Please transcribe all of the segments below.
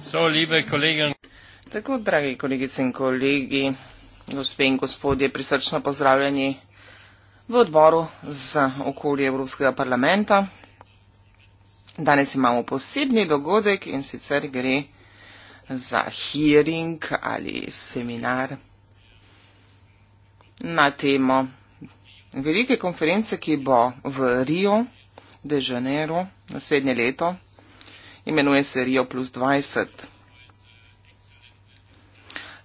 So, Tako, dragi kolegice in kolegi, gospe in gospodje, prisrčno pozdravljeni v odboru za okolje Evropskega parlamenta. Danes imamo posebni dogodek in sicer gre za hearing ali seminar na temo velike konference, ki bo v Rio de Janeiro naslednje leto imenuje se Rio plus 20.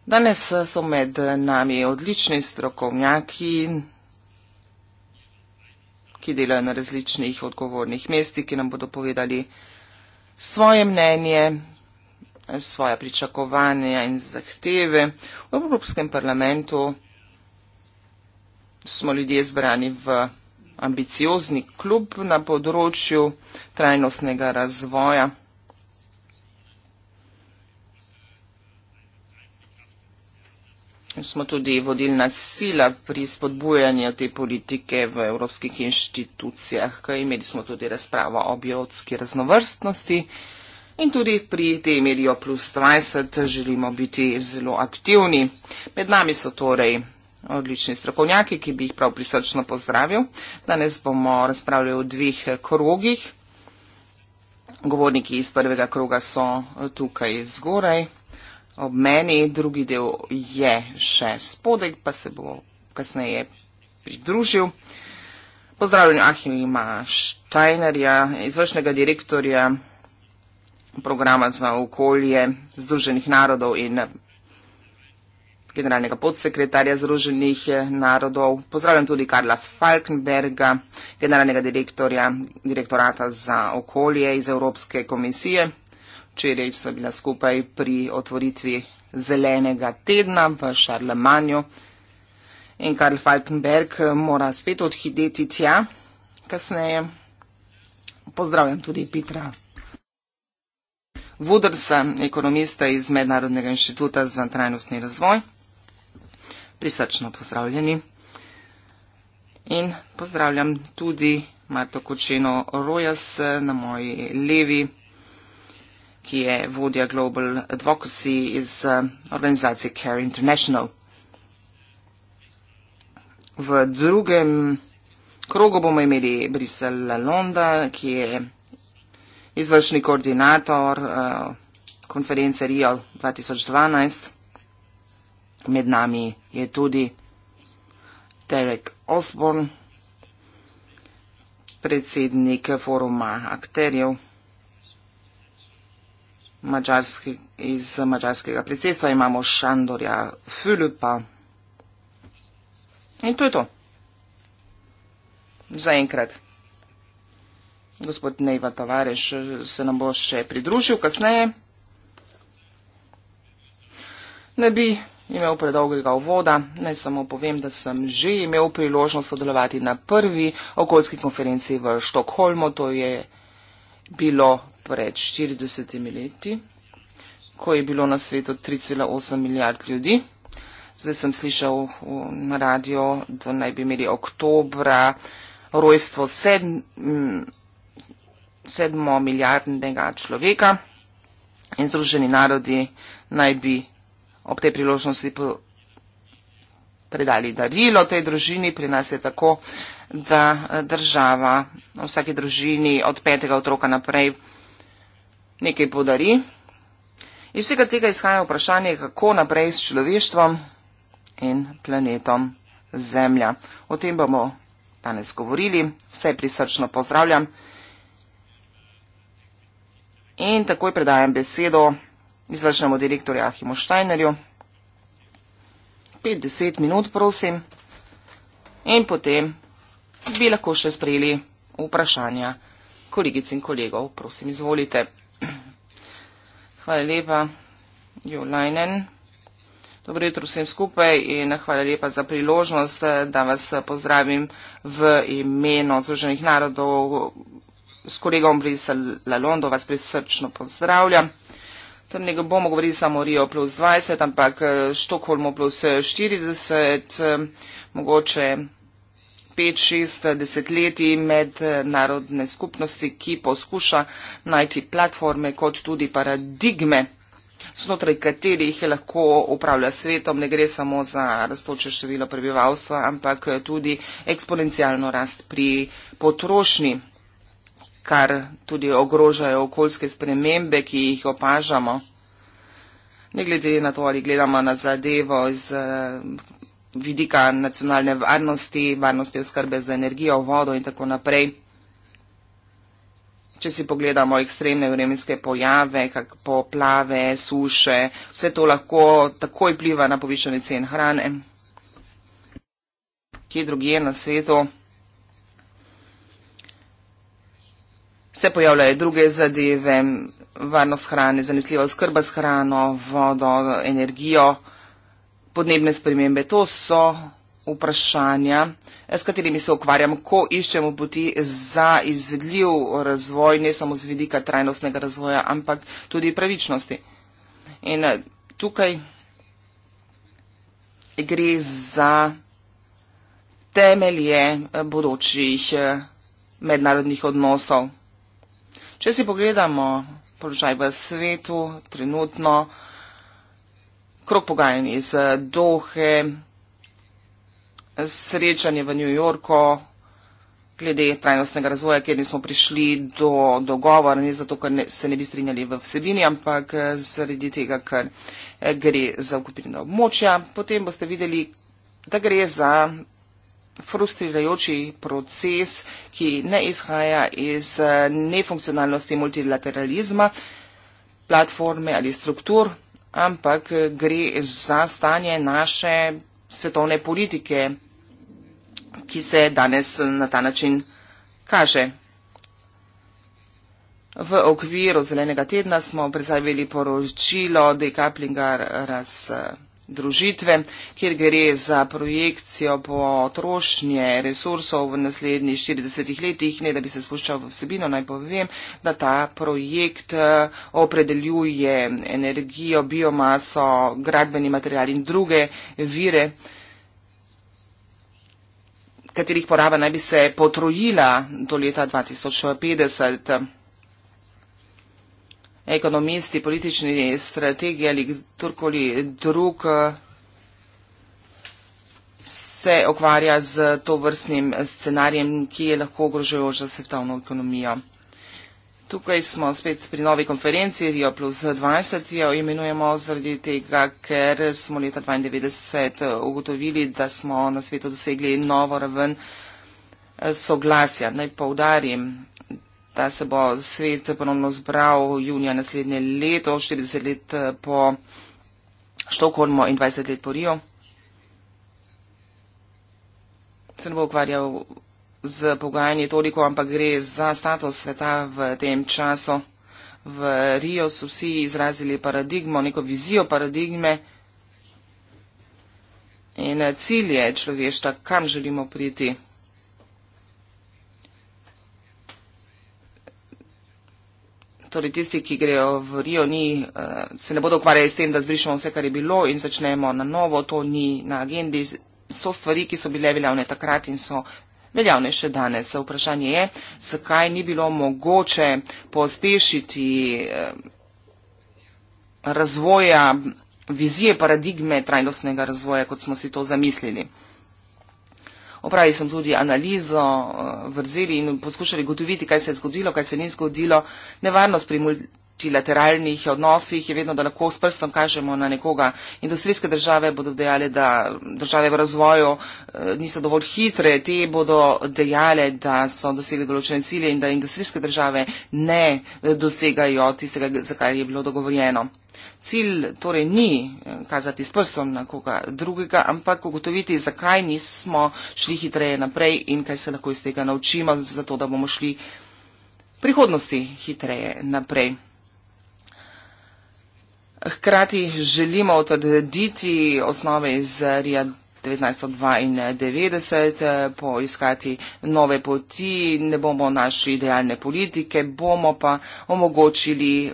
Danes so med nami odlični strokovnjaki, ki delajo na različnih odgovornih mestih, ki nam bodo povedali svoje mnenje, svoje pričakovanja in zahteve. V Evropskem parlamentu smo ljudje zbrani v ambiciozni klub na področju trajnostnega razvoja. smo tudi vodilna sila pri spodbujanju te politike v evropskih inštitucijah, ker imeli smo tudi razpravo o biotski raznovrstnosti in tudi pri tej medijo plus 20 želimo biti zelo aktivni. Med nami so torej odlični strokovnjaki, ki bi jih prav prisrčno pozdravil. Danes bomo razpravljali o dveh krogih. Govorniki iz prvega kroga so tukaj zgoraj ob meni, drugi del je še spodaj, pa se bo kasneje pridružil. Pozdravljen Ahima Štajnerja, izvršnega direktorja programa za okolje Združenih narodov in generalnega podsekretarja Združenih narodov. Pozdravljam tudi Karla Falkenberga, generalnega direktorja direktorata za okolje iz Evropske komisije. Včeraj sem bila skupaj pri otvoritvi zelenega tedna v Šarlemanju in Karl Falkenberg eh, mora spet odhideti tja kasneje. Pozdravljam tudi Petra. Vudrsa, ekonomista iz Mednarodnega inštituta za trajnostni razvoj. Prisrčno pozdravljeni. In pozdravljam tudi Marto Kočeno Rojas eh, na moji levi ki je vodja Global Advocacy iz eh, organizacije Care International. V drugem krogu bomo imeli Brisel Londa, ki je izvršni koordinator eh, konference Rio 2012. Med nami je tudi Derek Osborne, predsednik foruma akterjev mačarski, iz mačarskega predsedstva, imamo Šandorja Filipa. In to je to. Zaenkrat. Gospod Neiva Tavareš se nam bo še pridružil kasneje. Ne bi imel predolgega uvoda, ne samo povem, da sem že imel priložnost sodelovati na prvi okoljski konferenci v Štokholmu, to je bilo pred 40 leti, ko je bilo na svetu 3,8 milijard ljudi. Zdaj sem slišal na radio, da naj bi imeli oktobra rojstvo sedm, sedmo milijardnega človeka in Združeni narodi naj bi ob tej priložnosti po, predali darilo tej družini. Pri nas je tako, da država vsake družini od petega otroka naprej nekaj podari. Iz vsega tega izhaja vprašanje, kako naprej s človeštvom in planetom Zemlja. O tem bomo danes govorili. Vse prisrčno pozdravljam. In takoj predajam besedo izvršnemu direktorju Ahimu Štajnerju. 5-10 minut, prosim. In potem bi lahko še sprejeli vprašanja kolegic in kolegov. Prosim, izvolite. Hvala lepa, Jo Lajnen. Dobro jutro vsem skupaj in hvala lepa za priložnost, da vas pozdravim v imenu Združenih narodov s kolegom Brisel Lalondo, vas prisrčno pozdravljam. Torej ne bomo govorili samo o Rio plus 20, ampak Štokholmu plus 40, mogoče pet, šest desetletij mednarodne eh, skupnosti, ki poskuša najti platforme kot tudi paradigme znotraj katerih lahko upravlja svetom, ne gre samo za rastoče število prebivalstva, ampak tudi eksponencialno rast pri potrošnji, kar tudi ogrožajo okoljske spremembe, ki jih opažamo. Ne glede na to, ali gledamo na zadevo iz eh, vidika nacionalne varnosti, varnosti oskrbe z energijo, vodo in tako naprej. Če si pogledamo ekstremne vremenske pojave, poplave, suše, vse to lahko takoj pliva na povišanje cen hrane. Kje drugje na svetu se pojavljajo druge zadeve, varnost hrane, zanesljiva oskrba s hrano, vodo, energijo podnebne spremembe. To so vprašanja, s katerimi se ukvarjam, ko iščemo poti za izvedljiv razvoj, ne samo z vidika trajnostnega razvoja, ampak tudi pravičnosti. In eh, tukaj gre za temelje eh, bodočih eh, mednarodnih odnosov. Če si pogledamo položaj v svetu, trenutno, krok pogajanj iz eh, Dohe, srečanje v New Yorku glede trajnostnega razvoja, kjer nismo prišli do dogovora, ne zato, ker se ne bi strinjali v vsebini, ampak eh, zaradi tega, ker eh, gre za okupirano območja. Potem boste videli, da gre za frustrirajoči proces, ki ne izhaja iz nefunkcionalnosti multilateralizma, platforme ali struktur, ampak eh, gre za stanje naše svetovne politike, ki se danes eh, na ta način kaže. V okviru zelenega tedna smo predstavili poročilo dekaplinga razpravljanja. Eh, družitve, kjer gre za projekcijo potrošnje resursov v naslednjih 40 letih. Ne, da bi se spuščal v vsebino, naj povem, da ta projekt eh, opredeljuje energijo, biomaso, gradbeni material in druge vire katerih poraba naj bi se potrojila do leta 2050 ekonomisti, politični strategi ali kdorkoli drug se okvarja z to vrstnim scenarijem, ki je lahko ogrožujoč za svetovno ekonomijo. Tukaj smo spet pri novi konferenci Rio plus 20. Jo imenujemo zaradi tega, ker smo leta 1992 ugotovili, da smo na svetu dosegli novo raven eh, soglasja. Naj poudarim, Ta se bo svet ponovno zbral junija naslednje leto, 40 let eh, po Štokholmu in 20 let po Rio. Se ne bo ukvarjal z pogajanji toliko, ampak gre za status sveta v tem času. V Rio so vsi izrazili paradigmo, neko vizijo paradigme in eh, cilje človeštva, kam želimo priti. torej tisti, ki grejo v Rio, ni, eh, se ne bodo ukvarjali s tem, da zbrišemo vse, kar je bilo in začnemo na novo, to ni na agendi. So stvari, ki so bile veljavne takrat in so veljavne še danes. Vprašanje je, zakaj ni bilo mogoče pospešiti eh, razvoja vizije paradigme trajnostnega razvoja, kot smo si to zamislili opravili smo tudi analizo eh, vrzeli in poskušali gotoviti, kaj se je zgodilo, kaj se ni zgodilo. Nevarnost pri multilateralnih odnosih je vedno, da lahko s prstom kažemo na nekoga. Industrijske države bodo dejale, da države v razvoju eh, niso dovolj hitre, te bodo dejale, da so dosegli določene cilje in da industrijske države ne eh, dosegajo tistega, za kar je bilo dogovorjeno. Cilj torej ni eh, kazati s prstom na koga drugega, ampak ugotoviti, zakaj nismo šli hitreje naprej in kaj se lahko iz tega naučimo, zato da bomo šli prihodnosti hitreje naprej. Hkrati želimo utrditi osnove iz Rija 1992, eh, poiskati nove poti, ne bomo naši idealne politike, bomo pa omogočili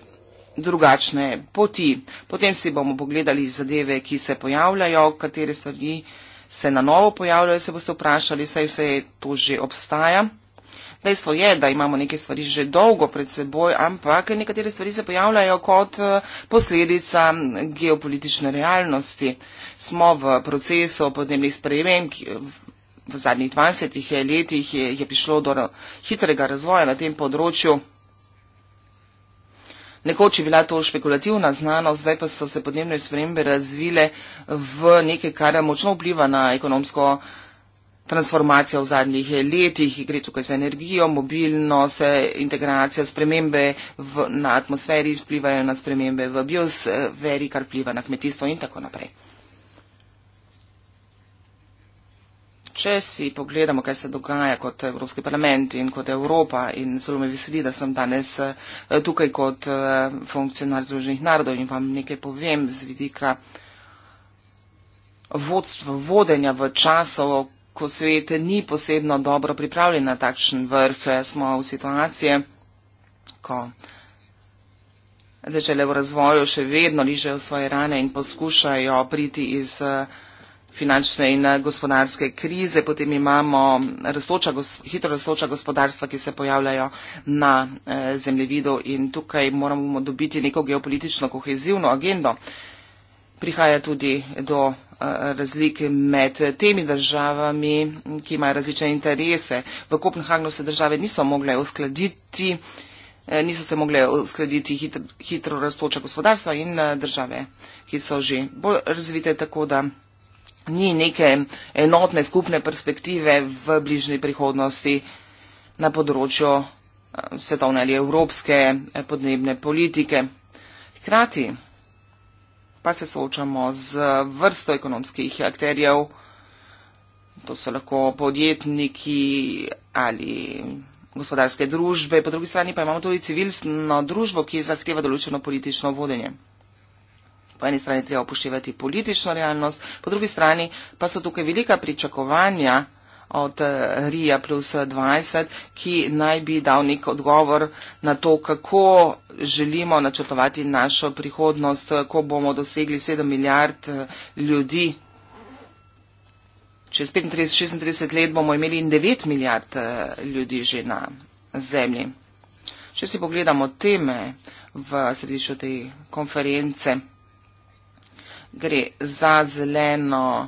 drugačne poti. Potem si bomo pogledali zadeve, ki se pojavljajo, katere stvari se na novo pojavljajo, se boste vprašali, saj vse to že obstaja. Dejstvo je, da imamo neke stvari že dolgo pred seboj, ampak nekatere stvari se pojavljajo kot eh, posledica geopolitične realnosti. Smo v procesu podnebnih sprejem, ki v zadnjih 20 letih je, je prišlo do hitrega razvoja na tem področju. Nekoč je bila to špekulativna znanost, zdaj pa so se podnebne spremembe razvile v nekaj, kar močno vpliva na ekonomsko transformacija v zadnjih eh, letih, gre tukaj za energijo, mobilnost, eh, integracija, spremembe v, na atmosferi izplivajo na spremembe v biosferi, kar pliva na kmetijstvo in tako naprej. Če si pogledamo, kaj se dogaja kot Evropski parlament in kot Evropa in zelo me veseli, da sem danes eh, tukaj kot funkcionar Združenih narodov in vam nekaj povem z vidika vodstva, vodenja v času, ko svet ni posebno dobro pripravljen na takšen vrh, eh, smo v situacije, ko dežele v razvoju še vedno ližejo svoje rane in poskušajo priti iz eh, finančne in eh, gospodarske krize, potem imamo rastoča, hitro raztoča gospodarstva, ki se pojavljajo na zemljevidu in tukaj moramo dobiti neko geopolitično kohezivno agendo. Prihaja tudi do razlike med temi državami, ki imajo različne interese. V Kopenhagnu se države niso mogle uskladiti, eh, niso se mogle uskladiti hitro, hitro raztoča gospodarstva in eh, države, ki so že bolj razvite, tako da ni neke enotne skupne perspektive v bližnji prihodnosti na področju eh, svetovne ali evropske podnebne politike. Hkrati pa se soočamo z vrsto ekonomskih akterjev. To so lahko podjetniki ali gospodarske družbe, po drugi strani pa imamo tudi civilno družbo, ki zahteva določeno politično vodenje. Po eni strani treba upoštevati politično realnost, po drugi strani pa so tukaj velika pričakovanja od eh, Rija plus 20, ki naj bi dal nek odgovor na to, kako želimo načrtovati našo prihodnost, eh, ko bomo dosegli 7 milijard eh, ljudi. Čez 35-36 let bomo imeli 9 milijard ljudi že na zemlji. Če si pogledamo teme v središču te konference, gre za zeleno,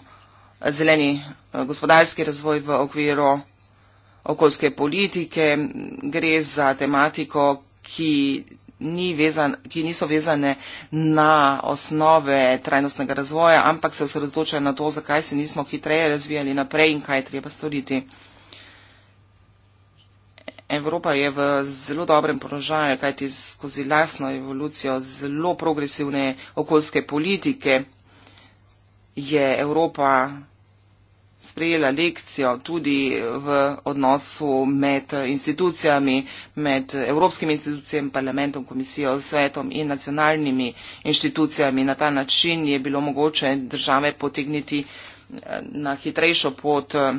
zeleni Eh, gospodarski razvoj v okviru okoljske politike. Gre za tematiko, ki, ni vezan, ki niso vezane na osnove trajnostnega razvoja, ampak se osredotočajo na to, zakaj se nismo hitreje razvijali naprej in kaj je treba storiti. Evropa je v zelo dobrem položaju, kajti skozi lasno evolucijo zelo progresivne okoljske politike je Evropa sprejela lekcijo tudi v odnosu med institucijami, med evropskimi institucijami, parlamentom, komisijo, svetom in nacionalnimi institucijami. Na ta način je bilo mogoče države potegniti eh, na hitrejšo pot eh,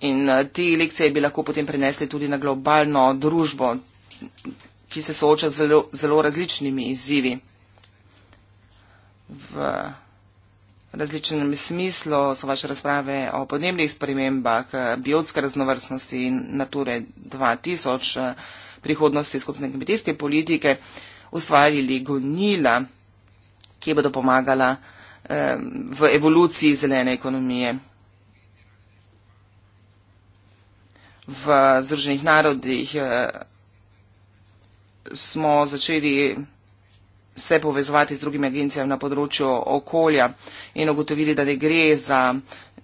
in eh, te lekcije bi lahko potem prenesli tudi na globalno družbo, ki se sooča z zelo, zelo različnimi izzivi. V različnem smislu so vaše razprave o podnebnih spremembah, biotske raznovrstnosti in nature 2000, prihodnosti skupne kmetijske politike, ustvarili gonila, ki bodo pomagala v evoluciji zelene ekonomije. V Združenih narodih smo začeli se povezovati z drugimi agencijami na področju okolja in ugotovili, da ne gre za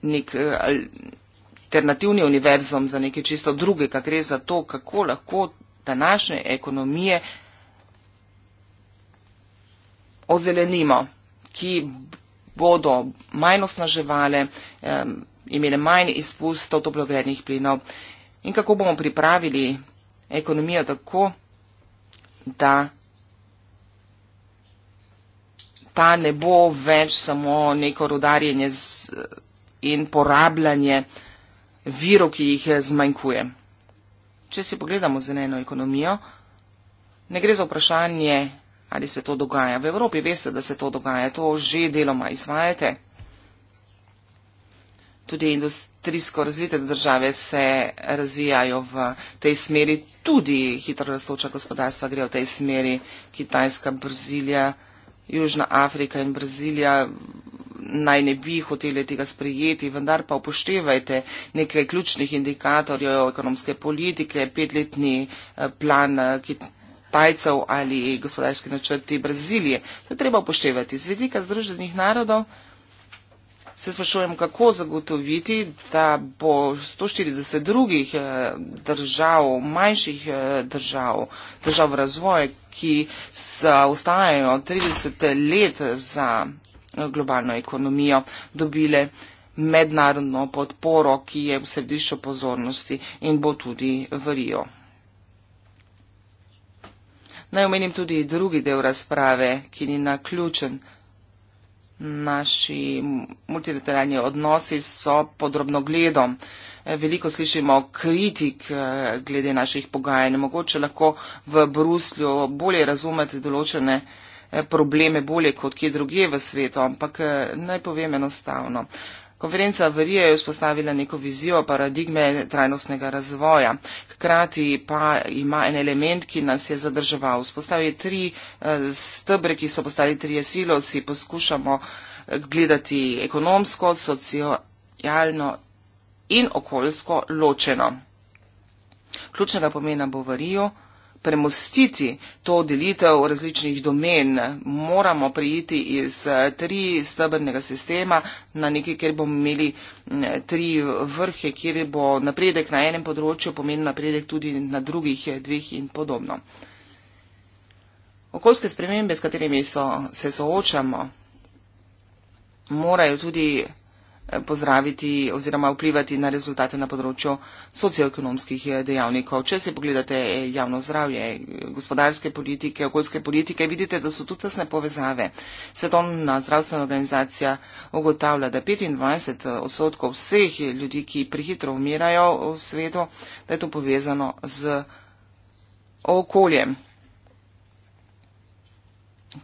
nek eh, alternativni univerzum, za nekaj čisto drugega, gre za to, kako lahko današnje ekonomije ozelenimo, ki bodo manj osnaževale, imele manj izpustov toplogrednih plinov in kako bomo pripravili ekonomijo tako, da ta ne bo več samo neko rudarjenje in porabljanje virov, ki jih eh, zmanjkuje. Če si pogledamo zeleno ekonomijo, ne gre za vprašanje, ali se to dogaja. V Evropi veste, da se to dogaja, to že deloma izvajate. Tudi industrijsko razvite države se razvijajo v tej smeri, tudi hitro rastoča gospodarstva gre v tej smeri, Kitajska, Brazilija. Južna Afrika in Brazilija naj ne bi hoteli tega sprejeti, vendar pa upoštevajte nekaj ključnih indikatorjev ekonomske politike, petletni eh, plan eh, Kitajcev ali gospodarski načrti Brazilije. To je treba upoštevati. Z vidika Združenih narodov se sprašujem, kako zagotoviti, da bo 140 drugih eh, držav, manjših držav, držav razvoja, ki ostajajo 30 let za eh, globalno ekonomijo, dobile mednarodno podporo, ki je v središču pozornosti in bo tudi v Rio. Naj omenim tudi drugi del razprave, ki ni naključen naši multilateralni odnosi so podrobno gledom. Eh, veliko slišimo kritik eh, glede naših pogajanj. Mogoče lahko v Bruslju bolje razumete določene eh, probleme bolje kot kje druge v svetu, ampak naj povem enostavno. Konferenca v Rije je vzpostavila neko vizijo paradigme trajnostnega razvoja. Hkrati pa ima en element, ki nas je zadrževal. Vzpostavi tri eh, stebre, ki so postali tri silo, si poskušamo eh, gledati ekonomsko, socialno in okoljsko ločeno. Ključnega pomena bo v Riju premostiti to delitev različnih domen, moramo prijeti iz eh, tri stebrnega sistema na nekaj, kjer bomo imeli mm, tri vrhe, kjer bo napredek na enem področju pomenil napredek tudi na drugih eh, dveh in podobno. Okoljske spremembe, s katerimi so, se soočamo, morajo tudi pozdraviti oziroma vplivati na rezultate na področju socioekonomskih eh, dejavnikov. Če se pogledate eh, javno zdravje, gospodarske politike, okoljske politike, vidite, da so tu tesne povezave. Svetovna zdravstvena organizacija ogotavlja, da 25 eh, odstotkov vseh ljudi, ki prihitro umirajo v svetu, da je to povezano z okoljem.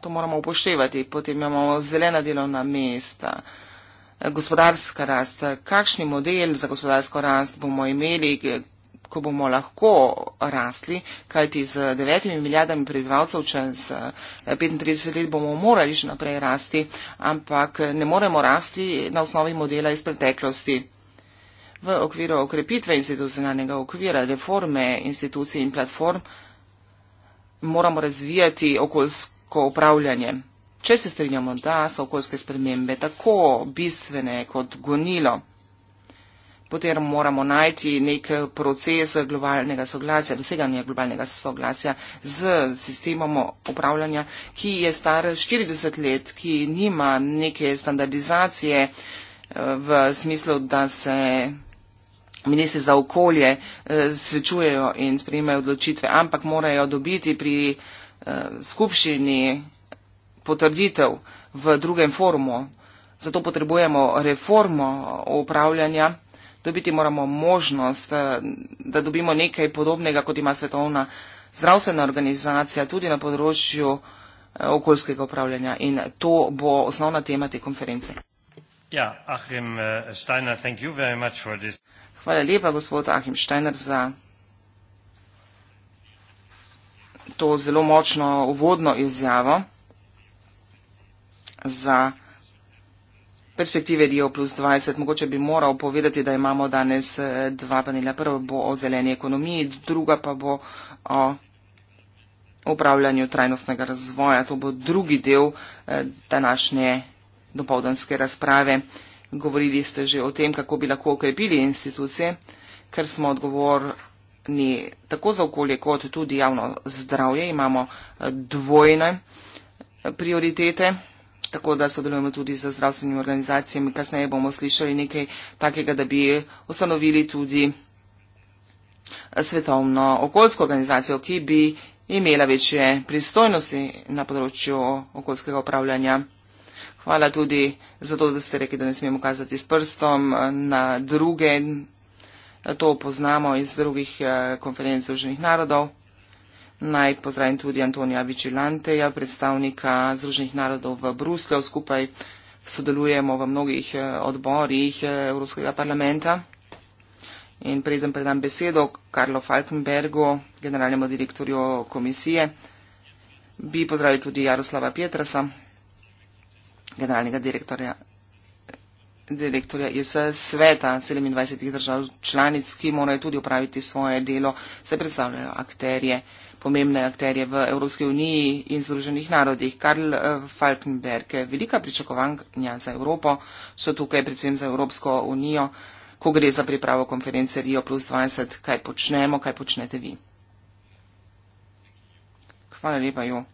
To moramo upoštevati. Potem imamo zelena delovna mesta gospodarska rast, kakšni model za gospodarsko rast bomo imeli, ko bomo lahko rastli, kajti z 9 milijardami prebivalcev čez 35 eh, let bomo morali še naprej rasti, ampak ne moremo rasti na osnovi modela iz preteklosti. V okviru okrepitve institucionalnega okvira, reforme institucij in platform moramo razvijati okoljsko upravljanje. Če se strinjamo, da so okoljske spremembe tako bistvene kot gonilo, potem moramo najti nek proces globalnega soglasja, doseganja globalnega soglasja z sistemom upravljanja, ki je star 40 let, ki nima neke standardizacije eh, v smislu, da se ministri za okolje eh, srečujejo in sprejmejo odločitve, ampak morajo dobiti pri eh, skupščini potrditev v drugem forumu. Zato potrebujemo reformo upravljanja. Dobiti moramo možnost, eh, da dobimo nekaj podobnega, kot ima svetovna zdravstvena organizacija, tudi na področju eh, okoljskega upravljanja. In to bo osnovna tema te konference. Ja, Achim eh, Steiner, thank you very much for this. Hvala lepa, gospod Achim Steiner, za to zelo močno uvodno izjavo za perspektive Rio plus 20. Mogoče bi moral povedati, da imamo danes eh, dva panela. Prva bo o zeleni ekonomiji, druga pa bo o upravljanju trajnostnega razvoja. To bo drugi del eh, današnje dopovdanske razprave. Govorili ste že o tem, kako bi lahko okrepili institucije, ker smo odgovorni tako za okolje kot tudi javno zdravje. Imamo eh, dvojne prioritete tako da sodelujemo tudi z zdravstvenimi organizacijami. Kasneje bomo slišali nekaj takega, da bi ustanovili tudi eh, svetovno okoljsko organizacijo, ki bi imela večje pristojnosti na področju okoljskega upravljanja. Hvala tudi za to, da ste rekli, da ne smemo kazati s prstom eh, na druge. To poznamo iz drugih eh, konferenc Združenih narodov. Naj pozdravim tudi Antonija Vigilanteja, predstavnika Združenih narodov v Bruslju. Skupaj sodelujemo v mnogih eh, odborih eh, Evropskega parlamenta. In predem predam besedo Karlo Falkenbergu, generalnemu direktorju komisije. Bi pozdravil tudi Jaroslava Pietrasa, generalnega direktorja direktorja iz eh, sveta 27 držav članic, ki morajo tudi upraviti svoje delo, se predstavljajo akterje pomembne akterje v Evropski uniji in Združenih narodih. Karl eh, Falkenberg, velika pričakovanja za Evropo so tukaj predvsem za Evropsko unijo, ko gre za pripravo konference Rio plus 20. Kaj počnemo, kaj počnete vi? Hvala lepa, Jo.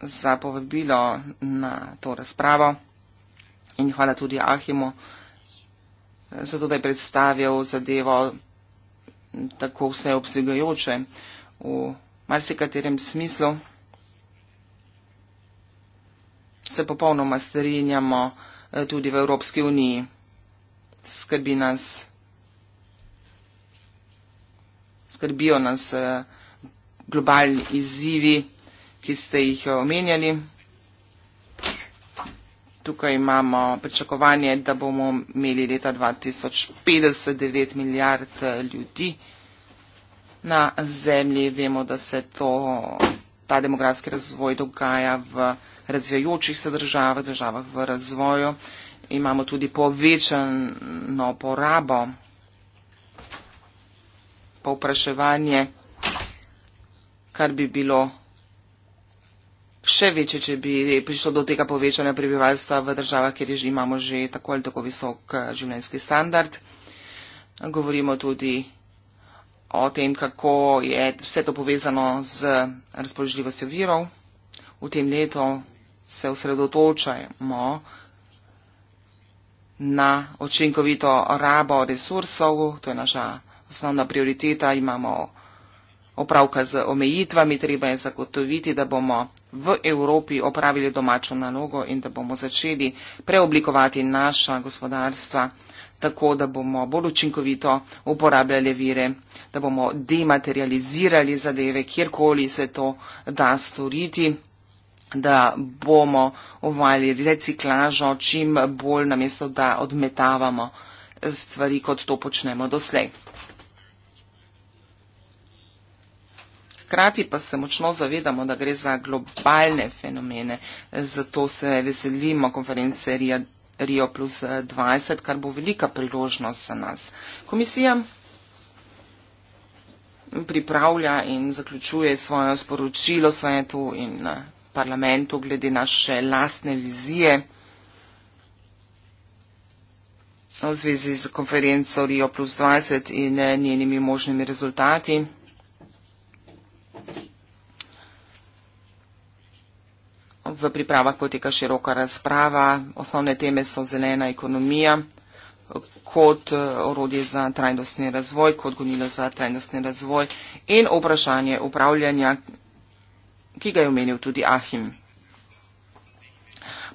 Za povabilo na to razpravo in hvala tudi Ahimu, eh, zato da je predstavil zadevo tako vseobsegajoče v marsikaterem smislu. Se popolnoma strinjamo eh, tudi v Evropski uniji. Skrbi nas, skrbijo nas eh, globalni izzivi, ki ste jih eh, omenjali tukaj imamo pričakovanje, da bomo imeli leta 2059 milijard eh, ljudi na zemlji. Vemo, da se to, ta demografski razvoj dogaja v razvijajočih se državah, državah v razvoju. Imamo tudi povečano porabo, povpraševanje, kar bi bilo še večje, če bi prišlo do tega povečanja prebivalstva v državah, kjer imamo že tako ali tako visok eh, življenjski standard. Govorimo tudi o tem, kako je vse to povezano z razpoložljivostjo virov. V tem letu se osredotočajmo na očinkovito rabo resursov, to je naša osnovna prioriteta, imamo opravka z omejitvami, treba je zagotoviti, da bomo v Evropi opravili domačo nalogo in da bomo začeli preoblikovati naša gospodarstva tako, da bomo bolj učinkovito uporabljali vire, da bomo dematerializirali zadeve, kjerkoli se to da storiti da bomo uvali reciklažo čim bolj namesto, da odmetavamo stvari, kot to počnemo doslej. Hkrati pa se močno zavedamo, da gre za globalne fenomene, zato se veselimo konference Rio, Rio plus 20, eh, kar bo velika priložnost za nas. Komisija pripravlja in zaključuje svoje sporočilo svetu in eh, parlamentu glede naše lastne vizije v zvezi z konferenco Rio plus 20 in eh, njenimi možnimi rezultati. V pripravah poteka široka razprava. Osnovne teme so zelena ekonomija kot eh, orodje za trajnostni razvoj, kot gonilo za trajnostni razvoj in vprašanje upravljanja, ki ga je omenil tudi Ahim.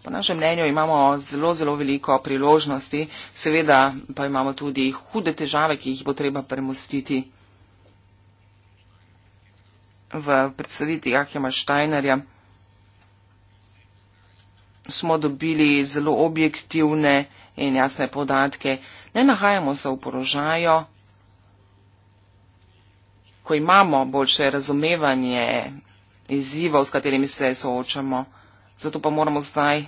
Po našem mnenju imamo zelo, zelo veliko priložnosti, seveda pa imamo tudi hude težave, ki jih bo treba premustiti v predstavitvi Ahima Štajnerja smo dobili zelo objektivne in jasne podatke. Ne nahajamo se v porožaju, ko imamo boljše razumevanje izzivov, s katerimi se soočamo. Zato pa moramo zdaj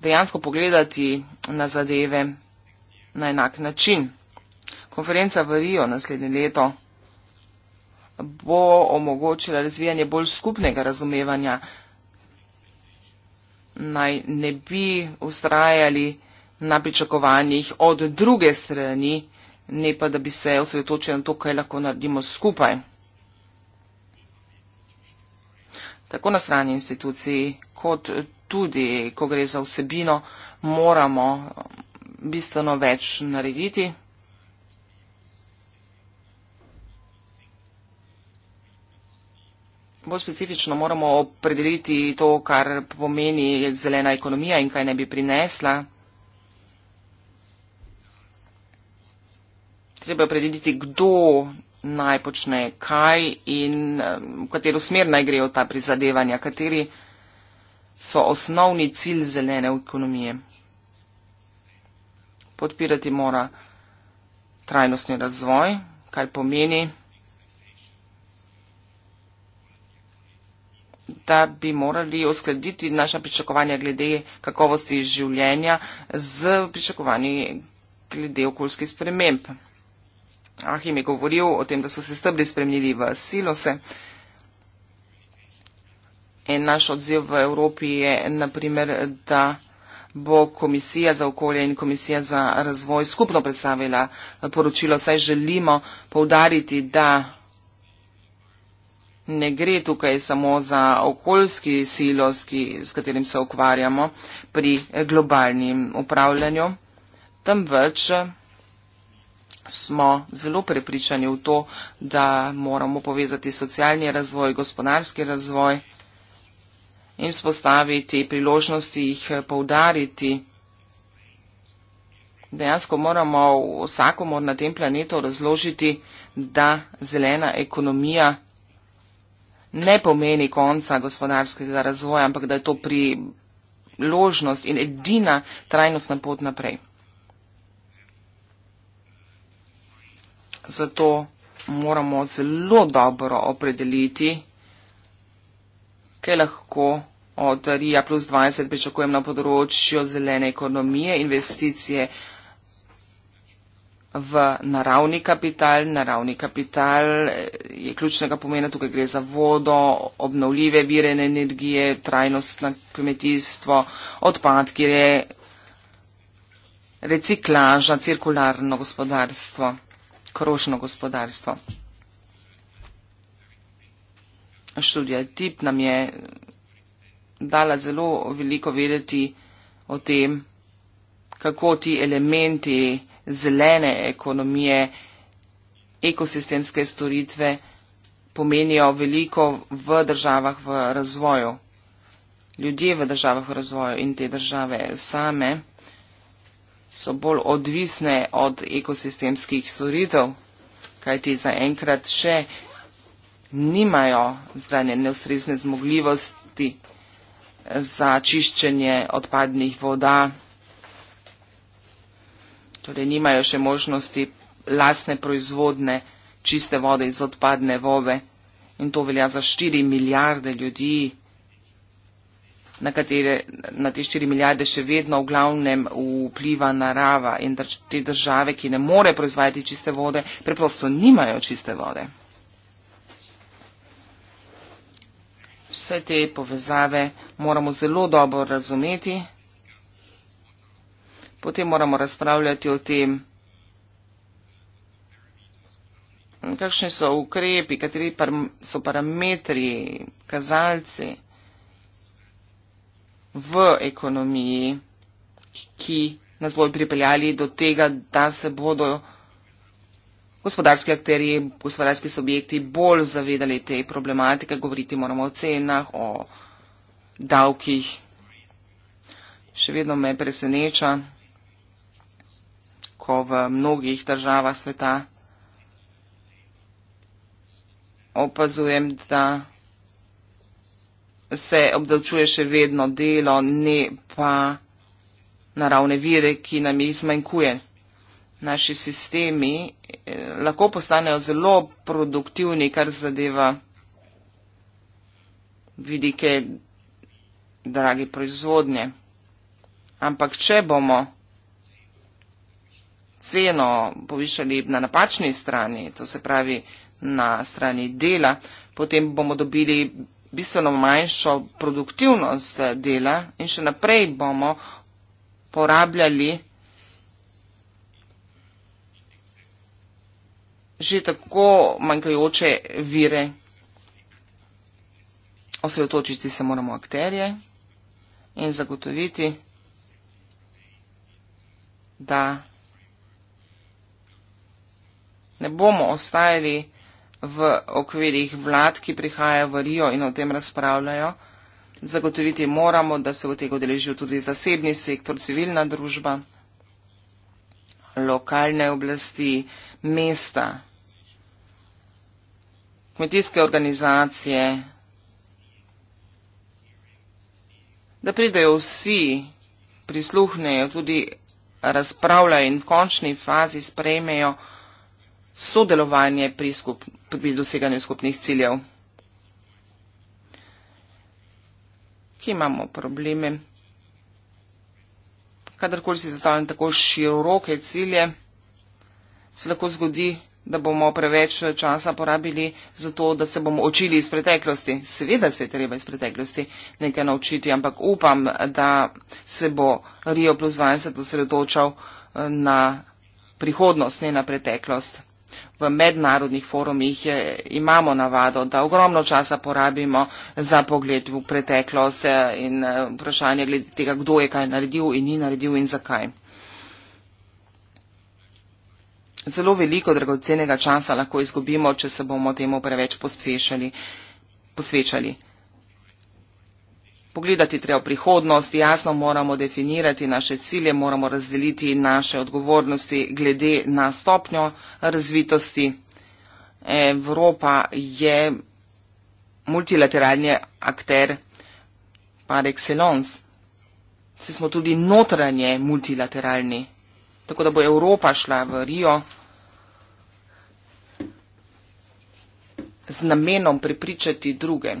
dejansko pogledati na zadeve na enak način. Konferenca v Rio naslednje leto bo omogočila razvijanje bolj skupnega razumevanja naj ne bi ustrajali na pričakovanjih od druge strani, ne pa da bi se osredotočili na to, kaj lahko naredimo skupaj. Tako na strani institucij, kot tudi, ko gre za vsebino, moramo bistveno več narediti. Bolj specifično moramo opredeliti to, kar pomeni zelena ekonomija in kaj ne bi prinesla. Treba opredeliti, kdo naj počne kaj in v katero smer naj grejo ta prizadevanja, kateri so osnovni cilj zelene ekonomije. Podpirati mora trajnostni razvoj, kar pomeni, da bi morali uskladiti naša pričakovanja glede kakovosti življenja z pričakovanji glede okoljskih sprememb. Ahim je govoril o tem, da so se stebri spremenili v silose. In naš odziv v Evropi je naprimer, da bo komisija za okolje in komisija za razvoj skupno predstavila poročilo. Saj želimo poudariti, da ne gre tukaj samo za okoljski silos, ki, s katerim se ukvarjamo pri globalnem upravljanju, temveč smo zelo prepričani v to, da moramo povezati socialni razvoj, gospodarski razvoj in spostaviti priložnosti, jih poudariti. Dejansko moramo vsakomor na tem planetu razložiti, da zelena ekonomija ne pomeni konca gospodarskega razvoja, ampak da je to priložnost in edina trajnostna pot naprej. Zato moramo zelo dobro opredeliti, kaj lahko od RIA plus 20 pričakujem na področju zelene ekonomije, investicije v naravni kapital. Naravni kapital eh, je ključnega pomena, tukaj gre za vodo, obnovljive vire energije, trajnostno kmetijstvo, odpadki, reciklaža, cirkularno gospodarstvo, krožno gospodarstvo. Študija TIP nam je dala zelo veliko vedeti o tem, kako ti elementi zelene ekonomije, ekosistemske storitve pomenijo veliko v državah v razvoju. Ljudje v državah v razvoju in te države same so bolj odvisne od ekosistemskih storitev, kajti zaenkrat še nimajo zranje neustrezne zmogljivosti za čiščenje odpadnih voda torej nimajo še možnosti lasne proizvodne čiste vode iz odpadne vove in to velja za 4 milijarde ljudi, na katere na te 4 milijarde še vedno v glavnem vpliva narava in da te države, ki ne more proizvajati čiste vode, preprosto nimajo čiste vode. Vse te povezave moramo zelo dobro razumeti potem moramo razpravljati o tem, kakšni so ukrepi, kateri par, so parametri, kazalci v ekonomiji, ki nas bodo pripeljali do tega, da se bodo gospodarski akterji, gospodarski subjekti bolj zavedali te problematike. Govoriti moramo o cenah, o davkih. Še vedno me preseneča, ko v mnogih državah sveta opazujem, da se obdavčuje še vedno delo, ne pa naravne vire, ki nam jih zmanjkuje. Naši sistemi eh, lahko postanejo zelo produktivni, kar zadeva vidike drage proizvodnje. Ampak če bomo ceno povišali na napačni strani, to se pravi na strani dela, potem bomo dobili bistveno manjšo produktivnost dela in še naprej bomo porabljali že tako manjkajoče vire. Osredotočiti se moramo akterje in zagotoviti, da ne bomo ostajali v okvirih vlad, ki prihajajo v Rijo in o tem razpravljajo. Zagotoviti moramo, da se v tega odeležijo tudi zasebni sektor, civilna družba, lokalne oblasti, mesta, kmetijske organizacije, da pridejo vsi, prisluhnejo, tudi razpravljajo in v končni fazi sprejmejo sodelovanje pri, skup, pri doseganju skupnih ciljev. Ki imamo probleme, kadarkoli si zastavljamo tako široke cilje, se lahko zgodi, da bomo preveč časa porabili za to, da se bomo učili iz preteklosti. Seveda se je treba iz preteklosti nekaj naučiti, ampak upam, da se bo Rio plus 20 osredotočal eh, na prihodnost, ne na preteklost v mednarodnih forumih eh, imamo navado, da ogromno časa porabimo za pogled v preteklost eh, in eh, vprašanje glede tega, kdo je kaj naredil in ni naredil in zakaj. Zelo veliko dragocenega časa lahko izgubimo, če se bomo temu preveč posvečali. posvečali pogledati treba prihodnost, jasno moramo definirati naše cilje, moramo razdeliti naše odgovornosti glede na stopnjo razvitosti. Evropa je multilateralni akter par excellence. Vsi smo tudi notranje multilateralni. Tako da bo Evropa šla v Rio z namenom prepričati druge.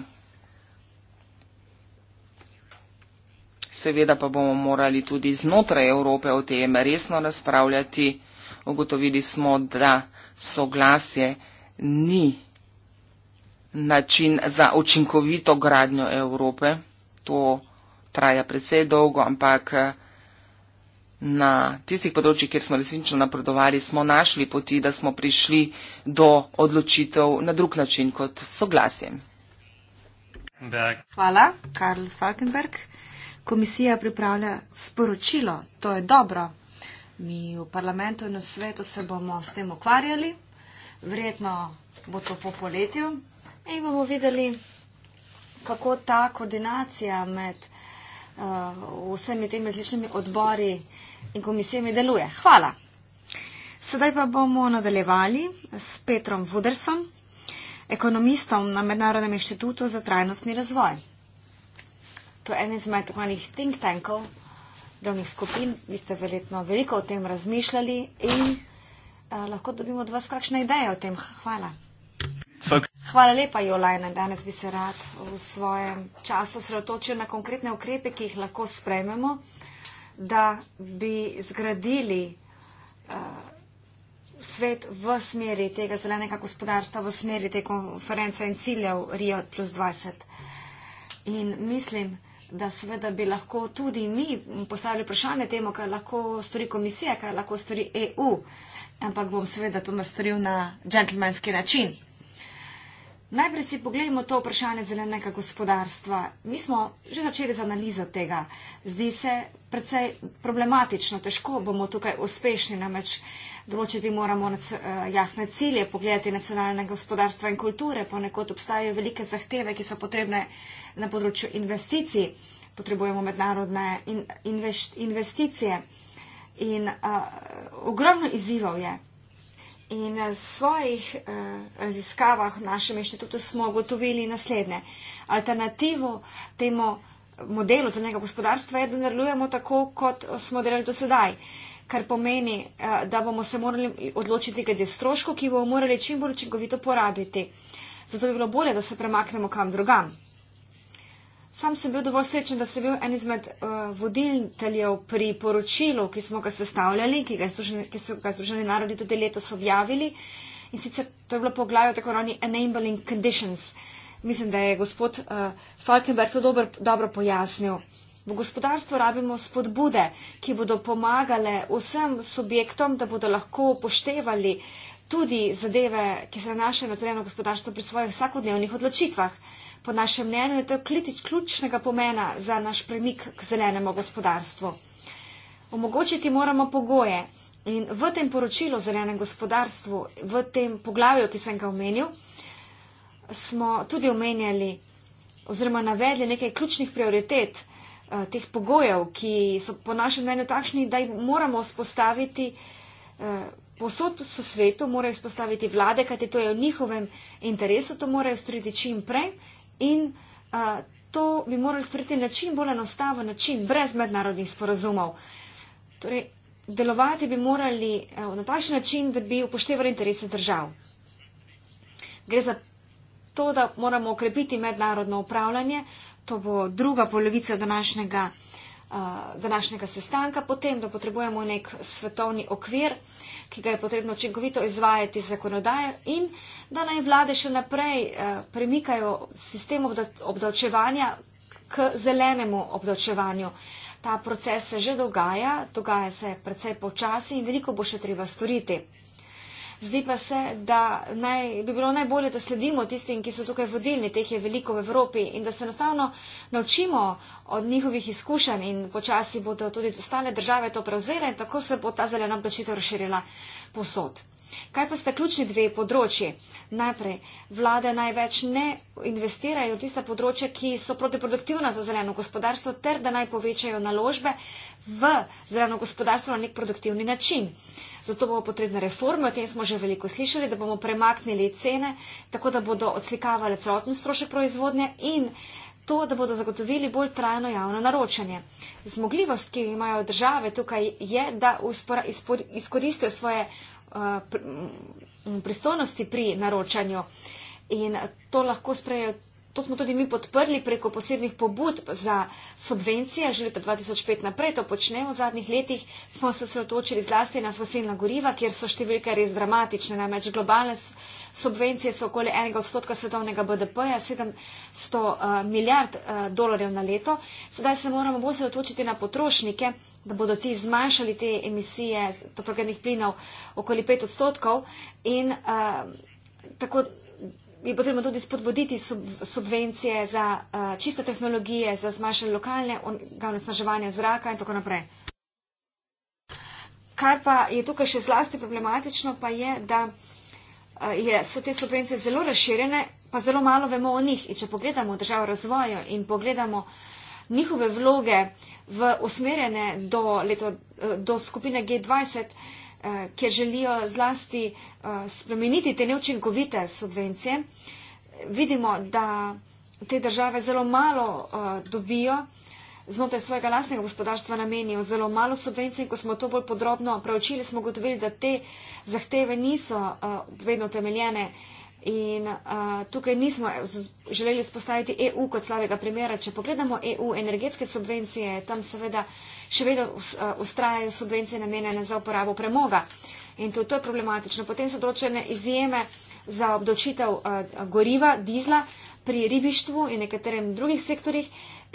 seveda pa bomo morali tudi znotraj Evrope o tem resno razpravljati. Ugotovili smo, da soglasje ni način za učinkovito gradnjo Evrope. To traja predvsej dolgo, ampak eh, na tistih področjih, kjer smo resnično napredovali, smo našli poti, da smo prišli do odločitev na drug način kot soglasjem. Back. Hvala, Karl Falkenberg komisija pripravlja sporočilo. To je dobro. Mi v parlamentu in v svetu se bomo s tem ukvarjali. Vredno bo to po poletju in bomo videli, kako ta koordinacija med uh, vsemi temi različnimi odbori in komisijami deluje. Hvala. Sedaj pa bomo nadaljevali s Petrom Vudersom, ekonomistom na Mednarodnem inštitutu za trajnostni razvoj to je en izmed manjih think tankov, delovnih skupin. Vi ste verjetno veliko o tem razmišljali in a, eh, lahko dobimo od vas kakšne ideje o tem. Hvala. Hvala lepa, Jolajna. Danes bi se rad v svojem času sredotočil na konkretne ukrepe, ki jih lahko sprejmemo, da bi zgradili uh, svet v smeri tega zelenega gospodarstva, v smeri te konference in ciljev Rio plus 20. In mislim, da seveda bi lahko tudi mi postavili vprašanje temu, kaj lahko stori komisija, kaj lahko stori EU. Ampak bom seveda to nastoril na džentlmenski način. Najprej si pogledamo to vprašanje zelenega gospodarstva. Mi smo že začeli z analizo tega. Zdi se predvsej problematično, težko bomo tukaj uspešni, namreč določiti moramo eh, jasne cilje, pogledati nacionalne gospodarstva in kulture, ponekod obstajajo velike zahteve, ki so potrebne na področju investicij, potrebujemo mednarodne investicije. In uh, ogromno izzivov je. In eh, v svojih eh, raziskavah v našem inštitutu smo ugotovili naslednje. Alternativo temu modelu zelenega gospodarstva je, da narlujemo tako, kot smo delali do sedaj. Kar pomeni, eh, da bomo se morali odločiti glede stroškov, ki bomo morali čim bolj učinkovito porabiti. Zato bi bilo bolje, da se premaknemo kam drugam. Sam sem bil dovolj srečen, da sem bil en izmed uh, voditeljev pri poročilu, ki smo ga sestavljali, ki, ga združen, ki so ga Združeni narodi tudi letos objavili. In sicer to je bilo poglavje tako imenovani enabling conditions. Mislim, da je gospod uh, Falkenberg to dobro, dobro pojasnil. V gospodarstvu rabimo spodbude, ki bodo pomagale vsem subjektom, da bodo lahko upoštevali tudi zadeve, ki se nanašajo na zeleno gospodarstvo pri svojih vsakodnevnih odločitvah. Po našem mnenju je to klitič ključnega pomena za naš premik k zelenemu gospodarstvu. Omogočiti moramo pogoje in v tem poročilu o zelenem gospodarstvu, v tem poglavju, ki sem ga omenil, smo tudi omenjali oziroma navedli nekaj ključnih prioritet eh, teh pogojev, ki so po našem mnenju takšni, da jih moramo vzpostaviti eh, posod po svetu, morajo vzpostaviti vlade, kajte to je v njihovem interesu, to morajo storiti čim prej in uh, to bi morali storiti na čim bolj enostaven način, brez mednarodnih sporazumov. Torej, delovati bi morali uh, na takšen način, da bi upoštevali interese držav. Gre za to, da moramo okrepiti mednarodno upravljanje, to bo druga polovica današnjega, uh, današnjega sestanka, potem, da potrebujemo nek svetovni okvir. Uh, ki ga je potrebno učinkovito izvajati z zakonodajo in da naj vlade še naprej eh, premikajo sistem obdavčevanja k zelenemu obdavčevanju. Ta proces se že dogaja, dogaja se precej počasi in veliko bo še treba storiti. Zdi pa se, da naj, bi bilo najbolje, da sledimo tistim, ki so tukaj vodilni, teh je veliko v Evropi in da se enostavno naučimo od njihovih izkušenj in počasi bodo tudi ostale države to prevzele in tako se bo ta zelena obdočitev razširila posod. Kaj pa sta ključni dve področji? Najprej, vlade največ ne investirajo v tista področja, ki so protiproduktivna za zeleno gospodarstvo, ter da naj povečajo naložbe v zeleno gospodarstvo na nek produktivni način. Uh, zato bomo potrebne reforme, o tem smo že veliko slišali, da bomo premaknili cene, tako da bodo odslikavale celoten strošek proizvodnje in to, da bodo zagotovili bolj trajno javno naročanje. Zmogljivost, ki imajo države tukaj, je, da uspora, izpor, izkoristijo svoje uh, pristojnosti pri naročanju in to lahko sprejajo. To smo tudi mi podprli preko posebnih pobud za subvencije, že leta 2005 naprej to počnemo. V zadnjih letih smo se osredotočili zlasti na fosilna goriva, kjer so številke res dramatične. Namreč globalne subvencije so okoli enega odstotka svetovnega BDP-ja, 700 uh, eh, milijard uh, dolarjev na leto. Sedaj se moramo bolj osredotočiti na potrošnike, da bodo ti zmanjšali te emisije toplogrednih plinov okoli 5 odstotkov. In, uh, tako, je potrebno tudi spodbuditi sub, subvencije za uh, čiste tehnologije, za zmanjšanje lokalne onesnaževanja zraka in tako naprej. Kar pa je tukaj še zlasti problematično, pa je, da uh, je, so te subvencije zelo razširjene, pa zelo malo vemo o njih. In če pogledamo državo razvoju in pogledamo njihove vloge v usmerjene do, leto, eh, do skupine G20, uh, Eh, ker želijo zlasti eh, spremeniti te neučinkovite subvencije. Vidimo, da te države zelo malo eh, dobijo znotraj svojega lastnega gospodarstva namenijo zelo malo subvencij in ko smo to bolj podrobno preučili, smo gotovili, da te zahteve niso uh, vedno temeljene in uh, tukaj nismo želeli spostaviti EU kot slabega primera. Če pogledamo EU energetske subvencije, tam seveda uh, še vedno ustrajajo subvencije namenjene za uporabo premoga. In tudi to je problematično. Potem so določene izjeme za obdočitev goriva, dizla pri ribištvu in nekaterem drugih sektorjih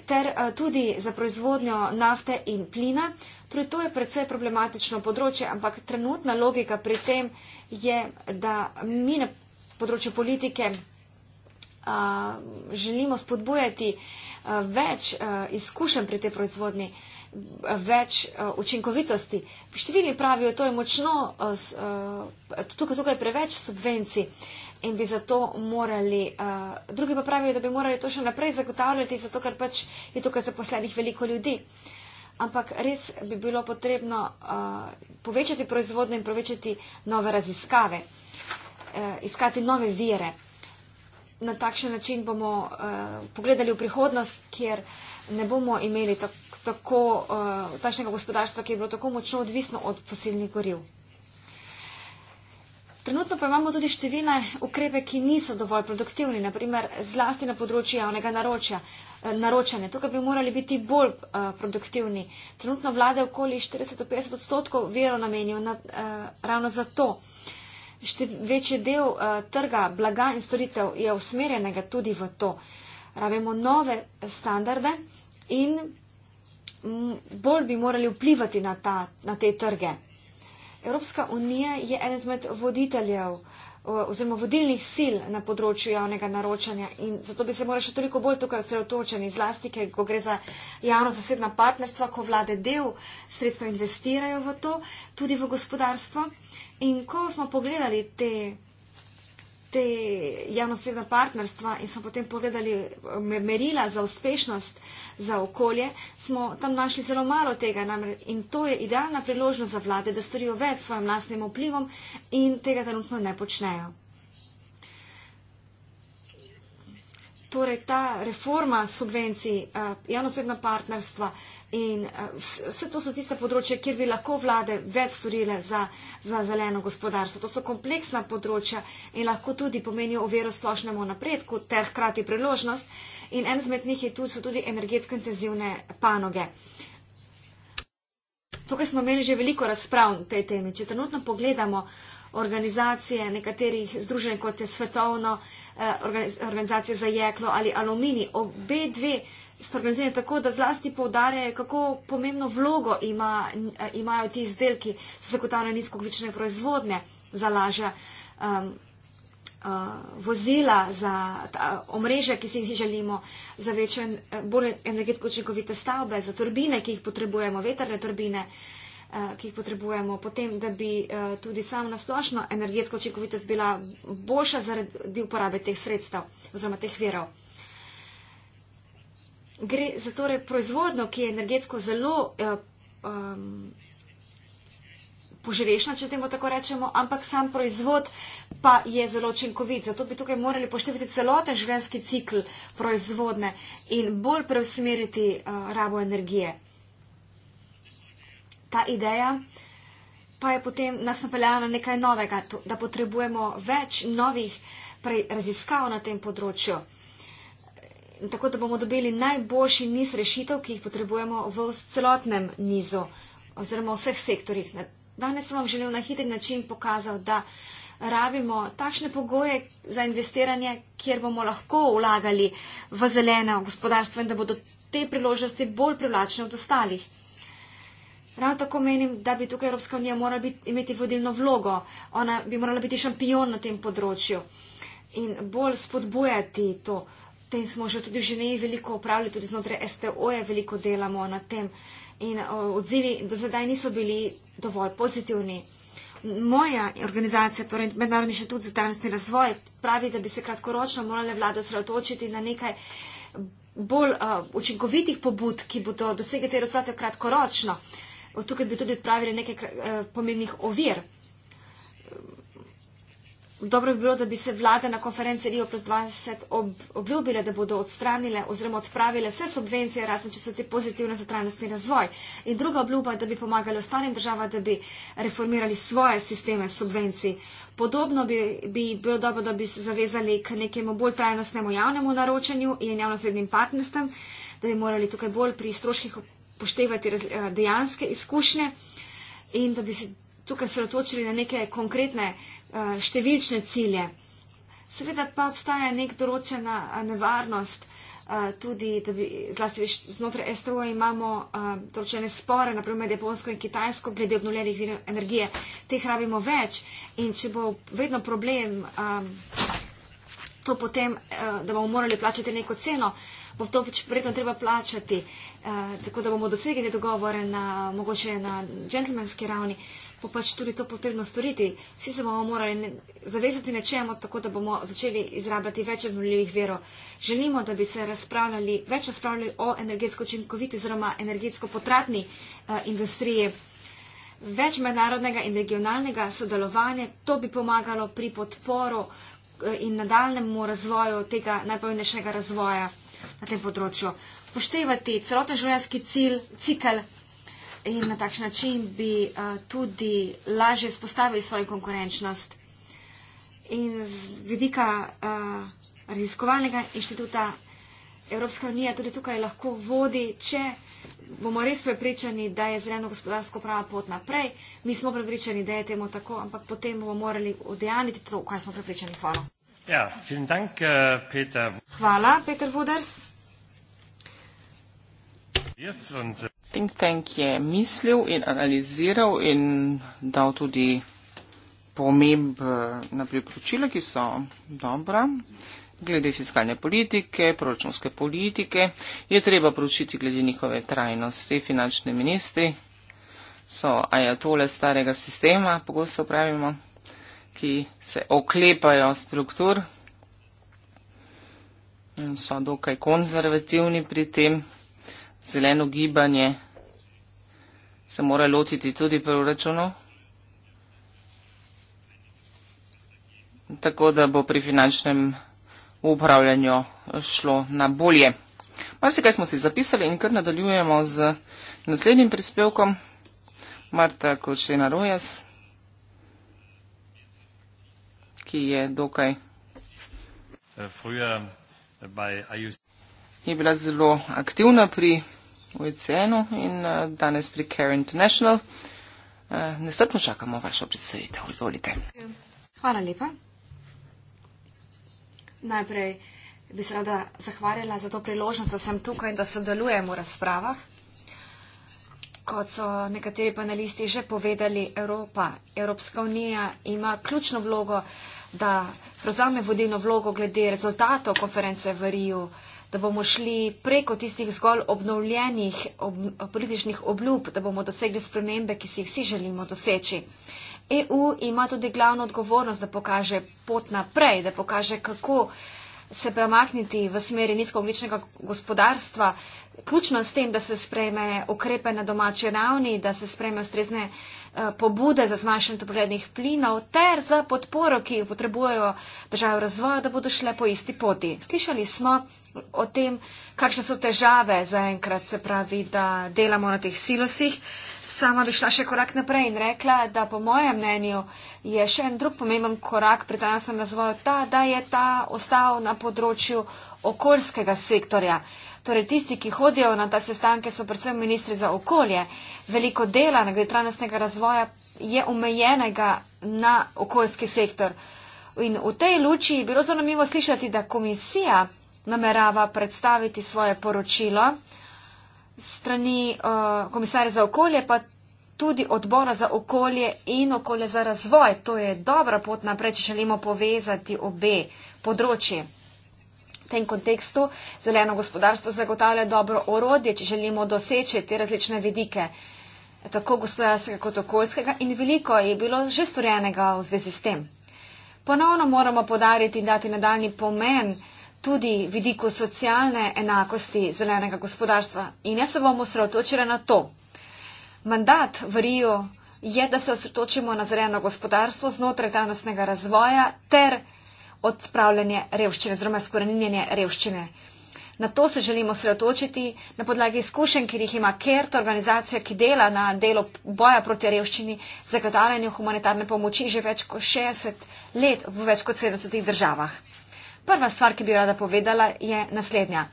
ter tudi za proizvodnjo nafte in plina. Tudi torej, to je predvsej problematično področje, ampak trenutna logika pri tem je, da mi na področju politike a, želimo spodbujati a, več a, izkušenj pri tej proizvodnji več eh, učinkovitosti. Številni pravijo, to je močno, eh, eh, tukaj, tukaj je preveč subvencij in bi zato morali, drugi pa pravijo, da bi morali to še naprej zagotavljati, zato ker pač je tukaj zaposlenih veliko ljudi. Ampak res bi bilo potrebno povečati proizvodno in povečati nove raziskave, iskati nove vire. Na takšen način bomo pogledali v prihodnost, kjer ne bomo imeli tako tako, uh, takšnega gospodarstva, ki je bilo tako močno odvisno od fosilnih goriv. Trenutno pa imamo tudi številne ukrepe, ki niso dovolj produktivni, naprimer zlasti na področju javnega naročja, eh, naročanja. Tukaj bi morali biti bolj uh, produktivni. Trenutno vlade okoli 40-50 odstotkov vero namenijo na, uh, ravno za to. Večji del uh, trga blaga in storitev je usmerjenega tudi v to. Ravimo nove standarde in bolj bi morali vplivati na, ta, na te trge. Evropska unija je en izmed voditeljev oziroma vodilnih sil na področju javnega naročanja in zato bi se morali še toliko bolj tukaj osredotočeni, zlasti, ker ko gre za javno-zasebna partnerstva, ko vlade del sredstva investirajo v to, tudi v gospodarstvo. In ko smo pogledali te te javno-osebna partnerstva in smo potem pogledali merila za uspešnost za okolje, smo tam našli zelo malo tega. In to je idealna priložnost za vlade, da storijo več s svojim lastnim vplivom in tega trenutno ne počnejo. torej ta reforma subvencij, eh, javnosredna partnerstva in eh, vse to so tiste področje, kjer bi lahko vlade več storile za, za zeleno gospodarstvo. To so kompleksna področja in lahko tudi pomenijo overo splošnemu napredku ter hkrati priložnost in en zmed njih je tudi, so tudi energetsko intenzivne panoge. Tukaj smo imeli že veliko razprav v tej temi. Če trenutno pogledamo, organizacije, nekaterih združenj, kot je svetovno eh, organizacija za jeklo ali alumini. Obe dve sta organizirani tako, da zlasti povdarjajo, kako pomembno vlogo ima, eh, imajo ti izdelki za zagotavljanje nizkoglične proizvodne za lažja um, uh, vozila, za ta, omrežja, ki si jih želimo, za večje, bolj energetsko učinkovite stavbe, za turbine, ki jih potrebujemo, vetrne turbine. Uh, Eh, ki jih potrebujemo, potem, da bi eh, tudi samo na splošno energetsko očekovitost bila boljša zaradi uporabe teh sredstev oziroma teh verov. Gre za torej proizvodno, ki je energetsko zelo um, požrešna, če temu tako rečemo, ampak sam proizvod pa je zelo učinkovit. Zato bi tukaj morali poštevati celoten življenjski cikl proizvodne in bolj preusmeriti uh, rabo energije ta ideja pa je potem nas napeljala na nekaj novega, to, da potrebujemo več novih raziskav na tem področju. Tako da bomo dobili najboljši niz rešitev, ki jih potrebujemo v celotnem nizu oziroma v vseh sektorjih. Danes sem vam želel na hiter način pokazati, da rabimo takšne pogoje za investiranje, kjer bomo lahko vlagali v zeleno gospodarstvo in da bodo te priložnosti bolj privlačne od ostalih. Ravno tako menim, da bi tukaj Evropska unija morala biti, imeti vodilno vlogo, ona bi morala biti šampion na tem področju in bolj spodbujati to. V tem smo že tudi v Ženeji veliko upravljali, tudi znotraj STO-ja veliko delamo na tem in odzivi do zdaj niso bili dovolj pozitivni. Moja organizacija, torej Mednarodni inštitut za danesni razvoj, pravi, da bi se kratkoročno morale vlade osredotočiti na nekaj bolj uh, učinkovitih pobud, ki bodo dosegli te rezultate kratkoročno. Uh, od tukaj bi tudi odpravili nekaj eh, pomembnih ovir. Dobro bi bilo, da bi se vlade na konferenci Rio plus 20 ob, obljubile, da bodo odstranile oziroma odpravile vse subvencije, razen če so te pozitivne za trajnostni razvoj. In druga obljuba, da bi pomagali ostalim državam, da bi reformirali svoje sisteme subvencij. Podobno bi, bi bilo dobro, da bi se zavezali k nekemu bolj trajnostnemu javnemu naročanju in javno-srednjim partnerstvom, da bi morali tukaj bolj pri stroških upoštevati eh, dejanske izkušnje in da bi se tukaj sredotočili na neke konkretne eh, številčne cilje. Seveda pa obstaja nek določena eh, nevarnost, tudi da bi zlasti znotraj STO imamo določene spore, naprimer Japonsko in Kitajsko, glede obnovljenih virov energije. Teh rabimo več in če bo vedno problem to potem, da bomo morali plačati neko ceno, bo to pač vredno treba plačati. Uh, Eh, tako da bomo dosegli dogovore na mogoče na džentlmenski ravni, pa pač tudi to potrebno storiti. Vsi se bomo morali ne, zavezati nečemu, tako da bomo začeli izrabljati več obnovljivih verov. Želimo, da bi se razpravljali, več razpravljali o energetsko učinkoviti oziroma energetsko potratni a, eh, industriji. Več mednarodnega in regionalnega sodelovanja, to bi pomagalo pri podporu eh, in nadaljemu razvoju tega najpomembnejšega razvoja na tem področju poštevati celoten življenjski cilj, cikl in na takšen način bi eh, tudi lažje spostavili svojo konkurenčnost. In z vidika eh, raziskovalnega inštituta Evropska unija tudi tukaj lahko vodi, če bomo res prepričani, da je zeleno gospodarsko prava pot naprej. Mi smo prepričani, da je temu tako, ampak potem bomo morali udejaniti to, kaj smo prepričani. Hvala. Ja, vielen Dank, eh, Peter. Hvala, Peter Wuders. Think Tank je mislil in analiziral in dal tudi pomembna priporočila, ki so dobra. Glede fiskalne politike, proračunske politike je treba pročiti glede njihove trajnosti. Finančni ministri so ajatole starega sistema, pogosto pravimo, ki se oklepajo struktur in so dokaj konzervativni pri tem zeleno gibanje se mora lotiti tudi proračunov. Tako da bo pri finančnem upravljanju šlo na bolje. Marsikaj smo si zapisali in kar nadaljujemo z naslednjim prispevkom. Marta Kočena Rojas, ki je dokaj. Uh, früher, uh, by, je bila zelo aktivna pri OECN-u in uh, danes pri Care International. Uh, Nestrpno čakamo vašo predstavitev. Izvolite. Hvala lepa. Najprej bi se rada zahvalila za to priložnost, da sem tukaj in da sodelujem v razpravah. Kot so nekateri panelisti že povedali, Evropa, Evropska unija ima ključno vlogo, da prevzame vodilno vlogo glede rezultatov konference v Riju da bomo šli preko tistih zgolj obnovljenih ob, političnih obljub, da bomo dosegli spremembe, ki si jih vsi želimo doseči. EU ima tudi glavno odgovornost, da pokaže pot naprej, da pokaže, kako se premakniti v smeri nizkogličnega gospodarstva, ključno s tem, da se sprejme okrepe na domači ravni, da se sprejme ustrezne. Uh, Eh, pobude za zmanjšanje toplogrednih plinov ter za podporo, ki jo potrebujejo države v razvoju, da bodo šle po isti poti. Slišali smo o tem, kakšne so težave zaenkrat, se pravi, da delamo na teh silosih. Sama bi šla še korak naprej in rekla, da po mojem mnenju je še en drug pomemben korak pri danesnem razvoju ta, da je ta ostal na področju okoljskega sektorja. Torej, tisti, ki hodijo na ta sestanke, so predvsem ministri za okolje veliko dela na glede trajnostnega razvoja je omejenega na okoljski sektor. In v tej luči je bilo zanimivo slišati, da komisija namerava predstaviti svoje poročilo strani uh, komisarja za okolje, pa tudi odbora za okolje in okolje za razvoj. To je dobra pot naprej, če želimo povezati obe področji. V tem kontekstu zeleno gospodarstvo zagotavlja dobro orodje, če želimo doseči te različne vidike tako gospodarskega kot okoljskega in veliko je bilo že storjenega v zvezi s tem. Ponovno moramo podariti in dati nadaljni pomen tudi vidiku socialne enakosti zelenega gospodarstva in jaz se bom osredotočila na to. Mandat v Riju je, da se osredotočimo na zeleno gospodarstvo znotraj danesnega razvoja ter odpravljanje revščine, zelo skoreninjenje revščine. Na to se želimo sredotočiti na podlagi izkušenj, ki jih ima KERT, organizacija, ki dela na delo boja proti revščini, zagotavljanju humanitarne pomoči že več kot 60 let v več kot 70 državah. Prva stvar, ki bi rada povedala, je naslednja.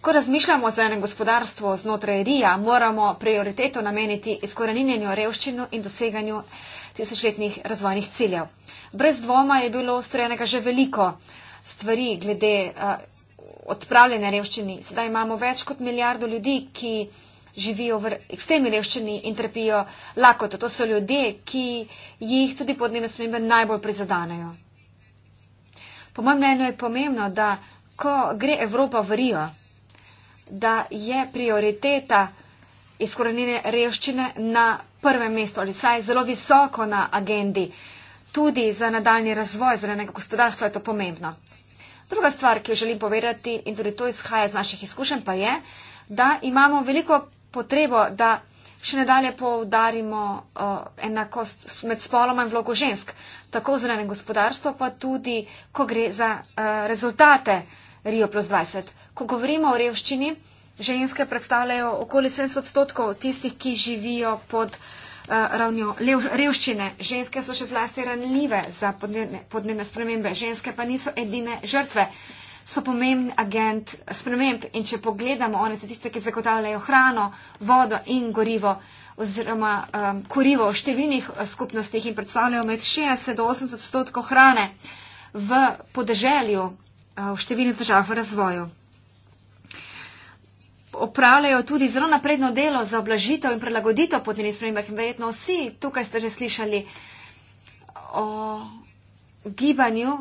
Ko razmišljamo za eno gospodarstvo znotraj RIA, moramo prioriteto nameniti izkoreninjenju revščino in doseganju tisočletnih razvojnih ciljev. Brez dvoma je bilo ustrojenega že veliko stvari glede. Uh, odpravljene revščini. Sedaj imamo več kot milijardo ljudi, ki živijo v ekstremni revščini in trpijo lakoto. To so ljudje, ki jih tudi podnebne spremembe najbolj prizadanejo. Po mojem mnenju je pomembno, da ko gre Evropa v Rio, da je prioriteta izkorenjene revščine na prvem mestu ali vsaj zelo visoko na agendi. Tudi za nadaljni razvoj zelenega gospodarstva je to pomembno. Druga stvar, ki jo želim povedati, in tudi to izhaja iz naših izkušenj, pa je, da imamo veliko potrebo, da še nadalje poudarimo uh, enakost med spoloma in vlogo žensk, tako v zunanjem gospodarstvu, pa tudi, ko gre za uh, rezultate Rio plus 20. Ko govorimo o revščini, ženske predstavljajo okoli 70 odstotkov tistih, ki živijo pod. Uh, Eh, ravnjo lev, revščine. Ženske so še zlasti ranljive za podnebne, podnebne spremembe. Ženske pa niso edine žrtve. So pomembni agent sprememb in če pogledamo, one so tiste, ki zagotavljajo hrano, vodo in gorivo oziroma um, kurivo v številnih eh, skupnostih in predstavljajo med 60 do 80 odstotkov hrane v podeželju, v številnih državah v razvoju opravljajo tudi zelo napredno delo za oblažitev in prilagoditev podnebnih sprememb. Verjetno vsi tukaj ste že slišali o gibanju,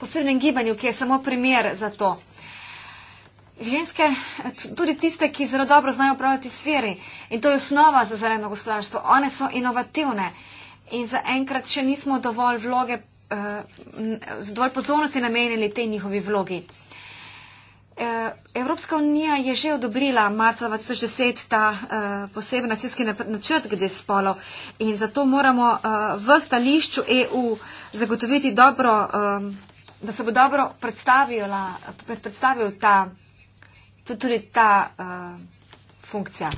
posebnem gibanju, ki je samo primer za to. Ženske, tudi tiste, ki zelo dobro znajo upravljati sferi in to je osnova za zeleno gospodarstvo, one so inovativne in zaenkrat še nismo dovolj, vloge, eh, dovolj pozornosti namenili tej njihovi vlogi. Eh, Evropska unija je že odobrila marca 2010 ta eh, poseben nacijski načrt glede spolov in zato moramo eh, v stališču EU zagotoviti dobro, da se bo dobro predstavil ta, tudi ta funkcija.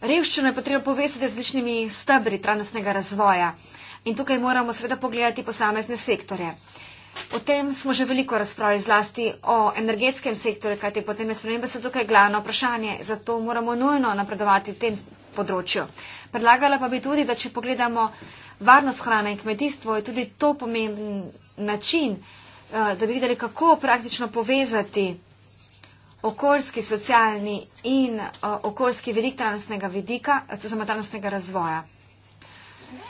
Revščino je potrebno povezati z različnimi stebri trajnostnega razvoja in tukaj moramo seveda pogledati posamezne sektore. O tem smo že veliko razpravljali, zlasti o energetskem sektorju, kajte potem je spremembe se tukaj glavno vprašanje, zato moramo nujno napredovati v tem področju. Predlagala pa bi tudi, da če pogledamo varnost hrane in kmetijstvo, je tudi to pomemben način, eh, da bi videli, kako praktično povezati okoljski, socialni in eh, okoljski vidik trajnostnega vidika, to eh, znamo trajnostnega razvoja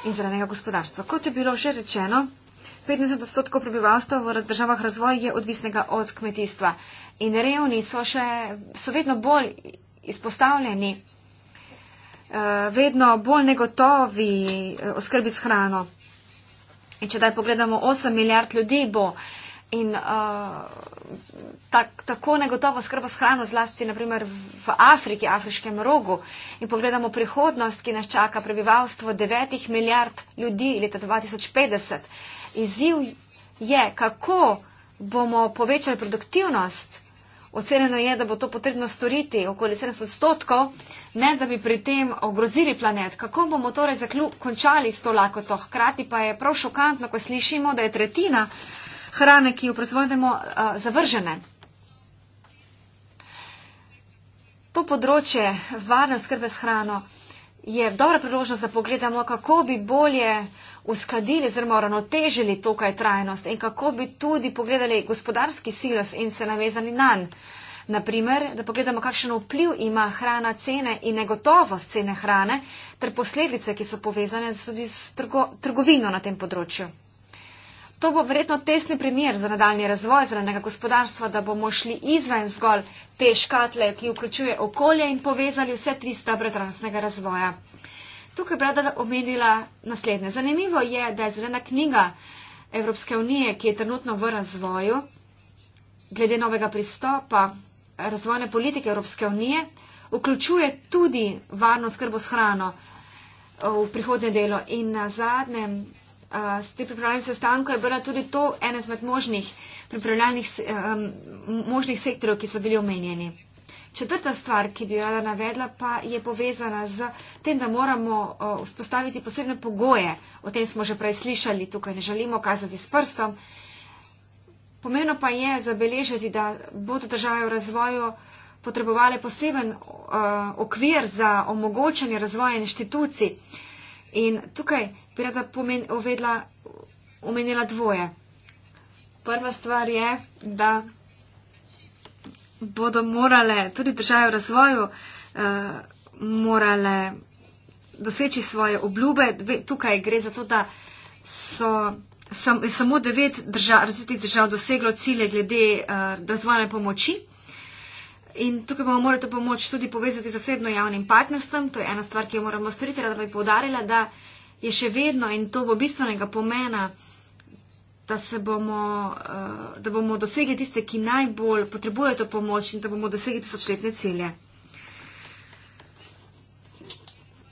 in zelenega gospodarstva. Kot je bilo že rečeno, 15 odstotkov prebivalstva v državah razvoja je odvisnega od kmetijstva in revni so, še, so vedno bolj izpostavljeni, eh, vedno bolj negotovi eh, oskrbi s hrano. In če daj pogledamo, 8 milijard ljudi bo in uh, tak, tako negotovo skrbo s hrano zlasti naprimer v Afriki, afriškem rogu. In pogledamo prihodnost, ki nas čaka prebivalstvo 9 milijard ljudi leta 2050. Izziv je, kako bomo povečali produktivnost. Ocenjeno je, da bo to potrebno storiti okoli 700 stotkov, ne da bi pri tem ogrozili planet. Kako bomo torej zaklju, končali s to lakoto? Hkrati pa je prav šokantno, ko slišimo, da je tretjina hrane, ki jo proizvodimo, eh, zavržene. To področje varne skrbe s hrano je dobra priložnost, da pogledamo, kako bi bolje uskladili oziroma uravnotežili to, kaj je trajnost in kako bi tudi pogledali gospodarski silos in se navezali na nanj. Naprimer, da pogledamo, kakšen vpliv ima hrana cene in negotovost cene hrane ter posledice, ki so povezane tudi s trgo, trgovino na tem področju. To bo verjetno tesni primer za nadaljni razvoj zelenega gospodarstva, da bomo šli izven zgolj te škatle, ki vključuje okolje in povezali vse tri stabre transnega razvoja tukaj brada omenila naslednje. Zanimivo je, da je zelena knjiga Evropske unije, ki je trenutno v razvoju, glede novega pristopa razvojne politike Evropske unije, vključuje tudi varno skrbo s hrano eh, v prihodnje delo. In na zadnjem uh, s te pripravljanjem sestanku je bila tudi to ena izmed možnih, um, možnih sektorjev, ki so bili omenjeni. Četrta stvar, ki bi rada navedla, pa je povezana z tem, da moramo vzpostaviti posebne pogoje. O tem smo že prej slišali, tukaj ne želimo kazati s prstom. Pomembno pa je zabeležiti, da bodo države v razvoju potrebovali poseben uh, okvir za omogočanje razvoja inštitucij. In tukaj bi rada pomen, ovedla, omenila dvoje. Prva stvar je, da bodo morale, tudi države v razvoju, uh, morale doseči svoje obljube. Tukaj gre za to, da so sam, samo devet držav, razvitih držav doseglo cilje glede uh, razvojne pomoči. In tukaj bomo morali to pomoč tudi povezati z zasebno javnim partnerstvom. To je ena stvar, ki jo moramo storiti, rada bi poudarila, da je še vedno in to bo bistvenega pomena da, bomo, eh, da bomo dosegli tiste, ki najbolj potrebujejo to pomoč in da bomo dosegli tisočletne cilje.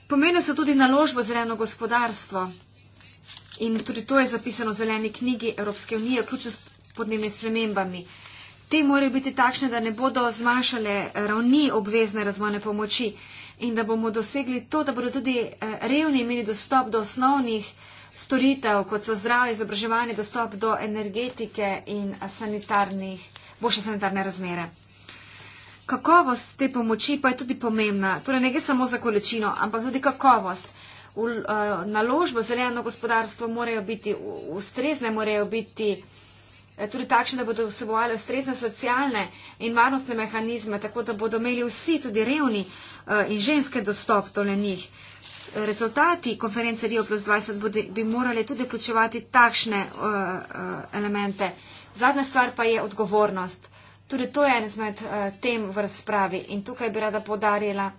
Pomenijo so tudi naložbo zeleno gospodarstvo in tudi to je zapisano v zeleni knjigi Evropske unije, vključno s podnebnimi spremembami. Te morajo biti takšne, da ne bodo zmanjšale ravni obvezne razvojne pomoči in da bomo dosegli to, da bodo tudi eh, revni imeli dostop do osnovnih eh, storitev, kot so zdravje, izobraževanje, dostop do energetike in boljše sanitarne razmere. Kakovost te pomoči pa je tudi pomembna. Torej ne gre samo za količino, ampak tudi kakovost. V eh, naložbo zeleno gospodarstvo morajo biti ustrezne, morajo biti eh, tudi takšne, da bodo vsebovali ustrezne socialne in varnostne mehanizme, tako da bodo imeli vsi, tudi revni eh, in ženske, dostop do njih rezultati konference Rio plus 20 bodi, bi morali tudi vključevati takšne uh, uh, elemente. Zadnja stvar pa je odgovornost. Tudi to je en izmed uh, tem v razpravi in tukaj bi rada podarila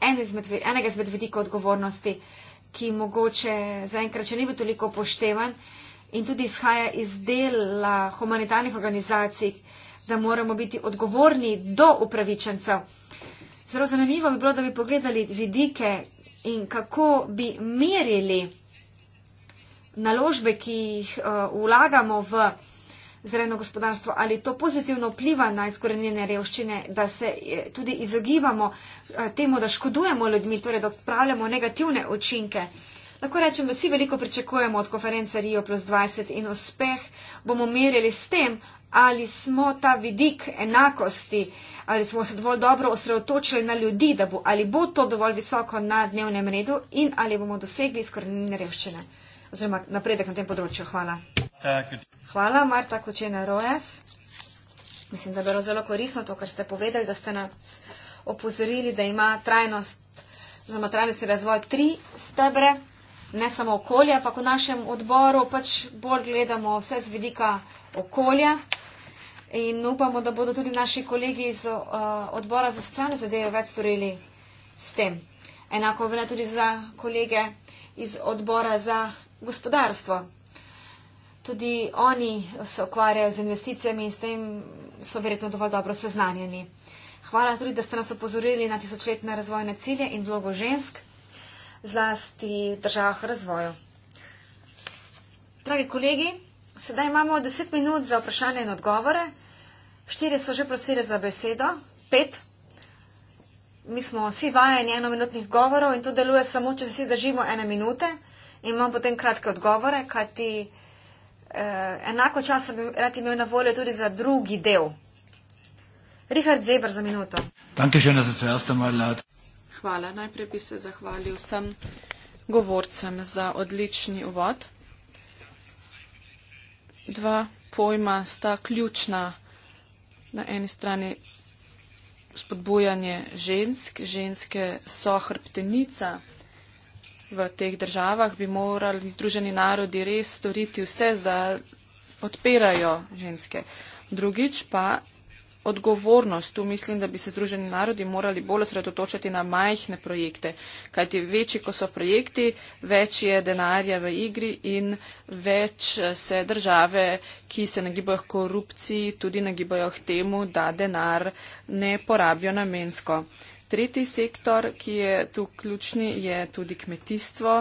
en izmed, enega izmed vidikov odgovornosti, ki mogoče zaenkrat še ni bil toliko upoštevan in tudi izhaja iz dela humanitarnih organizacij, da moramo biti odgovorni do upravičencev. Zelo zanimivo bi bilo, da bi pogledali vidike, in kako bi merili naložbe, ki jih uh, vlagamo v zeleno gospodarstvo, ali to pozitivno vpliva na izkorenjene revščine, da se eh, tudi izogibamo eh, temu, da škodujemo ljudmi, torej da odpravljamo negativne učinke. Lahko rečem, da vsi veliko pričakujemo od konference Rio plus 20 in uspeh bomo merili s tem, ali smo ta vidik enakosti uh, ali smo se dovolj dobro osredotočili na ljudi, da bo ali bo to dovolj visoko na dnevnem redu in ali bomo dosegli skorenine revščine oziroma napredek na tem področju. Hvala. Hvala, Marta Kočena Rojas. Mislim, da je bilo zelo korisno to, kar ste povedali, da ste nas opozorili, da ima trajnost, oziroma trajnostni razvoj tri stebre, ne samo okolje, ampak v našem odboru pač bolj gledamo vse z vidika okolja in upamo, da bodo tudi naši kolegi iz uh, odbora za socialne zadeve več storili s tem. Enako velja tudi za kolege iz odbora za gospodarstvo. Tudi oni se ukvarjajo z investicijami in s tem so verjetno dovolj dobro seznanjeni. Hvala tudi, da ste nas opozorili na tisočletne razvojne cilje in vlogo žensk, zlasti v državah razvoju. Dragi kolegi, Sedaj imamo 10 minut za vprašanje in odgovore. Štiri so že prosili za besedo, pet. Mi smo vsi vajeni enominutnih govorov in to deluje samo, če vsi držimo ene minute in imamo potem kratke odgovore, kajti eh, enako časa bi rad imel na voljo tudi za drugi del. Richard Zeber za minuto. Hvala. Najprej bi se zahvalil vsem govorcem za odlični uvod dva pojma sta ključna. Na eni strani spodbujanje žensk. Ženske so hrbtenica v teh državah. Bi morali Združeni narodi res storiti vse, da odpirajo ženske. Drugič pa odgovornost. Tu mislim, da bi se Združeni narodi morali bolj osredotočiti na majhne projekte, kajti večji, ko so projekti, več je denarja v igri in več eh, se države, ki se nagibajo k korupciji, tudi nagibajo k temu, da denar ne porabijo namensko. Tretji sektor, ki je tu ključni, je tudi kmetijstvo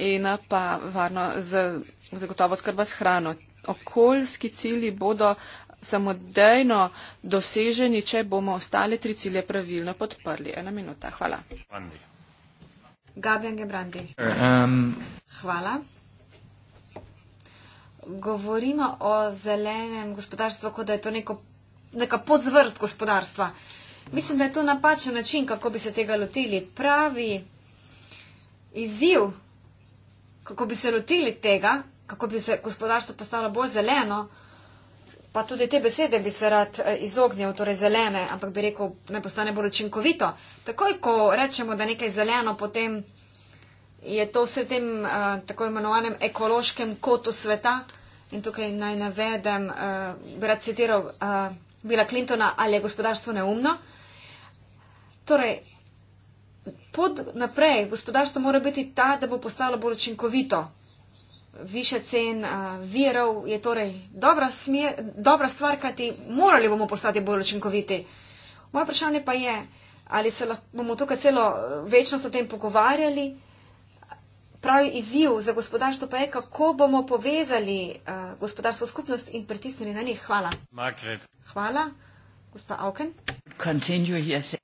in eh, pa varno zagotovo skrba s hrano. Okoljski cilji bodo uh, samodejno doseženi, če bomo ostale tri cilje pravilno podprli. Ena minuta. Hvala. Gabriel Gebrandi. Um, Hvala. Govorimo o zelenem gospodarstvu, kot da je to neko, neka podzvrst gospodarstva. Mislim, da je to napačen način, kako bi se tega lotili. Pravi izziv, kako bi se lotili tega, kako bi se gospodarstvo postalo bolj zeleno, pa tudi te besede bi se rad eh, izognil, torej zelene, ampak bi rekel, naj postane bolj učinkovito. Takoj, ko rečemo, da nekaj zeleno, potem je to vse v tem eh, tako imenovanem ekološkem kotu sveta. In tukaj naj navedem, eh, bi rad citiral Bila Clintona, ali je gospodarstvo neumno. Torej, pod naprej gospodarstvo mora biti ta, da bo postalo bolj učinkovito više cen virov je torej dobra, smer, dobra stvar, kajti morali bomo postati bolj učinkoviti. Moje vprašanje pa je, ali se lahko bomo tukaj celo e, večnost o tem pogovarjali. Pravi izziv za gospodarstvo pa je, kako bomo povezali uh, gospodarsko skupnost in pritisnili na njih. Hvala. Margaret. Hvala, gospa Auken.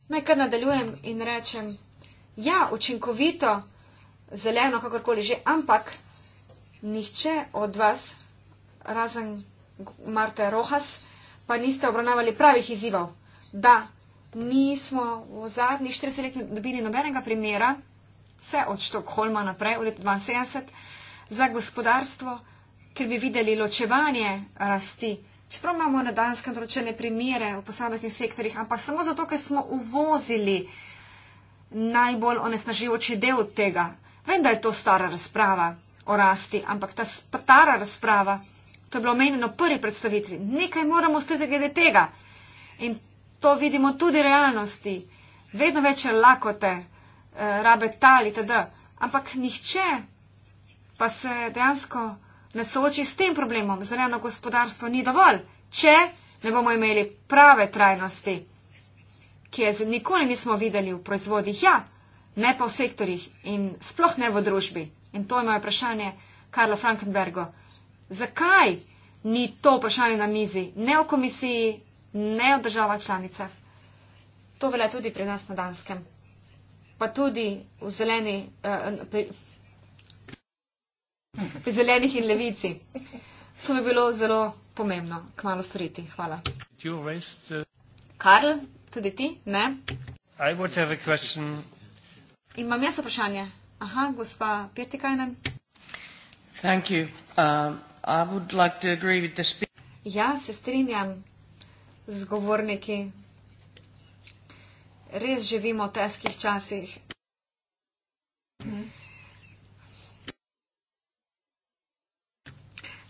Naj kar nadaljujem in rečem, ja, učinkovito, zeleno, kakorkoli že, ampak nihče od vas, razen Marta Rohas, pa niste obravnavali pravih izzivov. Da, nismo v zadnjih 40 letih dobili nobenega primera, vse od Štokholma naprej, od 72, za gospodarstvo, ker bi videli ločevanje rasti. Čeprav imamo na danskem določene primere v posameznih sektorjih, ampak samo zato, ker smo uvozili najbolj onesnaživoči del tega. Vem, da je to stara razprava, o rasti, ampak ta stara razprava, to je bilo omenjeno v prvi predstavitvi, nekaj moramo ostati glede tega. In to vidimo tudi v realnosti. Vedno več je lakote, eh, rabe tal in td. Ampak nihče pa se dejansko ne sooči s tem problemom. Zeleno gospodarstvo ni dovolj, če ne bomo imeli prave trajnosti, ki je nikoli nismo videli v proizvodih, ja, ne pa v sektorjih in sploh ne v družbi. In to je moje vprašanje Karlo Frankenbergo. Zakaj ni to vprašanje na mizi, ne v komisiji, ne v državah članicah? To velja tudi pri nas na Danskem, pa tudi v zeleni, eh, pri, pri zelenih in levici. To bi bilo zelo pomembno, kmalo storiti. Hvala. Karl, tudi ti? Ne. Imam jaz vprašanje. Aha, gospa Pirtikajnen. Thank you. Uh, I would like to agree with the speaker. Ja, se strinjam z govorniki. Res živimo v težkih časih.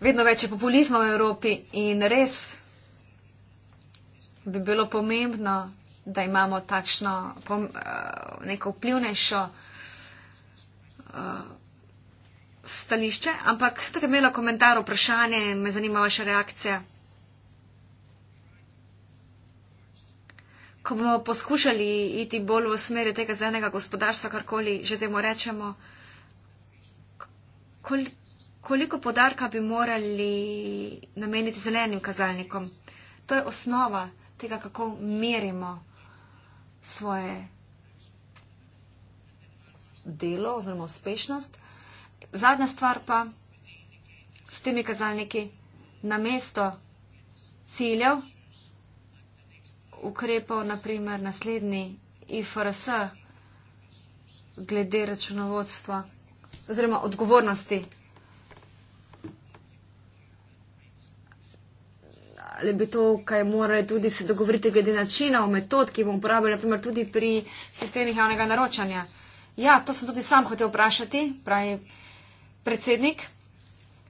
Vedno več je populizma v Evropi in res bi bilo pomembno, da imamo takšno eh, neko vplivnejšo uh, uh, stališče, ampak tukaj je imela komentar, vprašanje in me zanima vaša reakcija. Ko bomo poskušali iti bolj v smeri tega zelenega gospodarstva, karkoli že temu rečemo, kol, koliko podarka bi morali nameniti zelenim kazalnikom? To je osnova tega, kako merimo svoje delo oziroma uspešnost. Zadnja stvar pa s temi kazalniki na mesto ciljev, ukrepov, naprimer naslednji IFRS glede računovodstva oziroma odgovornosti. Ali bi to, kaj morali tudi se dogovoriti glede načinov, metod, ki bomo uporabljali, naprimer tudi pri sistemih javnega naročanja. Ja, to sem tudi sam hotel vprašati, pravi predsednik.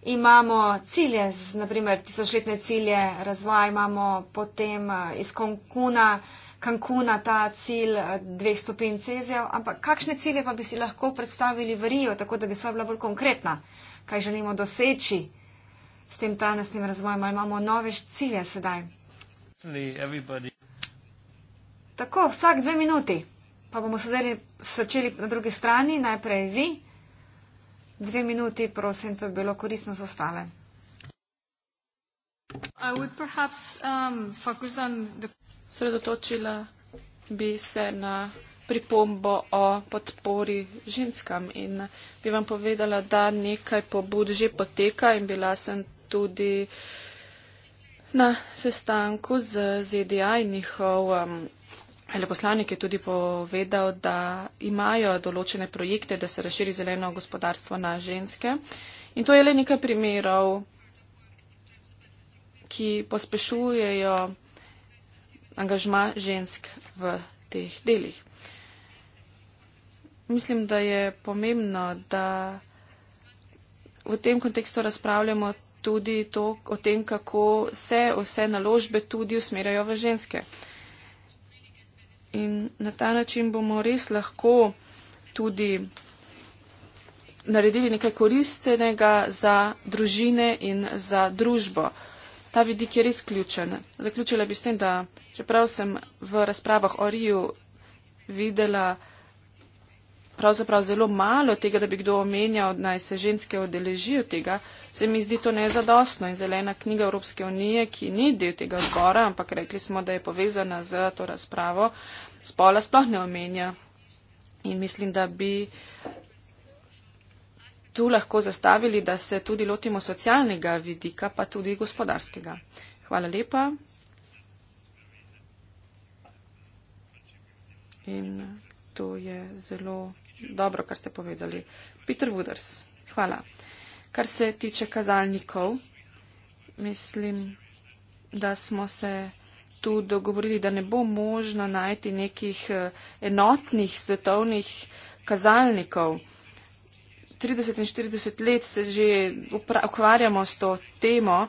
Imamo cilje, naprimer tisočletne cilje razvoja, imamo potem eh, iz Konkuna, Kankuna ta cilj eh, dveh stopinj Cezijev, ampak kakšne cilje pa bi si lahko predstavili v Rijo, tako da bi so bila bolj konkretna, kaj želimo doseči s tem tanesnim razvojem, ali imamo nove cilje sedaj. Tako, vsak dve minuti. Pa bomo sedaj začeli na drugi strani, najprej vi. Dve minuti, prosim, to je bilo koristno za ostale. Um, Sredotočila bi se na pripombo o podpori ženskam in bi vam povedala, da nekaj pobud že poteka in bila sem tudi na sestanku z ZDA in njihov. Um, Veleposlanik je tudi povedal, da imajo določene projekte, da se razširi zeleno gospodarstvo na ženske. In to je le nekaj primerov, ki pospešujejo angažma žensk v teh delih. Mislim, da je pomembno, da v tem kontekstu razpravljamo tudi to, o tem, kako se vse naložbe tudi usmerjajo v ženske. In na ta način bomo res lahko tudi naredili nekaj koristenega za družine in za družbo. Ta vidik je res ključen. Zaključila bi s tem, da čeprav sem v razpravah o Riju videla, pravzaprav zelo malo tega, da bi kdo omenjal, da naj se ženske odeležijo tega, se mi zdi to nezadostno. In zelena knjiga Evropske unije, ki ni del tega zgora, ampak rekli smo, da je povezana z to razpravo, spola sploh ne omenja. In mislim, da bi tu lahko zastavili, da se tudi lotimo socialnega vidika, pa tudi gospodarskega. Hvala lepa. In to je zelo dobro, kar ste povedali. Peter Wooders, hvala. Kar se tiče kazalnikov, mislim, da smo se tu dogovorili, da ne bo možno najti nekih eh, enotnih svetovnih kazalnikov. 30 in 40 let se že ukvarjamo s to temo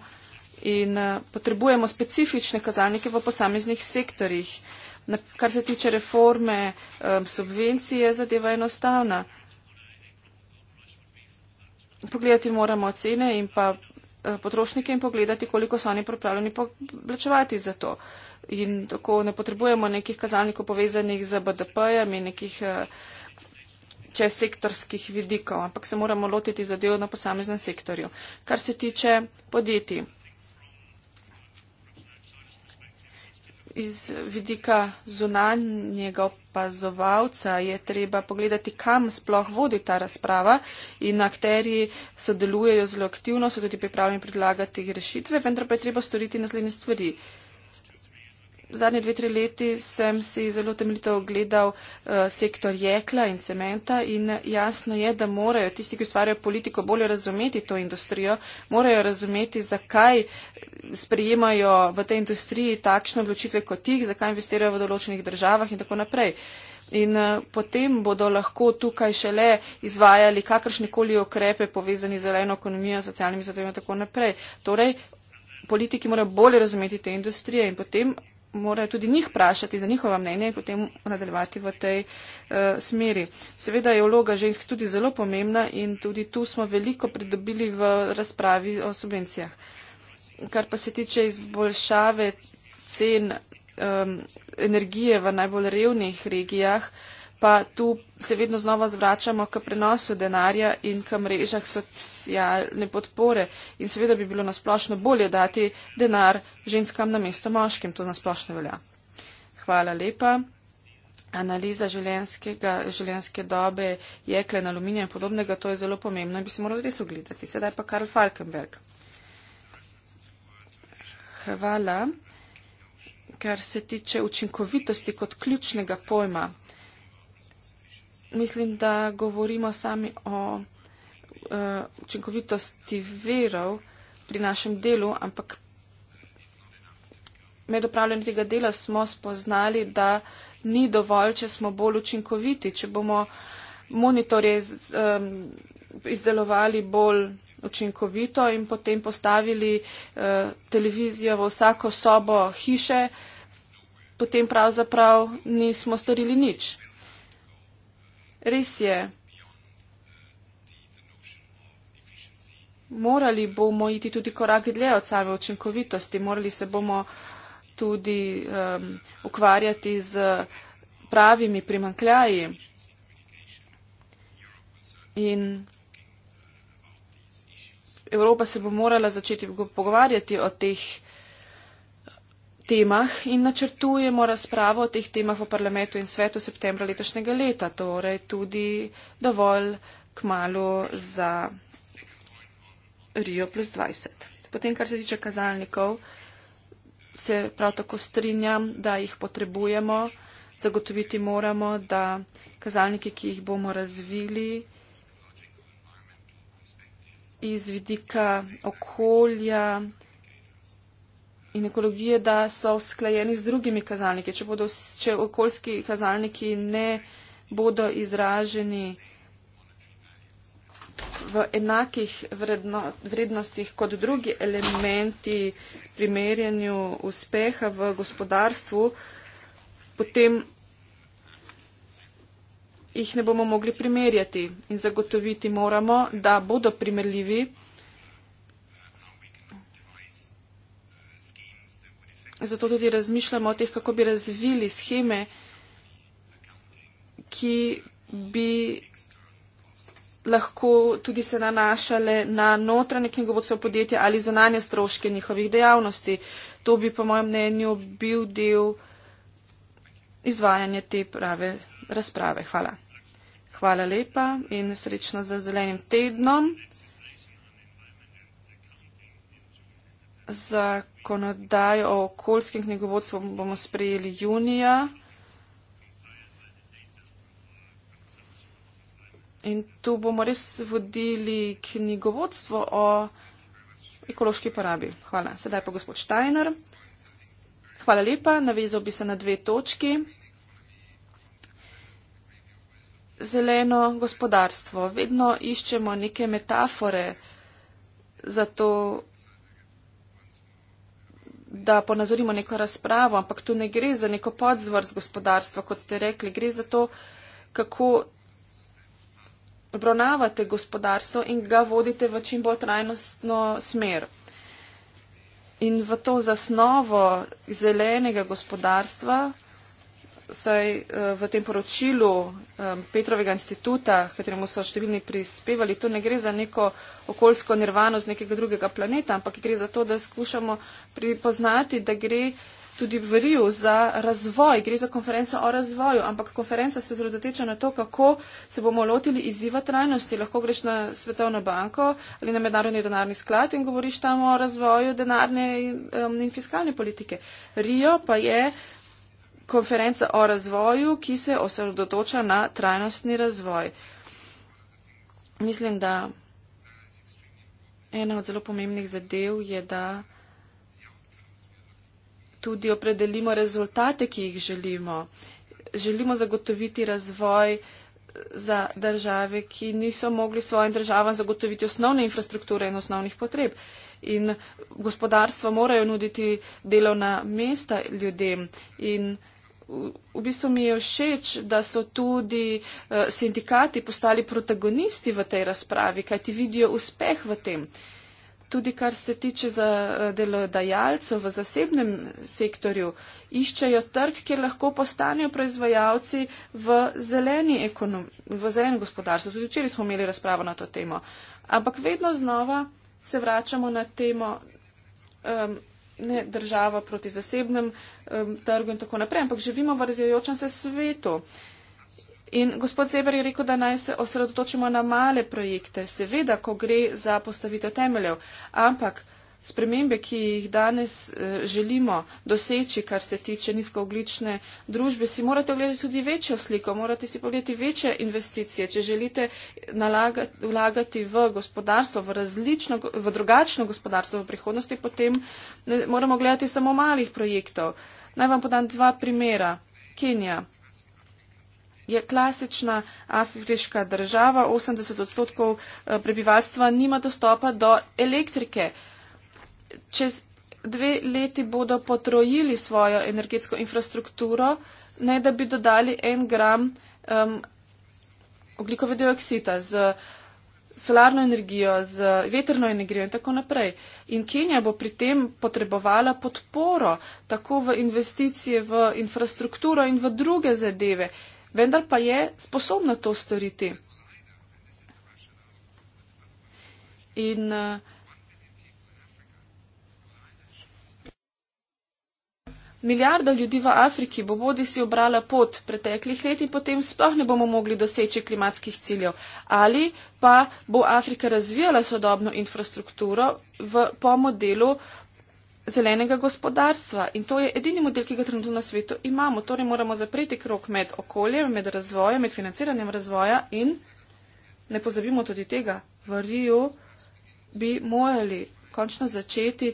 in eh, potrebujemo specifične kazalnike v posameznih sektorjih kar se tiče reforme um, subvencije, zadeva enostavna. Pogledati moramo cene in pa eh, potrošnike in pogledati, koliko so oni pripravljeni plačevati za to. In tako ne potrebujemo nekih kazalnikov povezanih z BDP-jem in nekih eh, čez sektorskih vidikov, ampak se moramo lotiti zadev na posameznem sektorju. Kar se tiče podjetij. iz vidika zunanjega opazovalca je treba pogledati, kam sploh vodi ta razprava in akteri sodelujejo zelo aktivno, so tudi pripravljeni predlagati rešitve, vendar pa je treba storiti naslednje stvari zadnje dve, tri leti sem si zelo temeljito ogledal uh, sektor jekla in cementa in jasno je, da morajo tisti, ki ustvarjajo politiko, bolje razumeti to industrijo, morajo razumeti, zakaj sprejemajo v tej industriji takšne odločitve kot jih, zakaj investirajo v določenih državah in tako naprej. In eh, potem bodo lahko tukaj šele izvajali kakršnekoli okrepe povezani z zeleno ekonomijo, socialnimi zadevami in tako naprej. Torej, politiki morajo bolje razumeti te industrije in potem morajo tudi njih vprašati za njihova mnenja in potem nadaljevati v tej uh, smeri. Seveda je vloga žensk tudi zelo pomembna in tudi tu smo veliko pridobili v razpravi o subvencijah. Kar pa se tiče izboljšave cen um, energije v najbolj revnih regijah, uh, pa tu se vedno znova zvračamo k prenosu denarja in k mrežah socialne podpore. In seveda bi bilo nasplošno bolje dati denar ženskam na mesto moškim, to nasplošno velja. Hvala lepa. Analiza življenjske dobe, jekle, aluminija in podobnega, to je zelo pomembno in bi se morali res ogledati. Sedaj pa Karl Falkenberg. Hvala. Kar se tiče učinkovitosti kot ključnega pojma mislim, da govorimo sami o uh, učinkovitosti verov pri našem delu, ampak med upravljanjem tega dela smo spoznali, da ni dovolj, če smo bolj učinkoviti, če bomo monitorje iz, um, izdelovali bolj učinkovito in potem postavili uh, televizijo v vsako sobo hiše, potem pravzaprav nismo storili nič. Res je. Morali bomo iti tudi korak dlje od same učinkovitosti, morali se bomo tudi um, ukvarjati z pravimi primankljaji. In Evropa se bo morala začeti pogovarjati o teh temah in načrtujemo razpravo o teh temah v parlamentu in svetu septembra letošnjega leta, torej tudi dovolj k malu za Rio plus 20. Potem, kar se tiče kazalnikov, se prav tako strinjam, da jih potrebujemo, zagotoviti moramo, da kazalniki, ki jih bomo razvili iz vidika okolja, in ekologije, da so usklajeni z drugimi kazalniki. Če, bodo, če okoljski kazalniki ne bodo izraženi v enakih vredno, vrednostih kot drugi elementi pri merjenju uspeha v gospodarstvu, potem jih ne bomo mogli primerjati in zagotoviti moramo, da bodo primerljivi. zato tudi razmišljamo o teh, kako bi razvili scheme, ki bi lahko tudi se nanašale na notranje knjigovodstvo podjetja ali zonanje stroške njihovih dejavnosti. To bi, po mojem mnenju, bil del izvajanja te prave razprave. Hvala. Hvala lepa in srečno za zelenim tednom. zakonodajo o okoljskem knjigovodstvu bomo sprejeli junija. In tu bomo res vodili knjigovodstvo o ekološki porabi. Hvala. Sedaj pa gospod Steiner. Hvala lepa. Navezal bi se na dve točki. Zeleno gospodarstvo. Vedno iščemo neke metafore za to da ponazorimo neko razpravo, ampak tu ne gre za neko podzvrst gospodarstva, kot ste rekli, gre za to, kako obravnavate gospodarstvo in ga vodite v čim bolj trajnostno smer. In v to zasnovo zelenega gospodarstva vsaj uh, eh, v tem poročilu um, Petrovega instituta, kateremu so številni prispevali, to ne gre za neko okoljsko nirvano z nekega drugega planeta, ampak gre za to, da skušamo pripoznati, da gre tudi v Riju za razvoj, gre za konferenco o razvoju, ampak konferenca se zrodoteča na to, kako se bomo lotili izziva trajnosti. Lahko greš na Svetovno banko ali na Mednarodni denarni sklad in govoriš tam o razvoju denarne in, eh, um, in fiskalne politike. Rio pa je konferenca o razvoju, ki se osredotoča na trajnostni razvoj. Mislim, da ena od zelo pomembnih zadev je, da tudi opredelimo rezultate, ki jih želimo. Želimo zagotoviti razvoj za države, ki niso mogli svojim državam zagotoviti osnovne infrastrukture in osnovnih potreb. In gospodarstva morajo nuditi delovna mesta ljudem. In v bistvu mi je všeč, da so tudi eh, sindikati postali protagonisti v tej razpravi, kaj ti vidijo uspeh v tem. Tudi kar se tiče za eh, delodajalcev v zasebnem sektorju, iščejo trg, kjer lahko postanejo proizvajalci v zeleni ekonomiji, v zelenem gospodarstvu. Tudi včeraj smo imeli razpravo na to temo. Ampak vedno znova se vračamo na temo. Um, ne država proti zasebnem um, trgu in tako naprej, ampak živimo v razvijajočem se svetu. In gospod Zeber je rekel, da naj se osredotočimo na male projekte. Seveda, ko gre za postavitev temeljev, ampak spremembe, ki jih danes eh, želimo doseči, kar se tiče nizkooglične družbe, si morate ogledati tudi večjo sliko, morate si pogledati večje investicije, če želite nalagati, vlagati v gospodarstvo, v, različno, v drugačno gospodarstvo v prihodnosti, potem ne, moramo gledati samo malih projektov. Naj vam podam dva primera. Kenija je klasična afriška država, 80 odstotkov eh, prebivalstva nima dostopa do elektrike čez dve leti bodo potrojili svojo energetsko infrastrukturo, ne da bi dodali en gram um, oglikove dioksida z solarno energijo, z veterno energijo in tako naprej. In Kenija bo pri tem potrebovala podporo tako v investicije v infrastrukturo in v druge zadeve, vendar pa je sposobna to storiti. In uh, Milijarda ljudi v Afriki bo bodisi obrala pot preteklih let in potem sploh ne bomo mogli doseči klimatskih ciljev. Ali pa bo Afrika razvijala sodobno infrastrukturo v pomodelu zelenega gospodarstva. In to je edini model, ki ga trenutno na svetu imamo. Torej moramo zapreti krok med okoljem, med razvojem, med financiranjem razvoja in ne pozabimo tudi tega. V Riju bi morali končno začeti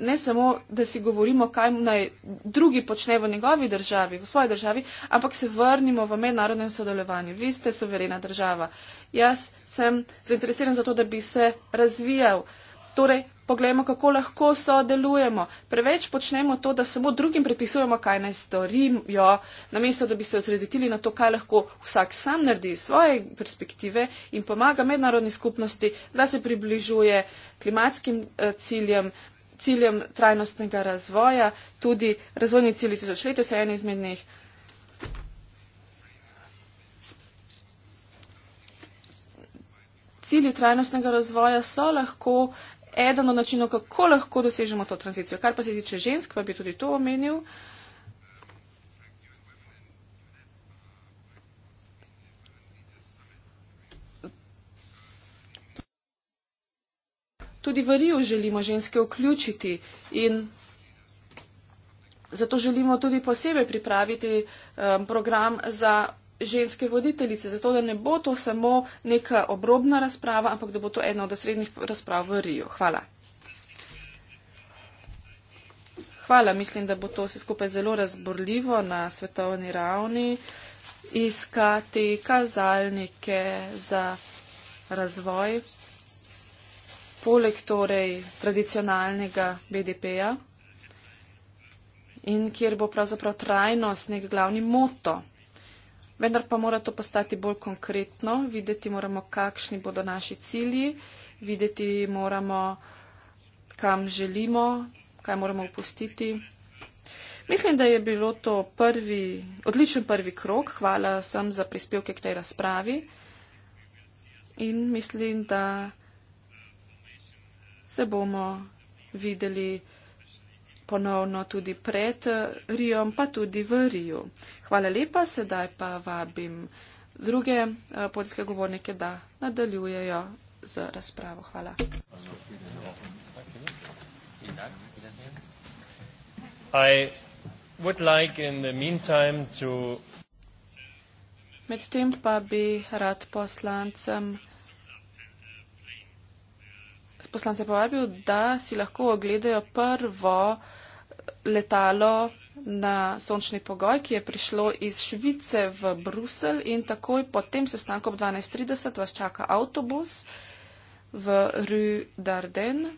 ne samo, da si govorimo, kaj naj drugi počne v njegovi državi, v svoji državi, ampak se vrnimo v mednarodne sodelovanje. Vi ste soverena država. Jaz sem zainteresiran za to, da bi se razvijal. Torej, poglejmo, kako lahko sodelujemo. Preveč počnemo to, da samo drugim predpisujemo, kaj naj storijo, namesto da bi se osreditili na to, kaj lahko vsak sam naredi iz svoje perspektive in pomaga mednarodni skupnosti, da se približuje klimatskim eh, ciljem, ciljem trajnostnega razvoja, tudi razvojni cilji tisočletja so eni izmed njih. Cilji trajnostnega razvoja so lahko eden od načinov, kako lahko dosežemo to tranzicijo. Kar pa se tiče žensk, pa bi tudi to omenil. Uh, tudi v Riju želimo ženske vključiti in zato želimo tudi posebej pripraviti um, program za ženske voditeljice, zato da ne bo to samo neka obrobna razprava, ampak da bo to ena od osrednjih razprav v Riju. Hvala. Hvala, mislim, da bo to vse skupaj zelo razborljivo na svetovni ravni iskati kazalnike za razvoj poleg torej tradicionalnega BDP-ja in kjer bo pravzaprav trajnost nek glavni moto. Vendar pa mora to postati bolj konkretno, videti moramo, kakšni bodo naši cilji, videti moramo, kam želimo, kaj moramo upustiti. Mislim, da je bilo to prvi, odličen prvi krok. Hvala vsem za prispevke k tej razpravi. In mislim, da se bomo videli ponovno tudi pred eh, Rijom, pa tudi v Riju. Hvala lepa, sedaj pa vabim druge eh, podijske govornike, da nadaljujejo z razpravo. Hvala. Medtem pa bi rad poslancem poslance povabil, da si lahko ogledajo prvo letalo na sončni pogoj, ki je prišlo iz Švice v Brusel in takoj po tem sestanku ob 12.30 vas čaka avtobus v Rue d'Arden.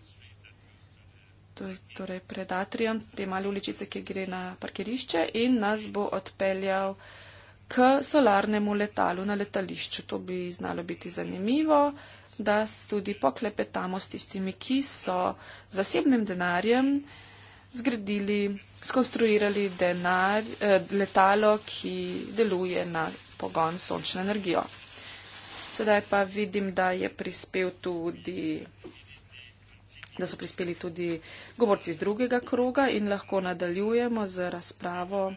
To je torej pred Atrijom, te male uličice, ki gre na parkirišče in nas bo odpeljal k solarnemu letalu na letališču. To bi znalo biti zanimivo da tudi poklepetamo s tistimi, ki so zasebnim denarjem zgradili, skonstruirali denar, eh, letalo, ki deluje na pogon sončne energijo. Sedaj pa vidim, da, tudi, da so prispeli tudi govorci iz drugega kroga in lahko nadaljujemo z razpravo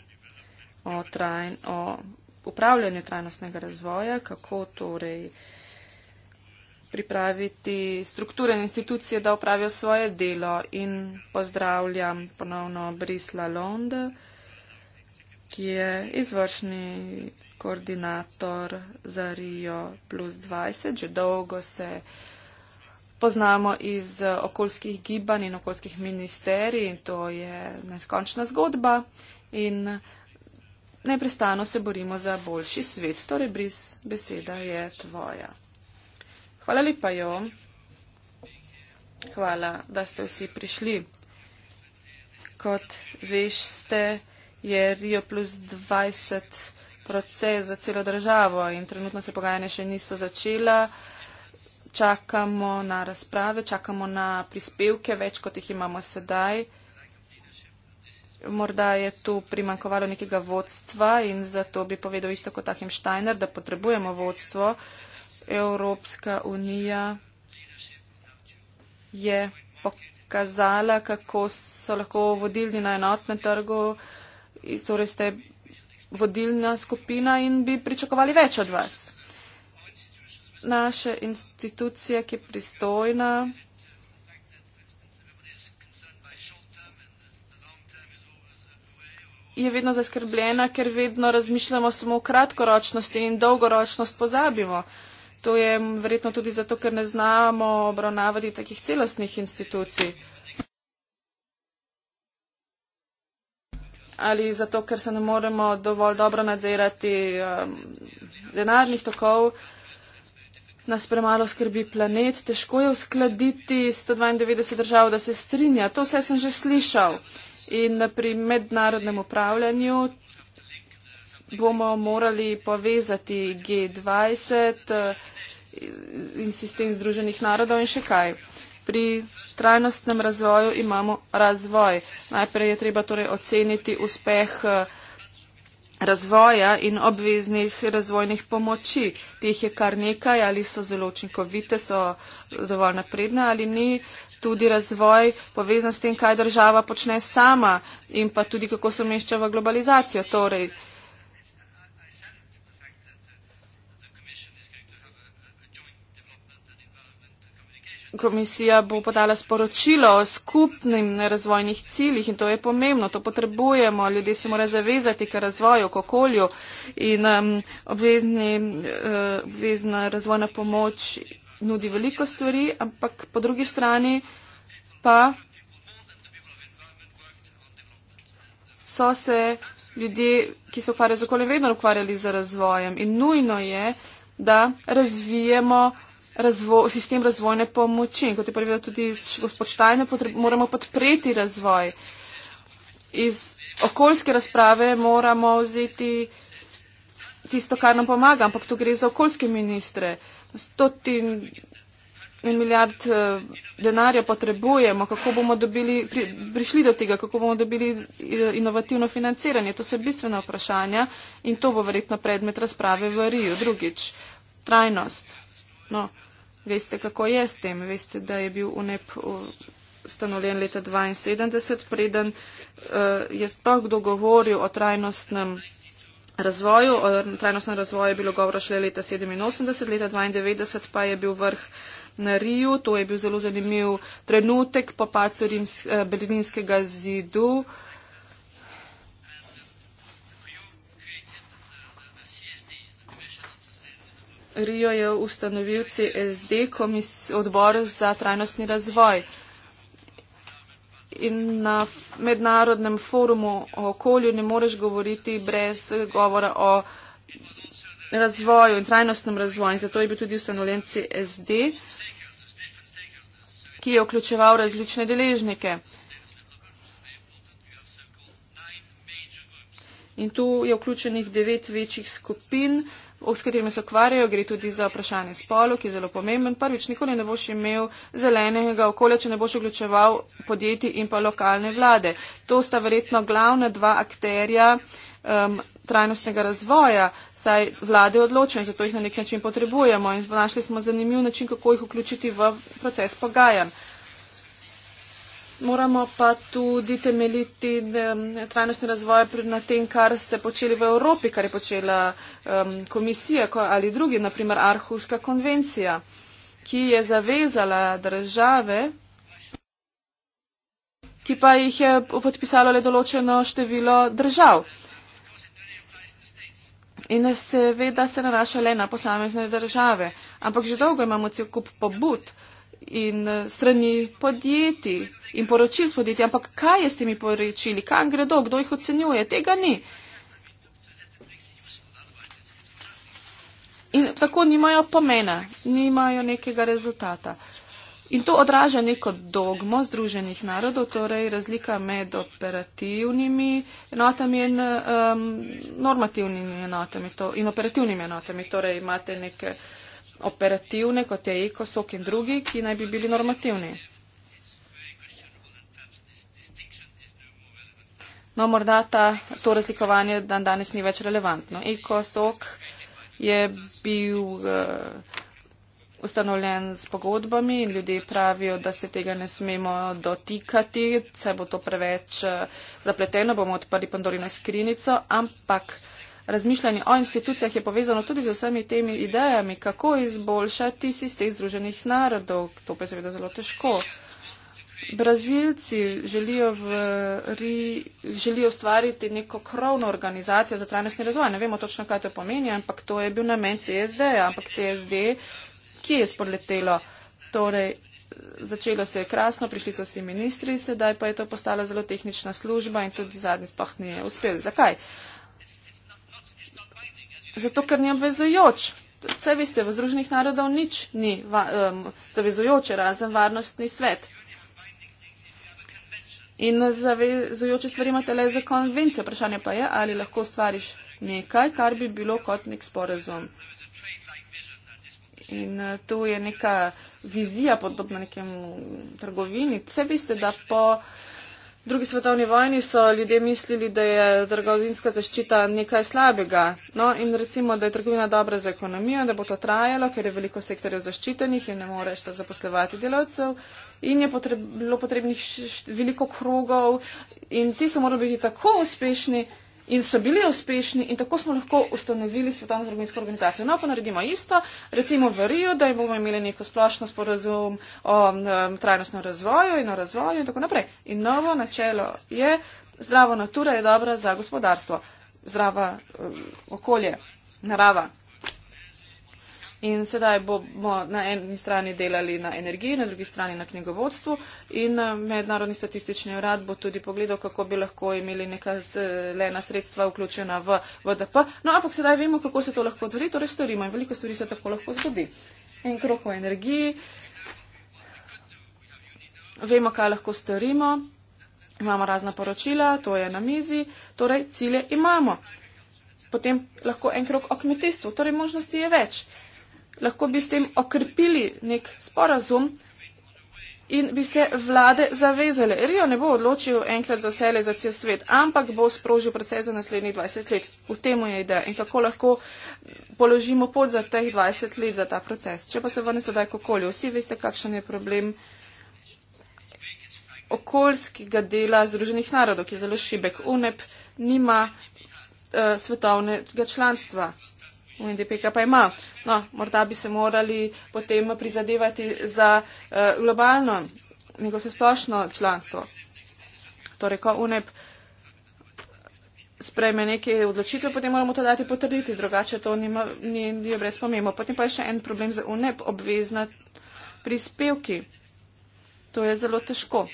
o, trajn, o upravljanju trajnostnega razvoja, kako torej pripraviti strukture in institucije, da upravijo svoje delo in pozdravljam ponovno Brisla Lond, ki je izvršni koordinator za Rio plus 20. Že dolgo se poznamo iz okoljskih gibanj in okoljskih ministerij in to je neskončna zgodba in neprestano se borimo za boljši svet. Torej, Bris, beseda je tvoja. Hvala lepa, Jo. Hvala, da ste vsi prišli. Kot veš, ste, je Rio plus 20 proces za celo državo in trenutno se pogajanja še niso začela. Čakamo na razprave, čakamo na prispevke, več kot jih imamo sedaj. Morda je tu primankovalo nekega vodstva in zato bi povedal isto kot Ahim Steiner, da potrebujemo vodstvo. Uh, Evropska unija je pokazala, kako so lahko vodilni na enotnem trgu, torej ste vodilna skupina in bi pričakovali več od vas. Naše institucije, ki je pristojna, je vedno zaskrbljena, ker vedno razmišljamo samo o kratkoročnosti in dolgoročnost pozabimo to je verjetno tudi zato, ker ne znamo obravnavati takih celostnih institucij. Ali zato, ker se ne moremo dovolj dobro nadzirati um, denarnih tokov, nas premalo skrbi planet, težko je uskladiti 192 držav, da se strinja. To vse sem že slišal. In pri mednarodnem upravljanju bomo morali povezati G20 eh, in sistem Združenih narodov in še kaj. Pri trajnostnem razvoju imamo razvoj. Najprej je treba torej oceniti uspeh eh, razvoja in obveznih razvojnih pomoči. Teh je kar nekaj, ali so zelo učinkovite, so dovolj napredne ali ni. Tudi razvoj povezan s tem, kaj država počne sama in pa tudi, kako se umešča v globalizacijo. Torej, komisija bo podala sporočilo o skupnim razvojnih ciljih in to je pomembno, to potrebujemo, ljudje se morajo zavezati k razvoju, k okolju in um, obvezni, uh, obvezna razvojna pomoč nudi veliko stvari, ampak po drugi strani pa so se ljudje, ki se ukvarjajo z okoljem, vedno ukvarjali z razvojem in nujno je, da razvijemo razvo, sistem razvojne pomoči. Kot je povedal tudi gospod Štajn, moramo podpreti razvoj. Iz okoljske razprave moramo vzeti tisto, kar nam pomaga, ampak tu gre za okoljske ministre. Stotin milijard eh, denarja potrebujemo, kako bomo dobili, pri, prišli do tega, kako bomo dobili eh, inovativno financiranje. To so bistvena vprašanja in to bo verjetno predmet razprave v Riju. Drugič, trajnost. No veste, kako je s tem. Veste, da je bil UNEP ustanovljen leta 1972, preden uh, je sploh kdo govoril o trajnostnem razvoju. O trajnostnem razvoju je bilo govora šele leta 1987, leta 1992 pa je bil vrh na Riju. To je bil zelo zanimiv trenutek po pacu Rims, uh, berlinskega zidu. Uh, Rijo je ustanovil CSD, komis, odbor za trajnostni razvoj. In na mednarodnem forumu o okolju ne moreš govoriti brez govora o razvoju in trajnostnem razvoju. In zato je bil tudi ustanovljen CSD, ki je vključeval različne deležnike. In tu je vključenih devet večjih skupin s katerimi se ukvarjajo, gre tudi za vprašanje spolu, ki je zelo pomemben. Prvič, nikoli ne boš imel zelenega okolja, če ne boš vključeval podjetij in pa lokalne vlade. To sta verjetno glavna dva akterja. Um, trajnostnega razvoja, saj vlade odločajo in zato jih na nek način potrebujemo in našli smo zanimiv način, kako jih vključiti v proces pogajanj moramo pa tudi temeljiti trajnostni razvoj na tem, kar ste počeli v Evropi, kar je počela um, komisija ali drugi, naprimer Arhuška konvencija, ki je zavezala države, ki pa jih je podpisalo le določeno število držav. In seveda se nanaša le na posamezne države. Ampak že dolgo imamo cel kup pobud in eh, strani podjetij in poročil s podjetji, ampak kaj je s temi poročili, kam gredo, kdo jih ocenjuje, tega ni. In tako nimajo pomena, nimajo nekega rezultata. In to odraža neko dogmo Združenih narodov, torej razlika med operativnimi enotami in um, normativnimi enotami to, in operativnimi enotami. Torej imate neke uh, operativne, kot je ekosok in drugi, ki naj bi bili normativni. No, morda ta, to razlikovanje dan danes ni več relevantno. Ekosok je bil uh, ustanovljen s pogodbami in ljudje pravijo, da se tega ne smemo dotikati, saj bo to preveč uh, zapleteno, bomo odprli Pandorino skrinico, ampak razmišljanje o institucijah je povezano tudi z vsemi temi idejami, kako izboljšati sistem združenih narodov. To pa je seveda zelo težko. Brazilci želijo, v, ri, želijo ustvariti neko krovno organizacijo za trajnostni razvoj. Ne vemo točno, kaj to pomeni, ampak to je bil namen CSD. Ampak CSD, kje je spodletelo? Torej, začelo se je krasno, prišli so vsi ministri, sedaj pa je to postala zelo tehnična služba in tudi zadnji spoh ni uspel. Zakaj? Uh, zato ker ni obvezujoč. Vse veste, v Združenih narodov nič ni va, um, zavezujoče, razen varnostni svet. In zavezujoče stvari imate le za konvencijo. Vprašanje pa je, ali lahko stvariš nekaj, kar bi bilo kot nek sporazum. In e, tu je neka vizija podobna nekem trgovini. Vse veste, da po drugi svetovni vojni so ljudje mislili, da je trgovinska zaščita nekaj slabega. No in recimo, da je trgovina dobra za ekonomijo, da bo to trajalo, ker je veliko sektorjev zaščitenih in ne moreš to zaposlevati delavcev. In je potreb, bilo potrebnih veliko krogov in ti so morali biti tako uspešni, in so bili uspešni in tako smo lahko ustanovili svetovno trgovinsko organizacijo. No, pa naredimo isto, recimo v Riju, da bomo imeli neko splošno sporazum o um, trajnostnem razvoju in o razvoju in tako naprej. In novo načelo je, zdravo natura je dobra za gospodarstvo, zdrava um, okolje, narava, In sedaj bomo na eni strani delali na energiji, na drugi strani na knjigovodstvu in eh, Mednarodni statistični urad bo tudi pogledal, kako bi lahko imeli neka zelena sredstva vključena v VDP. No, ampak sedaj vemo, kako se to lahko zgodi, torej storimo in veliko stvari se tako lahko zgodi. En krok o energiji. Vemo, kaj lahko storimo. Imamo razna poročila, to je na mizi, torej cilje imamo. Potem lahko en krok o kmetijstvu, torej možnosti je več lahko bi s tem okrepili nek sporazum in bi se vlade zavezale. Rio ne bo odločil enkrat za vse le za cel svet, ampak bo sprožil proces za naslednjih 20 let. V tem je ideja in kako lahko položimo pot za teh 20 let za ta proces. Če pa se vrne sedaj k okolju, vsi veste, kakšen je problem okoljskega dela Združenih narodov, ki je zelo šibek. UNEP nima uh, svetovnega članstva. UNDP pa ima. No, morda bi se morali potem prizadevati za uh, globalno, neko se splošno članstvo. Torej, ko UNEP sprejme neke odločitve, potem moramo to dati potrditi, drugače to nima, ni, ni brez pomembo. Potem pa je še en problem za UNEP, obvezna prispevki. To je zelo težko.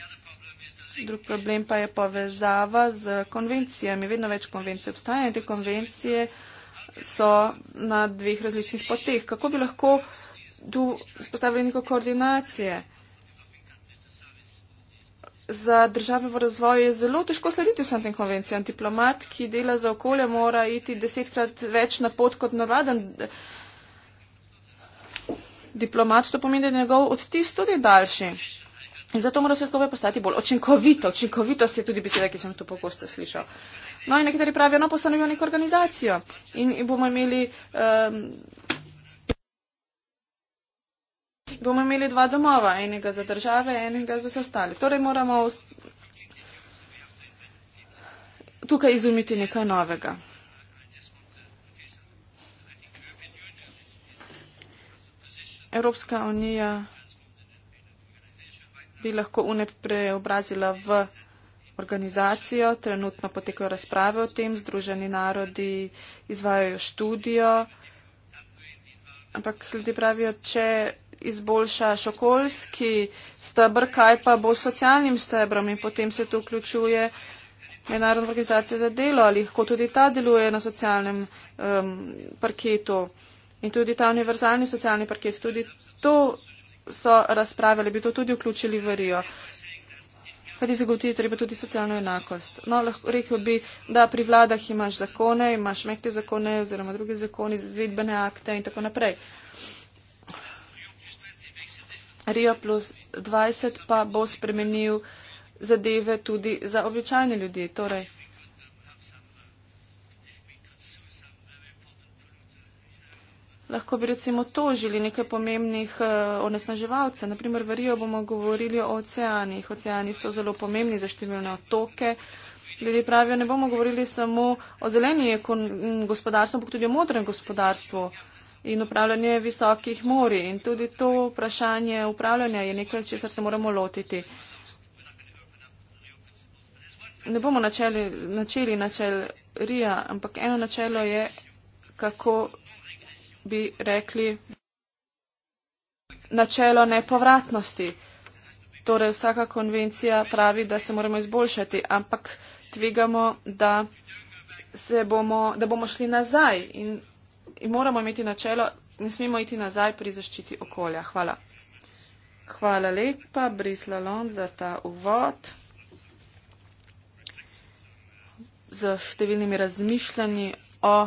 Drug problem pa je povezava z konvencijami. Vedno več konvencij obstaja in te konvencije so na dveh različnih poteh. Kako bi lahko tu spostavili neko koordinacije? Za države v razvoju je zelo težko slediti vsem tem konvencijam. Diplomat, ki dela za okolje, mora iti desetkrat več na pot kot navaden. Diplomat to pomeni, da je njegov odtis tudi daljši. In zato mora svetkove postati bolj učinkovito. Učinkovitost je tudi beseda, ki sem to pogosto slišal. No, in nekateri pravijo, no, postanovijo neko organizacijo in bomo imeli. Um, bomo imeli dva domova, enega za države, enega za vse ostale. Torej moramo tukaj izumiti nekaj novega. Evropska unija bi lahko UNEP preobrazila v organizacijo, trenutno potekajo razprave o tem, Združeni narodi izvajajo študijo. Ampak ljudje pravijo, če izboljšaš okoljski stebr, kaj pa bo s socialnim stebrom in potem se tu vključuje Mednarodna organizacija za delo ali lahko tudi ta deluje na socialnem um, parketu in tudi ta univerzalni socialni parket, tudi to so razpravili, bi to tudi vključili v Rio kajti zagotoviti treba tudi socialno enakost. No, lahko rekel bi, da pri vladah imaš zakone, imaš mehke zakone oziroma druge zakone, izvedbene akte in tako naprej. Rio plus 20 pa bo spremenil zadeve tudi za običajne ljudi. Torej, lahko bi recimo tožili nekaj pomembnih eh, onesnaževalcev. Naprimer, verijo bomo govorili o oceanih. Oceani so zelo pomembni za številne otoke. Ljudje pravijo, ne bomo govorili samo o zeleni gospodarstvu, ampak tudi o modrem gospodarstvu in upravljanje visokih mori. In tudi to vprašanje upravljanja je nekaj, česar se moramo lotiti. Ne bomo načeli, načeli načel Rija, ampak eno načelo je, kako bi rekli, načelo nepovratnosti. Torej, vsaka konvencija pravi, da se moramo izboljšati, ampak tvegamo, da, bomo, da bomo šli nazaj in, in moramo imeti načelo, ne smemo iti nazaj pri zaščiti okolja. Hvala. Hvala lepa, Brislalon, za ta uvod. Z številnimi razmišljanji o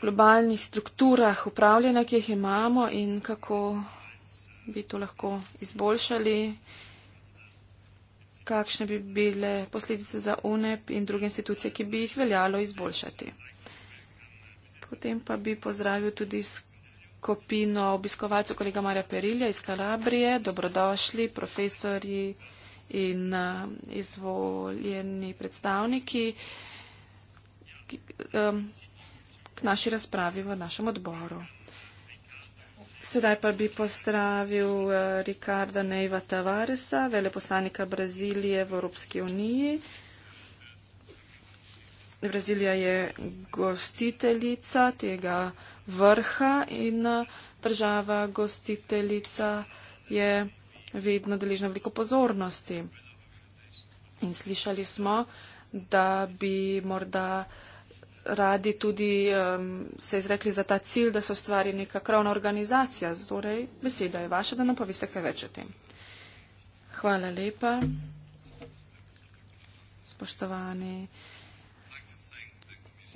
globalnih strukturah upravljanja, ki jih imamo in kako bi to lahko izboljšali, kakšne bi bile posledice za UNEP in druge institucije, ki bi jih veljalo izboljšati. Potem pa bi pozdravil tudi skupino obiskovalcev kolega Marja Perilja iz Kalabrije. Dobrodošli, profesori in eh, izvoljeni predstavniki. Ki, um, k naši razpravi v našem odboru. Sedaj pa bi postavil eh, Rikarda Neiva Tavaresa, veleposlanika Brazilije v Evropski uniji. Brazilija je gostiteljica tega vrha in eh, država gostiteljica je vedno deležna veliko pozornosti. In slišali smo, da bi morda uh, radi tudi um, se izrekli za ta cilj, da se ustvari neka krovna organizacija. Torej, beseda je vaša, da nam poveste kaj več o tem. Hvala lepa, spoštovani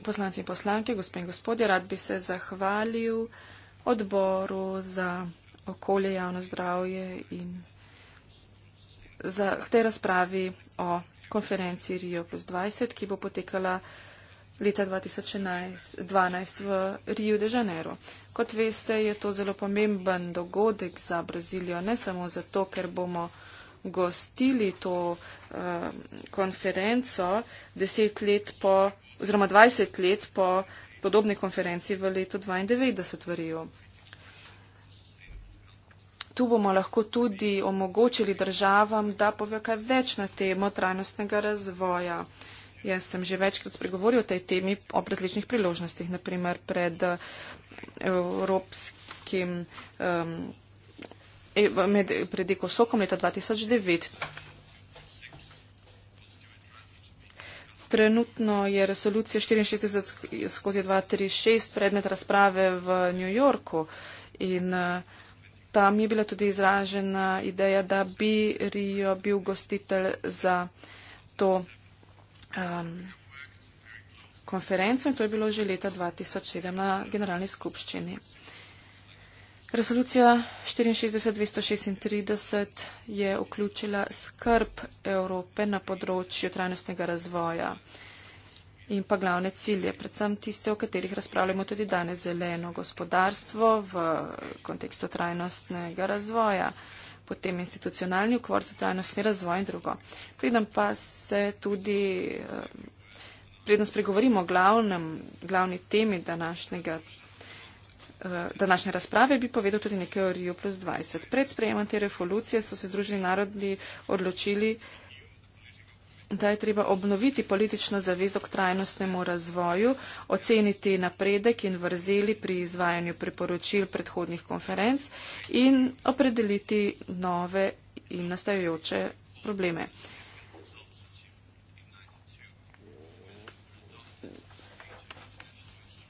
poslanci in poslanke, gospe in gospodje. Rad bi se zahvalil odboru za okolje, javno zdravje in za te razpravi o konferenci Rio plus 20, ki bo potekala leta 2012 v Rio de Janeiro. Kot veste, je to zelo pomemben dogodek za Brazilijo, ne samo zato, ker bomo gostili to uh, konferenco 10 let po, oziroma 20 let po podobni konferenci v letu 92 v Rio. Tu bomo lahko tudi omogočili državam, da povejo kaj več na temo trajnostnega razvoja. Uh, Jaz sem že večkrat spregovoril o tej temi ob različnih priložnostih, naprimer pred eh, evropskim, um, med, pred Ekosokom leta 2009. Trenutno je resolucija 64 skozi 236 predmet razprave v New Yorku in uh, tam je bila tudi izražena ideja, da bi Rio bil gostitelj za to um, konferenco in to je bilo že leta 2007 na generalni skupščini. Resolucija 64.236 je vključila skrb Evrope na področju trajnostnega razvoja in pa glavne cilje, predvsem tiste, o katerih razpravljamo tudi danes, zeleno gospodarstvo v kontekstu trajnostnega razvoja potem institucionalni ukvar za trajnostni razvoj in drugo. Preden pa se tudi, eh, preden spregovorimo o glavnem, glavni temi današnjega. Eh, današnje razprave bi povedal tudi nekaj o Rio plus 20. Pred sprejemom te revolucije so se Združeni narodi odločili, da je treba obnoviti politično zavezo k trajnostnemu razvoju, oceniti napredek in vrzeli pri izvajanju priporočil predhodnih konferenc in opredeliti nove in nastajajoče probleme.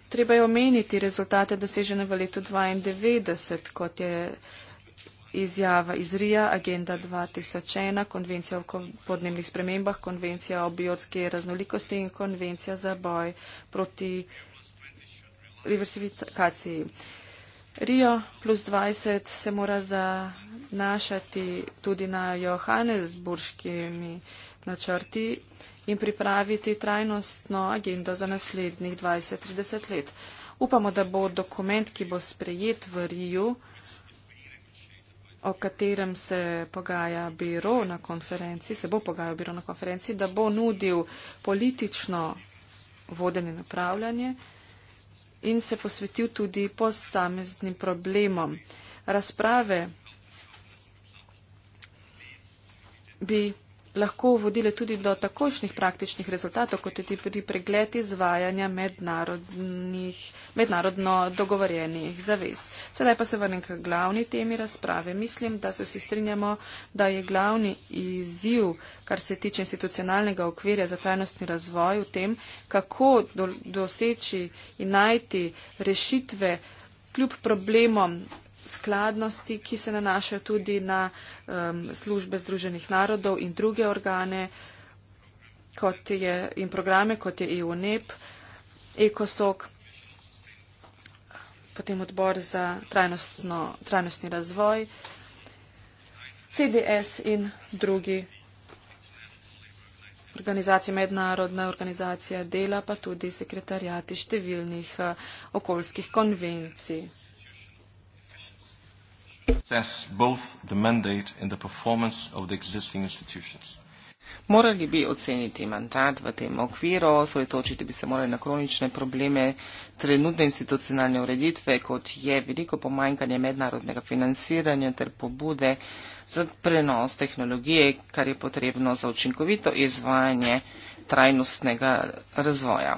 Treba je omeniti rezultate dosežene v letu 1992, kot je izjava iz Rija, Agenda 2001, Konvencija o podnebnih spremembah, Konvencija o biotski raznolikosti in Konvencija za boj proti diversifikaciji. Rio plus 20 se mora zanašati tudi na Johannesburškimi načrti in pripraviti trajnostno agendo za naslednjih 20-30 let. Upamo, da bo dokument, ki bo sprejet v Riju, o katerem se pogaja biro na konferenci, se bo pogajal biro na konferenci, da bo nudil politično vodenje in upravljanje in se posvetil tudi posameznim problemom. Razprave bi lahko vodile tudi do takošnjih praktičnih rezultatov, kot je tudi pregled izvajanja mednarodno dogovorjenih zavez. Sedaj pa se vrnem k glavni temi razprave. Mislim, da se vsi strinjamo, da je glavni izziv, kar se tiče institucionalnega okvirja za trajnostni razvoj, v tem, kako do, doseči in najti rešitve kljub problemom skladnosti, ki se nanašajo tudi na um, službe Združenih narodov in druge organe kot je, in programe, kot je EUNEP, ECOSOC, potem odbor za trajnostni razvoj, CDS in drugi organizacije, mednarodna organizacija dela, pa tudi sekretarjati številnih uh, okoljskih konvencij assess both the mandate and the performance of the existing institutions. Morali bi oceniti mandat v tem okviru, osredotočiti bi se morali na kronične probleme trenutne institucionalne ureditve, kot je veliko pomanjkanje mednarodnega financiranja ter pobude za prenos tehnologije, kar je potrebno za učinkovito izvajanje trajnostnega razvoja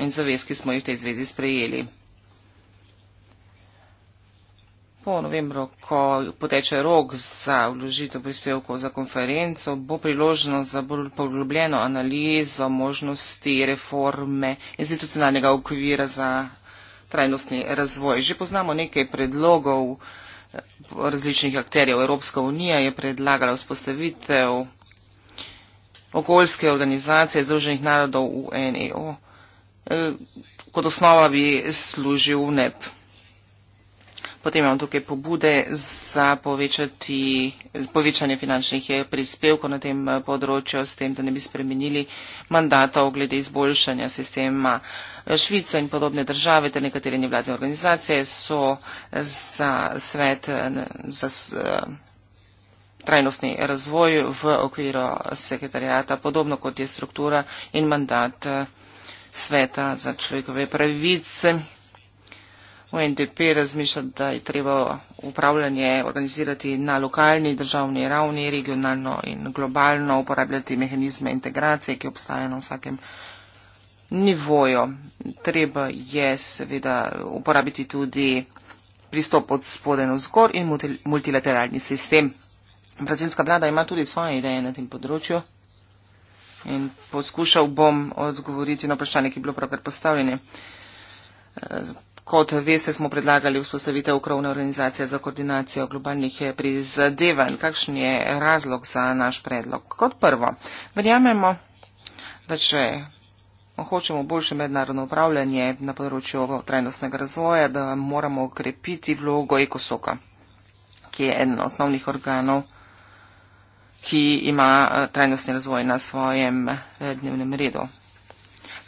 in zavez, ki smo jih v tej zvezi sprejeli. Po novembru, ko poteče rok za vložitev prispevkov za konferenco, bo priložnost za bolj poglobljeno analizo možnosti reforme institucionalnega okvira za trajnostni razvoj. Že poznamo nekaj predlogov eh, različnih akterjev. Evropska unija je predlagala vzpostavitev okoljske organizacije Združenih narodov UNEO. Eh, kot osnova bi služil NEP. Potem imam tukaj pobude za povečati, povečanje finančnih eh, prispevkov na tem eh, področju, s tem, da ne bi spremenili mandatov glede izboljšanja sistema eh, Švica in podobne države, ter nekatere nevladne organizacije so za svet, za trajnostni razvoj v okviru sekretarijata, podobno kot je struktura in mandat sveta za človekove pravice. UNDP razmišlja, da je treba upravljanje organizirati na lokalni, državni ravni, regionalno in globalno, uporabljati mehanizme integracije, ki obstajajo na vsakem nivoju. Treba je seveda uporabiti tudi pristop od spodaj na zgor in multilateralni sistem. Brazilska vlada ima tudi svoje ideje na tem področju in poskušal bom odgovoriti na vprašanje, ki je bilo pravkar postavljeno. Kot veste, smo predlagali vzpostavitev krovne organizacije za koordinacijo globalnih prizadevanj. Kakšen je razlog za naš predlog? Kot prvo, verjamemo, da če hočemo boljše mednarodno upravljanje na področju trajnostnega razvoja, da moramo okrepiti vlogo ekosoka, ki je eden osnovnih organov ki ima eh, trajnostni razvoj na svojem eh, dnevnem redu.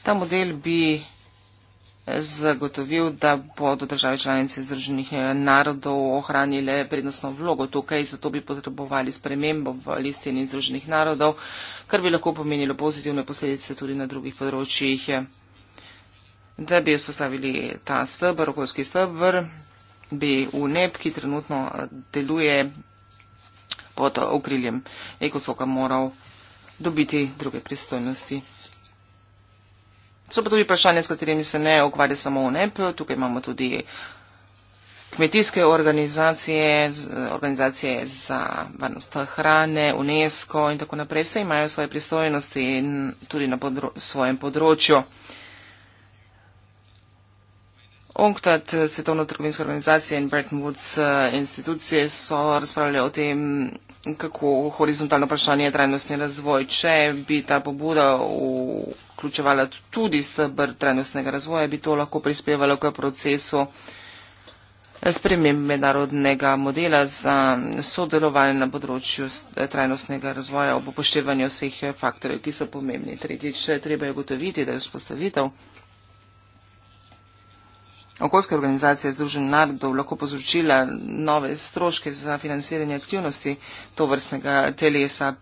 Ta model bi zagotovil, da bodo države članice Združenih eh, narodov ohranile prednostno vlogo tukaj, zato bi potrebovali spremembo v listini Združenih narodov, kar bi lahko pomenilo pozitivne posledice tudi na drugih področjih, da bi vzpostavili ta stebr, okoljski stebr, bi v neb, ki trenutno eh, deluje pod okriljem ekosoka, moral dobiti druge pristojnosti. So pa tudi vprašanja, s katerimi se ne ukvarja samo UNEP, tukaj imamo tudi kmetijske organizacije, organizacije za varnost hrane, UNESCO in tako naprej. Vse imajo svoje pristojnosti in tudi na podro svojem področju. UNCTAD, Svetovno trgovinska organizacija in Bretton Woods eh, institucije so razpravljali o tem, kako horizontalno vprašanje je trajnostni razvoj. Če bi ta pobuda vključevala tudi stebr trajnostnega razvoja, bi to lahko prispevalo k procesu sprememb mednarodnega modela za sodelovanje na področju eh, trajnostnega razvoja ob upoštevanju vseh eh, faktorjev, ki so pomembni. Tretjič, eh, treba je gotoviti, da je vzpostavitev okoljske organizacije Združenih narodov lahko povzročila nove stroške za financiranje aktivnosti to vrstnega telesa.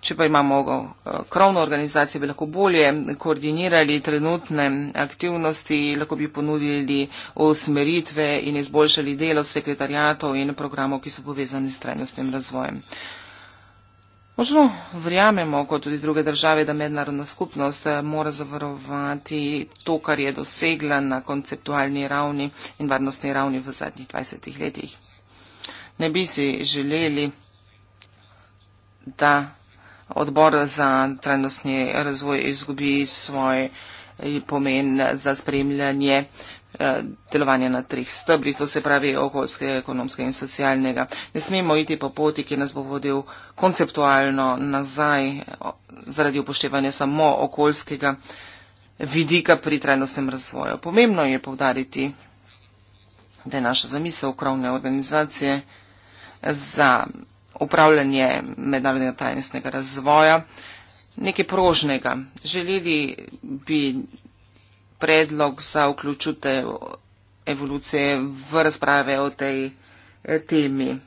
Če pa imamo eh, krovno organizacijo, bi lahko bolje koordinirali trenutne aktivnosti, lahko bi ponudili usmeritve in izboljšali delo sekretarjatov in programov, ki so povezani s trajnostnim razvojem. Močno verjamemo, kot tudi druge države, da mednarodna skupnost eh, mora zavarovati to, kar je dosegla na konceptualni ravni in varnostni ravni v zadnjih 20 letih. Ne bi si želeli, da odbor za trajnostni razvoj izgubi svoj eh, pomen za spremljanje Eh, delovanja na treh stebrih, to se pravi okoljskega, ekonomskega in socialnega. Ne smemo iti po poti, ki nas bo vodil konceptualno nazaj zaradi upoštevanja samo okoljskega vidika pri trajnostnem razvoju. Pomembno je povdariti, da je naša zamisel krovne organizacije za upravljanje mednarodnega trajnostnega razvoja nekaj prožnega. Želeli bi predlog za vključute evolucije v razprave o tej eh, temi.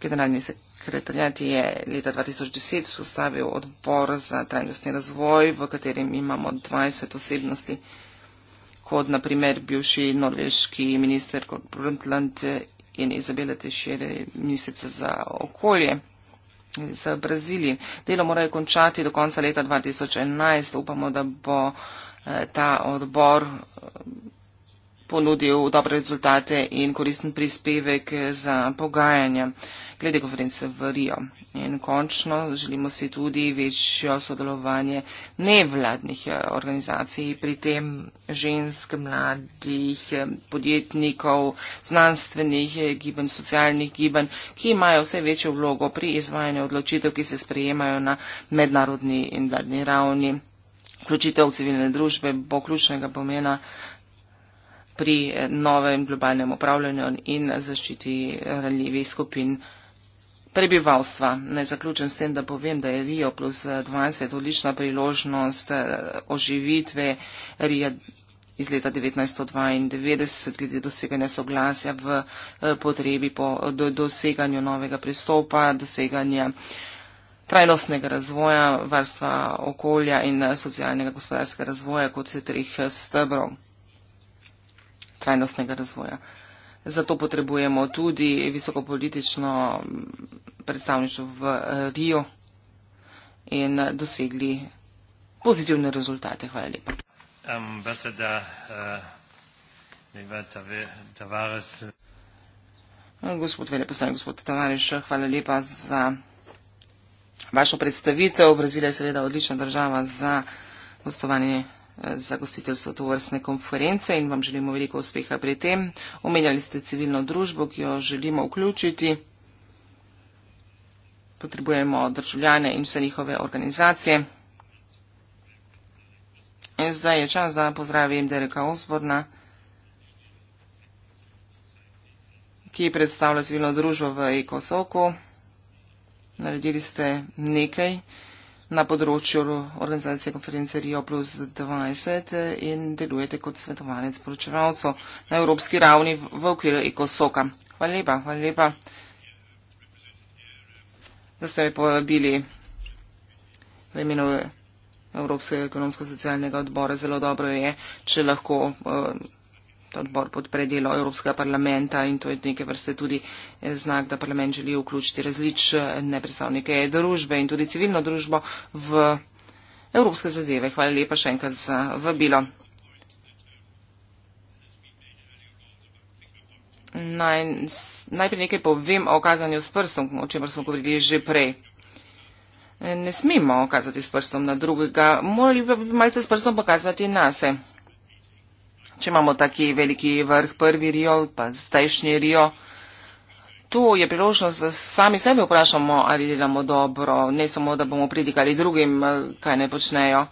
Generalni sekretarjat je leta 2010 vzpostavil odbor za trajnostni razvoj, v katerem imamo 20 osebnosti, kot naprimer bivši norveški minister Brundtland in Izabela Tešere, ministrica za okolje za eh, Brazilijo. Delo morajo končati do konca leta 2011. Upamo, da bo ta odbor eh, ponudil dobre rezultate in koristen prispevek za pogajanja glede konference v Rio. In končno želimo si tudi večjo sodelovanje nevladnih eh, organizacij, pri tem žensk, mladih, eh, podjetnikov, znanstvenih gibanj, socialnih gibanj, ki imajo vse večjo vlogo pri izvajanju odločitev, ki se sprejemajo na mednarodni in vladni ravni vključitev civilne družbe bo ključnega pomena pri novem globalnem upravljanju in zaščiti ranljivih skupin prebivalstva. Naj zaključim s tem, da povem, da je Rio plus 20 odlična priložnost eh, oživitve Rija iz leta 1992 glede doseganja soglasja v eh, potrebi po doseganju novega pristopa, doseganja trajnostnega razvoja, varstva okolja in eh, socialnega gospodarskega razvoja kot treh eh, stebrov trajnostnega razvoja. Zato potrebujemo tudi visokopolitično mm, predstavništvo v eh, Rio in dosegli pozitivne rezultate. Hvala lepa. Gospod veleposlanik, gospod Tavares, hvala lepa za vašo predstavitev. Brazilija je seveda odlična država za gostovanje, eh, za gostiteljstvo tovrstne konference in vam želimo veliko uspeha pri tem. Omenjali ste civilno družbo, ki jo želimo vključiti. Potrebujemo državljane in vse njihove organizacije. In zdaj je čas, da pozdravim Dereka Osborna, ki predstavlja civilno družbo v Ekosoku. Naredili ste nekaj na področju organizacije konference Rio plus 20 in delujete kot svetovalec poročevalcev na evropski ravni v okviru ECOSOKA. Hvala lepa, hvala lepa, da ste me povabili v imenu Evropskega ekonomsko-socialnega odbora. Zelo dobro je, če lahko. Uh, odbor podpre delo Evropskega parlamenta in to je nekaj vrste tudi eh, znak, da parlament želi vključiti različne predstavnike družbe in tudi civilno družbo v Evropske zadeve. Hvala lepa še enkrat za vabilo. Naj, najprej nekaj povem o kazanju s prstom, o čemer smo govorili že prej. Eh, ne smemo kazati s prstom na drugega, morali bi malce s prstom pokazati nase če imamo taki veliki vrh, prvi Rio, pa zdajšnji Rio. Tu je priložnost, da sami sebe vprašamo, ali delamo dobro, ne samo, da bomo pridikali drugim, kaj ne počnejo.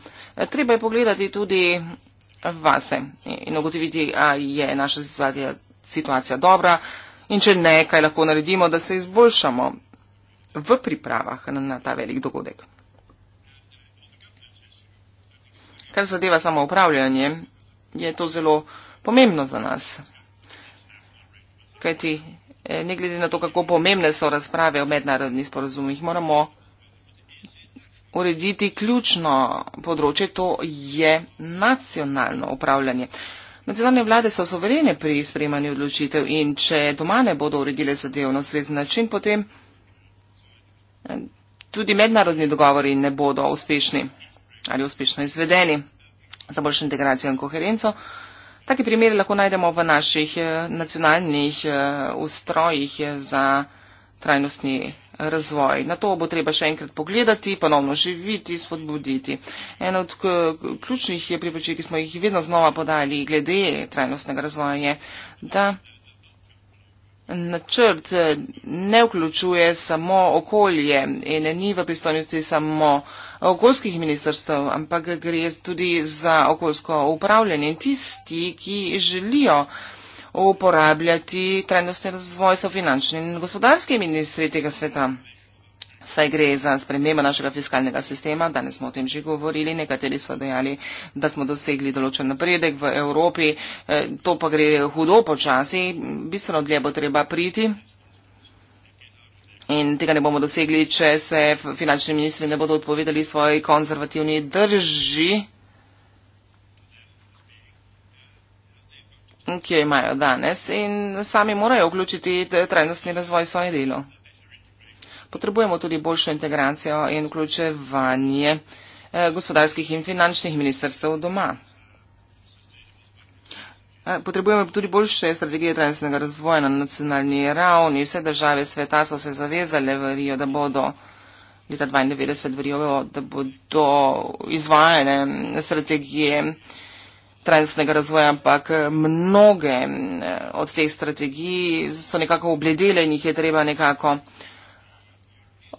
Treba je pogledati tudi vase in ugotoviti, ali je naša situacija, situacija dobra in če ne, kaj lahko naredimo, da se izboljšamo v pripravah na, na ta velik dogodek. Kar zadeva samo upravljanje, je to zelo pomembno za nas. Kajti, eh, ne glede na to, kako pomembne so razprave o mednarodnih sporozumih, moramo urediti ključno področje, to je nacionalno upravljanje. Nacionalne vlade so soverene pri sprejemanju odločitev in če doma ne bodo uredile zadev na ustrezen način, potem eh, tudi mednarodni dogovori ne bodo uspešni ali uspešno izvedeni za boljšo integracijo in koherenco. Taki primeri lahko najdemo v naših eh, nacionalnih eh, ustrojih eh, za trajnostni razvoj. Na to bo treba še enkrat pogledati, ponovno živiti, spodbuditi. En od ključnih pripočil, ki smo jih vedno znova podali glede trajnostnega razvoja, je, da načrt eh, ne vključuje samo okolje in ni v pristojnosti samo okoljskih ministrstv, ampak gre tudi za okoljsko upravljanje. Tisti, ki želijo uporabljati trajnostni razvoj, so finančni in gospodarski ministri tega sveta saj gre za spremembo našega fiskalnega sistema. Danes smo o tem že govorili. Nekateri so dejali, da smo dosegli določen napredek v Evropi. Eh, to pa gre hudo počasi. Bistveno dlje bo treba priti. In tega ne bomo dosegli, če se finančni ministri ne bodo odpovedali svoji konzervativni drži, ki jo imajo danes. In sami morajo vključiti trajnostni razvoj svoje delo potrebujemo tudi boljšo integracijo in vključevanje eh, gospodarskih in finančnih ministrstev doma. Eh, potrebujemo tudi boljše strategije trajnostnega razvoja na nacionalni ravni. Vse države sveta so se zavezale, verijo, da bodo leta 92 verijo, da bodo izvajane strategije trajnostnega razvoja, ampak mnoge eh, od teh strategij so nekako obledele in jih je treba nekako uh,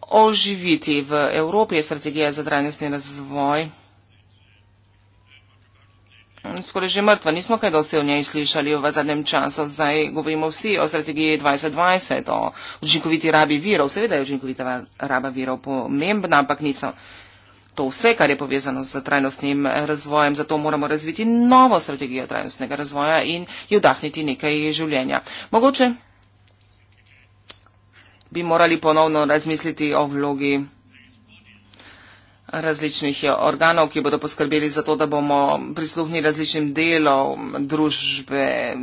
oživiti v Evropi, je strategija za trajnostni razvoj. Skoraj že mrtva, nismo kaj dosti o njej slišali v zadnjem času. Zdaj govorimo vsi o strategiji 2020, o učinkoviti rabi virov. Seveda je učinkovita raba virov pomembna, ampak niso to vse, kar je povezano z trajnostnim razvojem. Zato moramo razviti novo strategijo trajnostnega razvoja in jo dahniti nekaj življenja. Mogoče bi morali ponovno razmisliti o vlogi različnih organov, ki bodo poskrbeli za to, da bomo prisluhnili različnim delov družbe,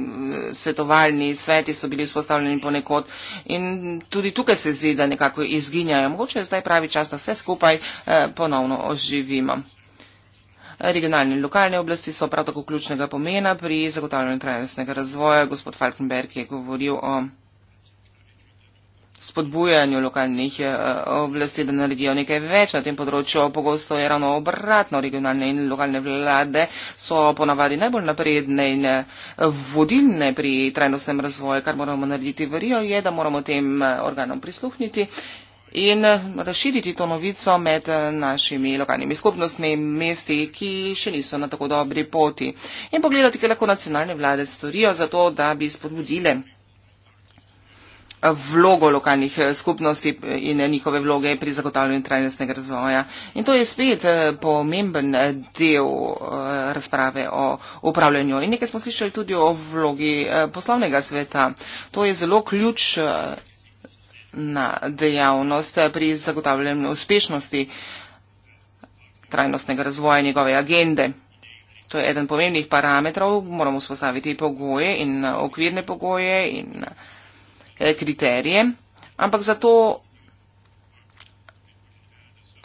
svetovalni sveti so bili vzpostavljeni ponekod in tudi tukaj se zdi, da nekako izginjajo. Mogoče je zdaj pravi čas, da vse skupaj eh, ponovno oživimo. Regionalne in lokalne oblasti so prav tako ključnega pomena pri zagotavljanju trajnostnega razvoja. Gospod Falkenberg je govoril o spodbujanju lokalnih eh, oblasti, da naredijo nekaj več na tem področju. Pogosto je ravno obratno, regionalne in lokalne vlade so ponavadi najbolj napredne in eh, vodilne pri trajnostnem razvoju. Kar moramo narediti v Rijo je, da moramo tem eh, organom prisluhniti in razširiti to novico med našimi lokalnimi skupnostmi, mesti, ki še niso na tako dobri poti. In pogledati, kaj lahko nacionalne vlade storijo za to, da bi spodbudile vlogo lokalnih eh, skupnosti in njihove vloge pri zagotavljanju trajnostnega razvoja. In to je spet eh, pomemben eh, del razprave o upravljanju. In nekaj smo slišali tudi o vlogi poslovnega sveta. To je zelo ključ na dejavnost pri zagotavljanju uspešnosti trajnostnega razvoja njegove agende. To je eden pomembnih parametrov, moramo spostaviti pogoje in okvirne pogoje in Eh, kriterije, ampak zato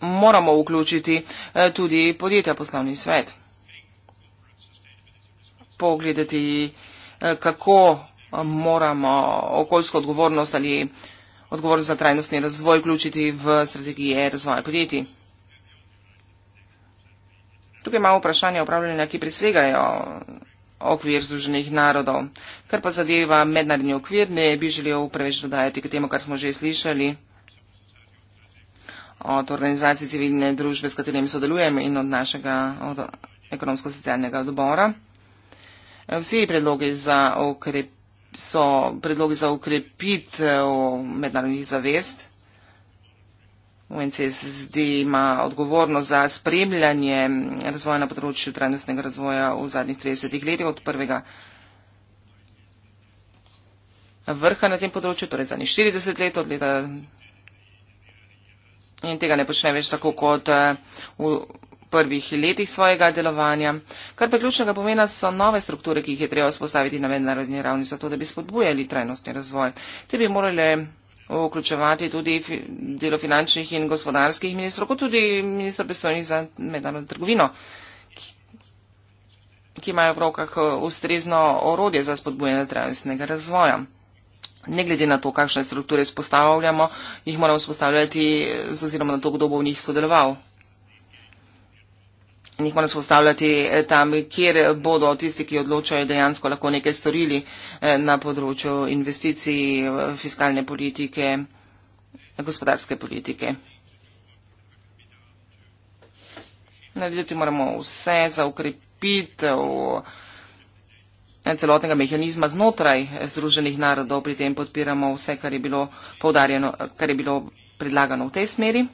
moramo vključiti eh, tudi podjetja poslovni svet. Pogledati, eh, kako moramo okoljsko odgovornost ali odgovornost za trajnostni razvoj vključiti v strategije razvoja podjetij. Tukaj imamo vprašanje upravljanja, ki presegajo okvir Združenih narodov. Kar pa zadeva mednarodni okvir, ne bi želel preveč dodajati k temu, kar smo že slišali od organizacije civilne družbe, s katerimi sodelujem in od našega od ekonomsko-socialnega odbora. Vsi predlogi za okrep, so predlogi za ukrepitev mednarodnih zavest. UNCSD ima odgovornost za spremljanje razvoja na področju trajnostnega razvoja v zadnjih 30 letih od prvega vrha na tem področju, torej zadnjih 40 let od leta. In tega ne počne več tako kot eh, v prvih letih svojega delovanja. Kar pa ključnega pomena so nove strukture, ki jih je treba vzpostaviti na mednarodni ravni, zato da bi spodbujali trajnostni razvoj. Te bi morali vključevati tudi delo finančnih in gospodarskih ministrov, kot tudi ministr pristojni za mednarodno trgovino, ki imajo v rokah eh, ustrezno orodje za spodbujanje trajnostnega razvoja. Ne glede na to, kakšne strukture spostavljamo, jih moramo spostavljati eh, z oziroma na to, kdo bo v njih sodeloval jih moramo spostavljati eh, tam, kjer bodo tisti, ki odločajo, dejansko lahko nekaj storili eh, na področju investicij, fiskalne politike, gospodarske politike. Narediti moramo vse za ukrepitev eh, celotnega mehanizma znotraj Združenih narodov. Pri tem podpiramo vse, kar je bilo, kar je bilo predlagano v tej smeri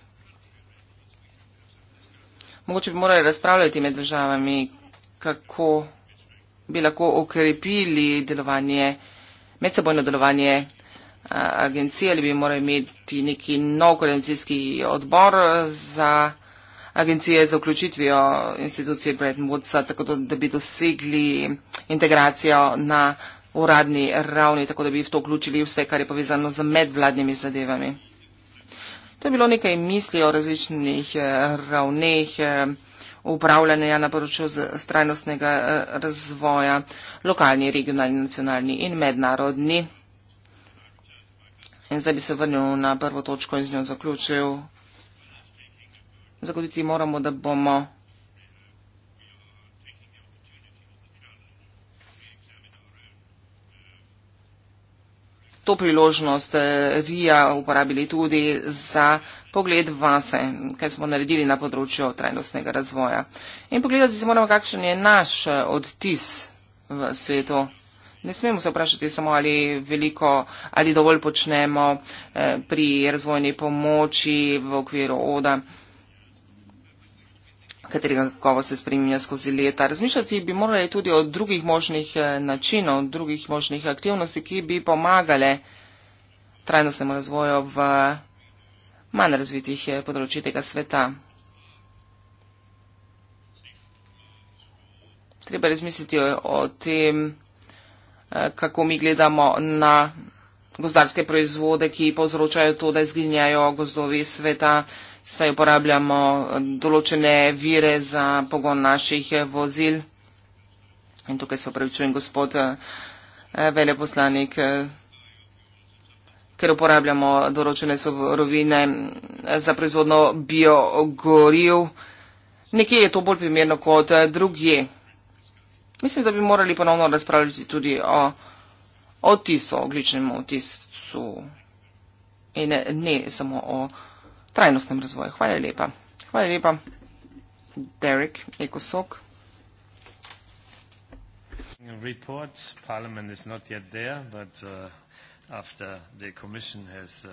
mogoče bi morali razpravljati med državami, kako bi lahko okrepili delovanje, medsebojno delovanje agencije ali bi morali imeti neki nov koordinacijski odbor za agencije za vključitvijo institucije Bretton Woodsa, tako da, da bi dosegli integracijo na uradni ravni, tako da bi v to vključili vse, kar je povezano z medvladnimi zadevami. To je bilo nekaj misli o različnih eh, ravneh eh, upravljanja na področju strajnostnega eh, razvoja, lokalni, regionalni, nacionalni in mednarodni. In zdaj bi se vrnil na prvo točko in z njo zaključil. Zagoditi moramo, da bomo To priložnost eh, Rija uporabili tudi za pogled vase, kaj smo naredili na področju trajnostnega razvoja. In pogledati si moramo, kakšen je naš eh, odtis v svetu. Ne smemo se vprašati samo, ali veliko ali dovolj počnemo eh, pri razvojni pomoči v okviru ODA katerega kako se spreminja skozi leta. Razmišljati bi morali tudi o drugih možnih eh, načinov, drugih možnih aktivnosti, ki bi pomagale trajnostnemu razvoju v manj razvitih eh, področjih tega sveta. Treba razmisliti o tem, eh, kako mi gledamo na gozdarske proizvode, ki povzročajo to, da izginjajo gozdovi sveta saj uporabljamo določene vire za pogon naših eh, vozil. In tukaj se upravičujem, gospod eh, veleposlanik, eh, ker uporabljamo določene sorovine za proizvodno biogoriv. Nekje je to bolj primerno kot drugje. Mislim, da bi morali ponovno razpravljati tudi o otisu, ogličnemu otisu in ne samo o trajnostnem razvoju. Hvala lepa. Hvala lepa, Derek, Ekosok. Report. Parliament is not yet there, but uh, after the Commission has. Uh,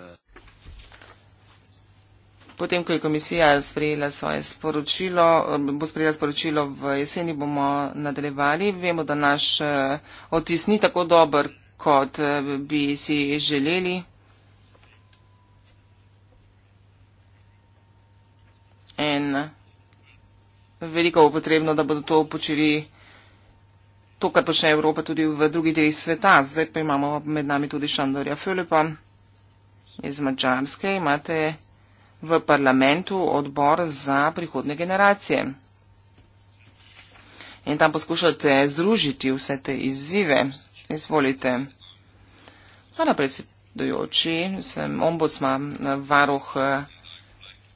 Potem, ko je komisija sprejela svoje sporočilo, um, bo sprejela sporočilo v jeseni, bomo nadaljevali. Vemo, da naš uh, otis ni tako dober, kot uh, bi si želeli. in veliko bo potrebno, da bodo to počeli to, kar počne Evropa tudi v drugi deli sveta. Zdaj pa imamo med nami tudi Šandorja Filipa iz Mačarske. Imate v parlamentu odbor za prihodne generacije. In tam poskušate združiti vse te izzive. Izvolite. Hvala predsedujoči, sem ombudsman, varuh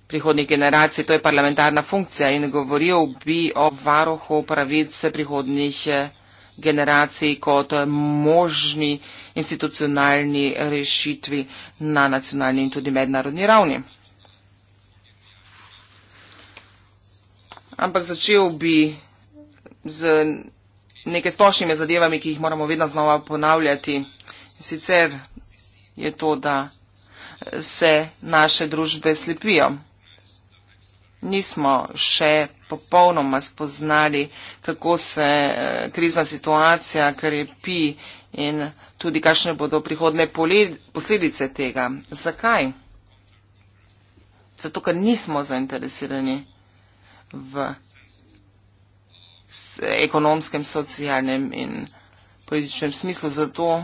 prihodnih generacij, to je parlamentarna funkcija in govoril bi o varohu pravic prihodnih eh, generacij kot možni institucionalni rešitvi na nacionalni in tudi mednarodni ravni. Ampak začel bi z nekaj splošnimi zadevami, ki jih moramo vedno znova ponavljati. Sicer je to, da se naše družbe slepijo nismo še popolnoma spoznali, kako se eh, krizna situacija krepi in tudi kakšne bodo prihodne posledice tega. Zakaj? Zato, ker nismo zainteresirani v ekonomskem, socialnem in političnem smislu. Zato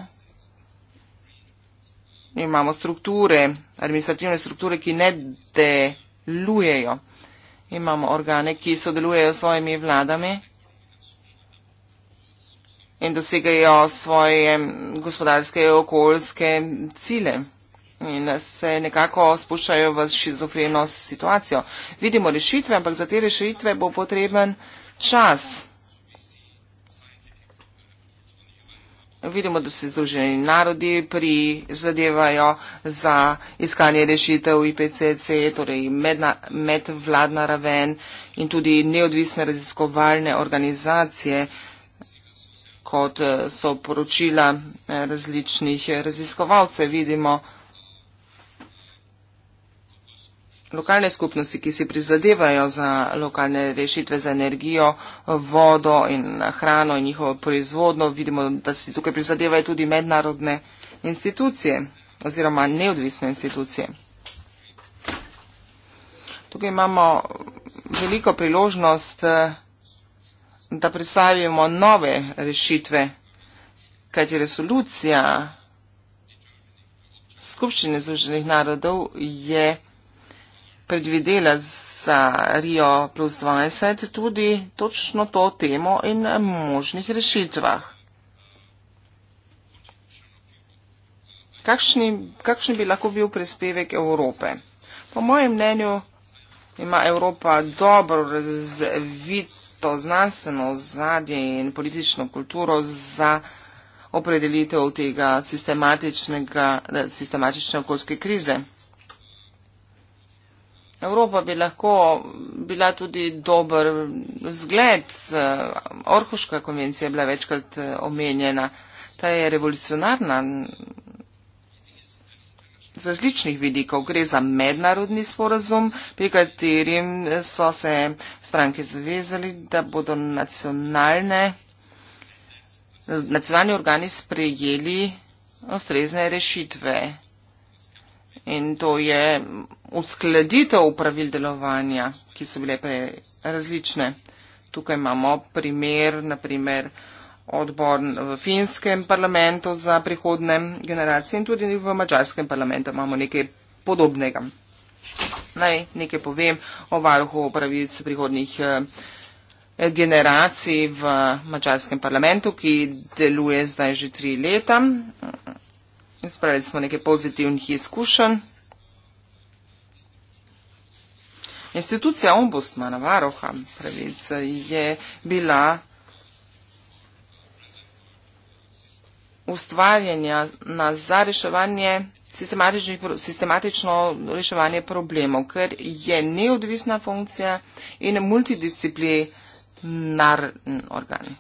imamo strukture, administrativne strukture, ki ne dejajo delujejo. Imamo organe, ki sodelujejo s svojimi vladami in dosegajo svoje gospodarske in okoljske cile in se nekako spuščajo v šizofreno situacijo. Vidimo rešitve, ampak za te rešitve bo potreben čas. Vidimo, da se združeni narodi prizadevajo za iskanje rešitev IPCC, torej medna, medvladna raven in tudi neodvisne raziskovalne organizacije, kot eh, so poročila eh, različnih raziskovalcev. Vidimo, lokalne skupnosti, ki si prizadevajo za lokalne rešitve za energijo, vodo in hrano in njihovo proizvodno. Vidimo, da si tukaj prizadevajo tudi mednarodne institucije oziroma neodvisne institucije. Tukaj imamo veliko priložnost, da predstavimo nove rešitve, kajti resolucija Skupščine Združenih narodov je predvidela za Rio plus 20 tudi točno to temo in možnih rešitvah. Kakšni, kakšni bi lahko bil prispevek Evrope? Po mojem mnenju ima Evropa dobro razvito znanstveno zadje in politično kulturo za opredelitev tega sistematične okoljske krize. Evropa bi lahko bila tudi dober zgled. Eh, Orhuška konvencija je bila večkrat eh, omenjena. Ta je revolucionarna z različnih vidikov. Gre za mednarodni sporazum, pri katerim so se stranke zavezali, da bodo nacionalne, nacionalni organi sprejeli ustrezne rešitve in to je uskladitev pravil delovanja, ki so bile prej različne. Tukaj imamo primer, naprimer odbor v finskem parlamentu za prihodne generacije in tudi v mačarskem parlamentu imamo nekaj podobnega. Naj nekaj povem o varuhu pravic prihodnih eh, generacij v mačarskem parlamentu, ki deluje zdaj že tri leta. Spravili smo nekaj pozitivnih izkušenj. Institucija ombudsmana varoha pravic je bila ustvarjanja na za reševanje sistematično reševanje problemov, ker je neodvisna funkcija in multidisciplinar organ.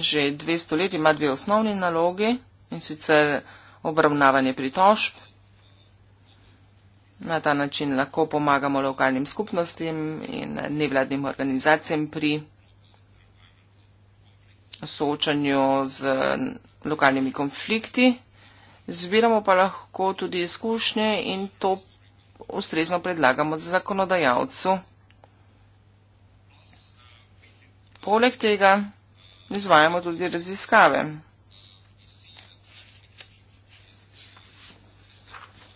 že dve stoletji ima dve osnovni nalogi in sicer obravnavanje pritožb. Na ta način lahko pomagamo lokalnim skupnostim in nevladnim organizacijam pri soočanju z lokalnimi konflikti. Zbiramo pa lahko tudi izkušnje in to ustrezno predlagamo zakonodajalcu. Poleg tega izvajamo tudi raziskave.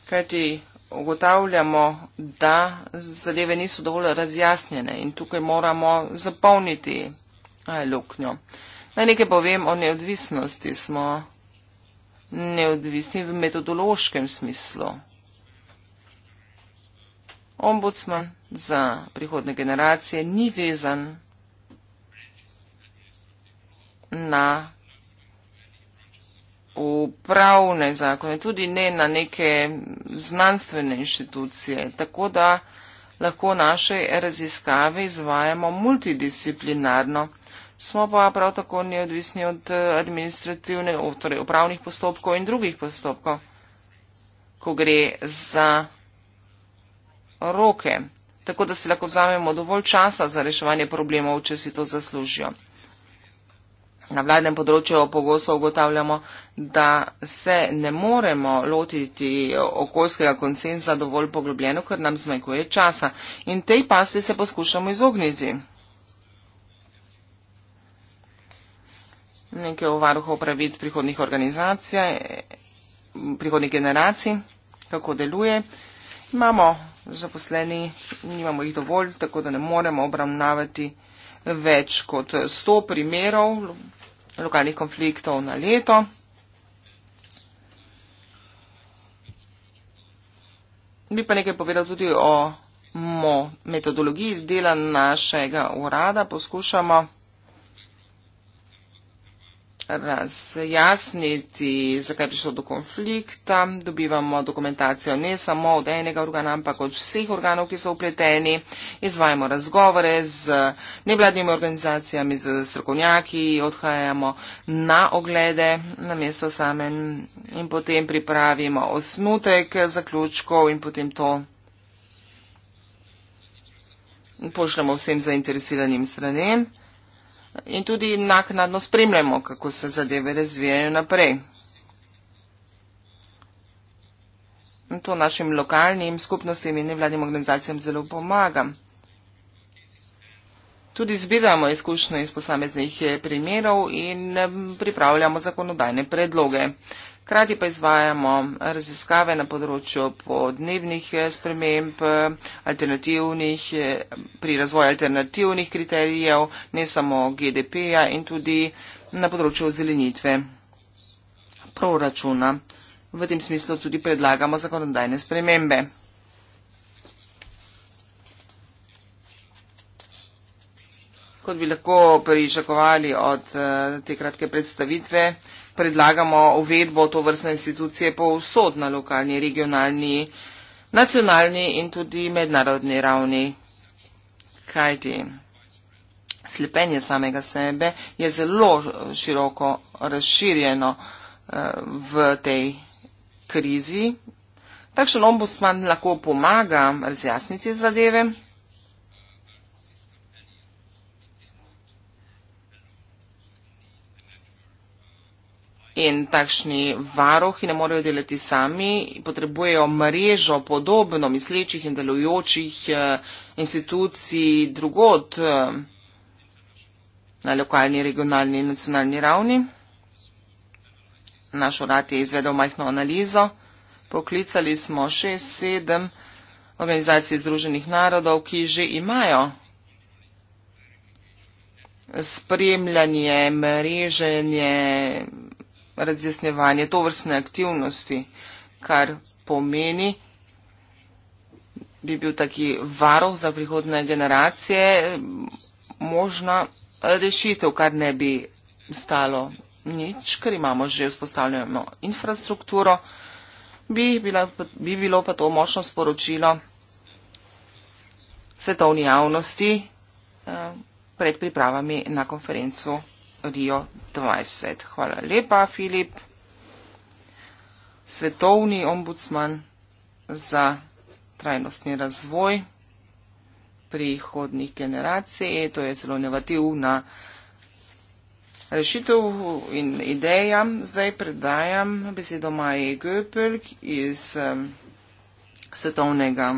Kajti ugotavljamo, da zadeve niso dovolj razjasnjene in tukaj moramo zapolniti eh, luknjo. Naj nekaj povem o neodvisnosti. Smo neodvisni v metodološkem smislu. Ombudsman za prihodne generacije ni vezan na upravne zakone, tudi ne na neke znanstvene inštitucije. Tako da lahko naše raziskave izvajamo multidisciplinarno. Smo pa prav tako neodvisni od eh, administrativnih, torej upravnih postopkov in drugih postopkov, ko gre za roke. Tako da si lahko vzamemo dovolj časa za reševanje problemov, če si to zaslužijo. Na vladnem področju pogosto ugotavljamo, da se ne moremo lotiti okoljskega konsenza dovolj poglobljeno, ker nam zmanjkuje časa. In tej pasti se poskušamo izogniti. Nekaj o varuhu pravic prihodnih organizacij, prihodnih generacij, kako deluje. Imamo zaposleni, nimamo jih dovolj, tako da ne moremo obravnavati več kot 100 primerov, lokalnih konfliktov na leto. Bi pa nekaj povedal tudi o mo metodologiji dela našega urada. Poskušamo razjasniti, zakaj je prišlo do konflikta. Dobivamo dokumentacijo ne samo od enega organa, ampak od vseh organov, ki so upleteni. Izvajamo razgovore z nevladnimi organizacijami, z strokovnjaki, odhajamo na oglede na mesto samem in potem pripravimo osnutek zaključkov in potem to pošljemo vsem zainteresiranim stranem in tudi naknadno spremljamo, kako se zadeve razvijajo naprej. In to našim lokalnim skupnostim in nevladnim organizacijam zelo pomaga. Tudi zbiramo izkušnje iz posameznih primerov in pripravljamo zakonodajne predloge. Krati pa izvajamo raziskave na področju podnebnih eh, sprememb, eh, alternativnih, eh, pri razvoju alternativnih kriterijev, ne samo GDP-ja in tudi na področju zelenitve proračuna. V tem smislu tudi predlagamo zakonodajne spremembe. Kot bi lahko pričakovali od te kratke predstavitve, predlagamo uvedbo to vrstne institucije po vsod na lokalni, regionalni, nacionalni in tudi mednarodni ravni. Kaj ti? Slepenje samega sebe je zelo široko razširjeno eh, v tej krizi. Takšen ombudsman lahko pomaga razjasniti zadeve. in takšni varohi ne morejo delati sami, potrebujejo mrežo podobno mislečih in delujočih eh, institucij drugot eh, na lokalni, regionalni in nacionalni ravni. Naš urad je izvedel majhno analizo, poklicali smo 6-7 organizacij Združenih narodov, ki že imajo spremljanje, mreženje razjasnjevanje tovrstne aktivnosti, kar pomeni, bi bil taki varov za prihodne generacije, možna rešitev, kar ne bi stalo nič, ker imamo že vzpostavljeno infrastrukturo, bi, bila, bi bilo pa to močno sporočilo svetovni javnosti eh, pred pripravami na konferencu. Rio 20. Hvala lepa, Filip, svetovni ombudsman za trajnostni razvoj prihodnih generacij. To je zelo inovativna rešitev in ideja. Zdaj predajam besedo Maji Göpelk iz um, svetovnega,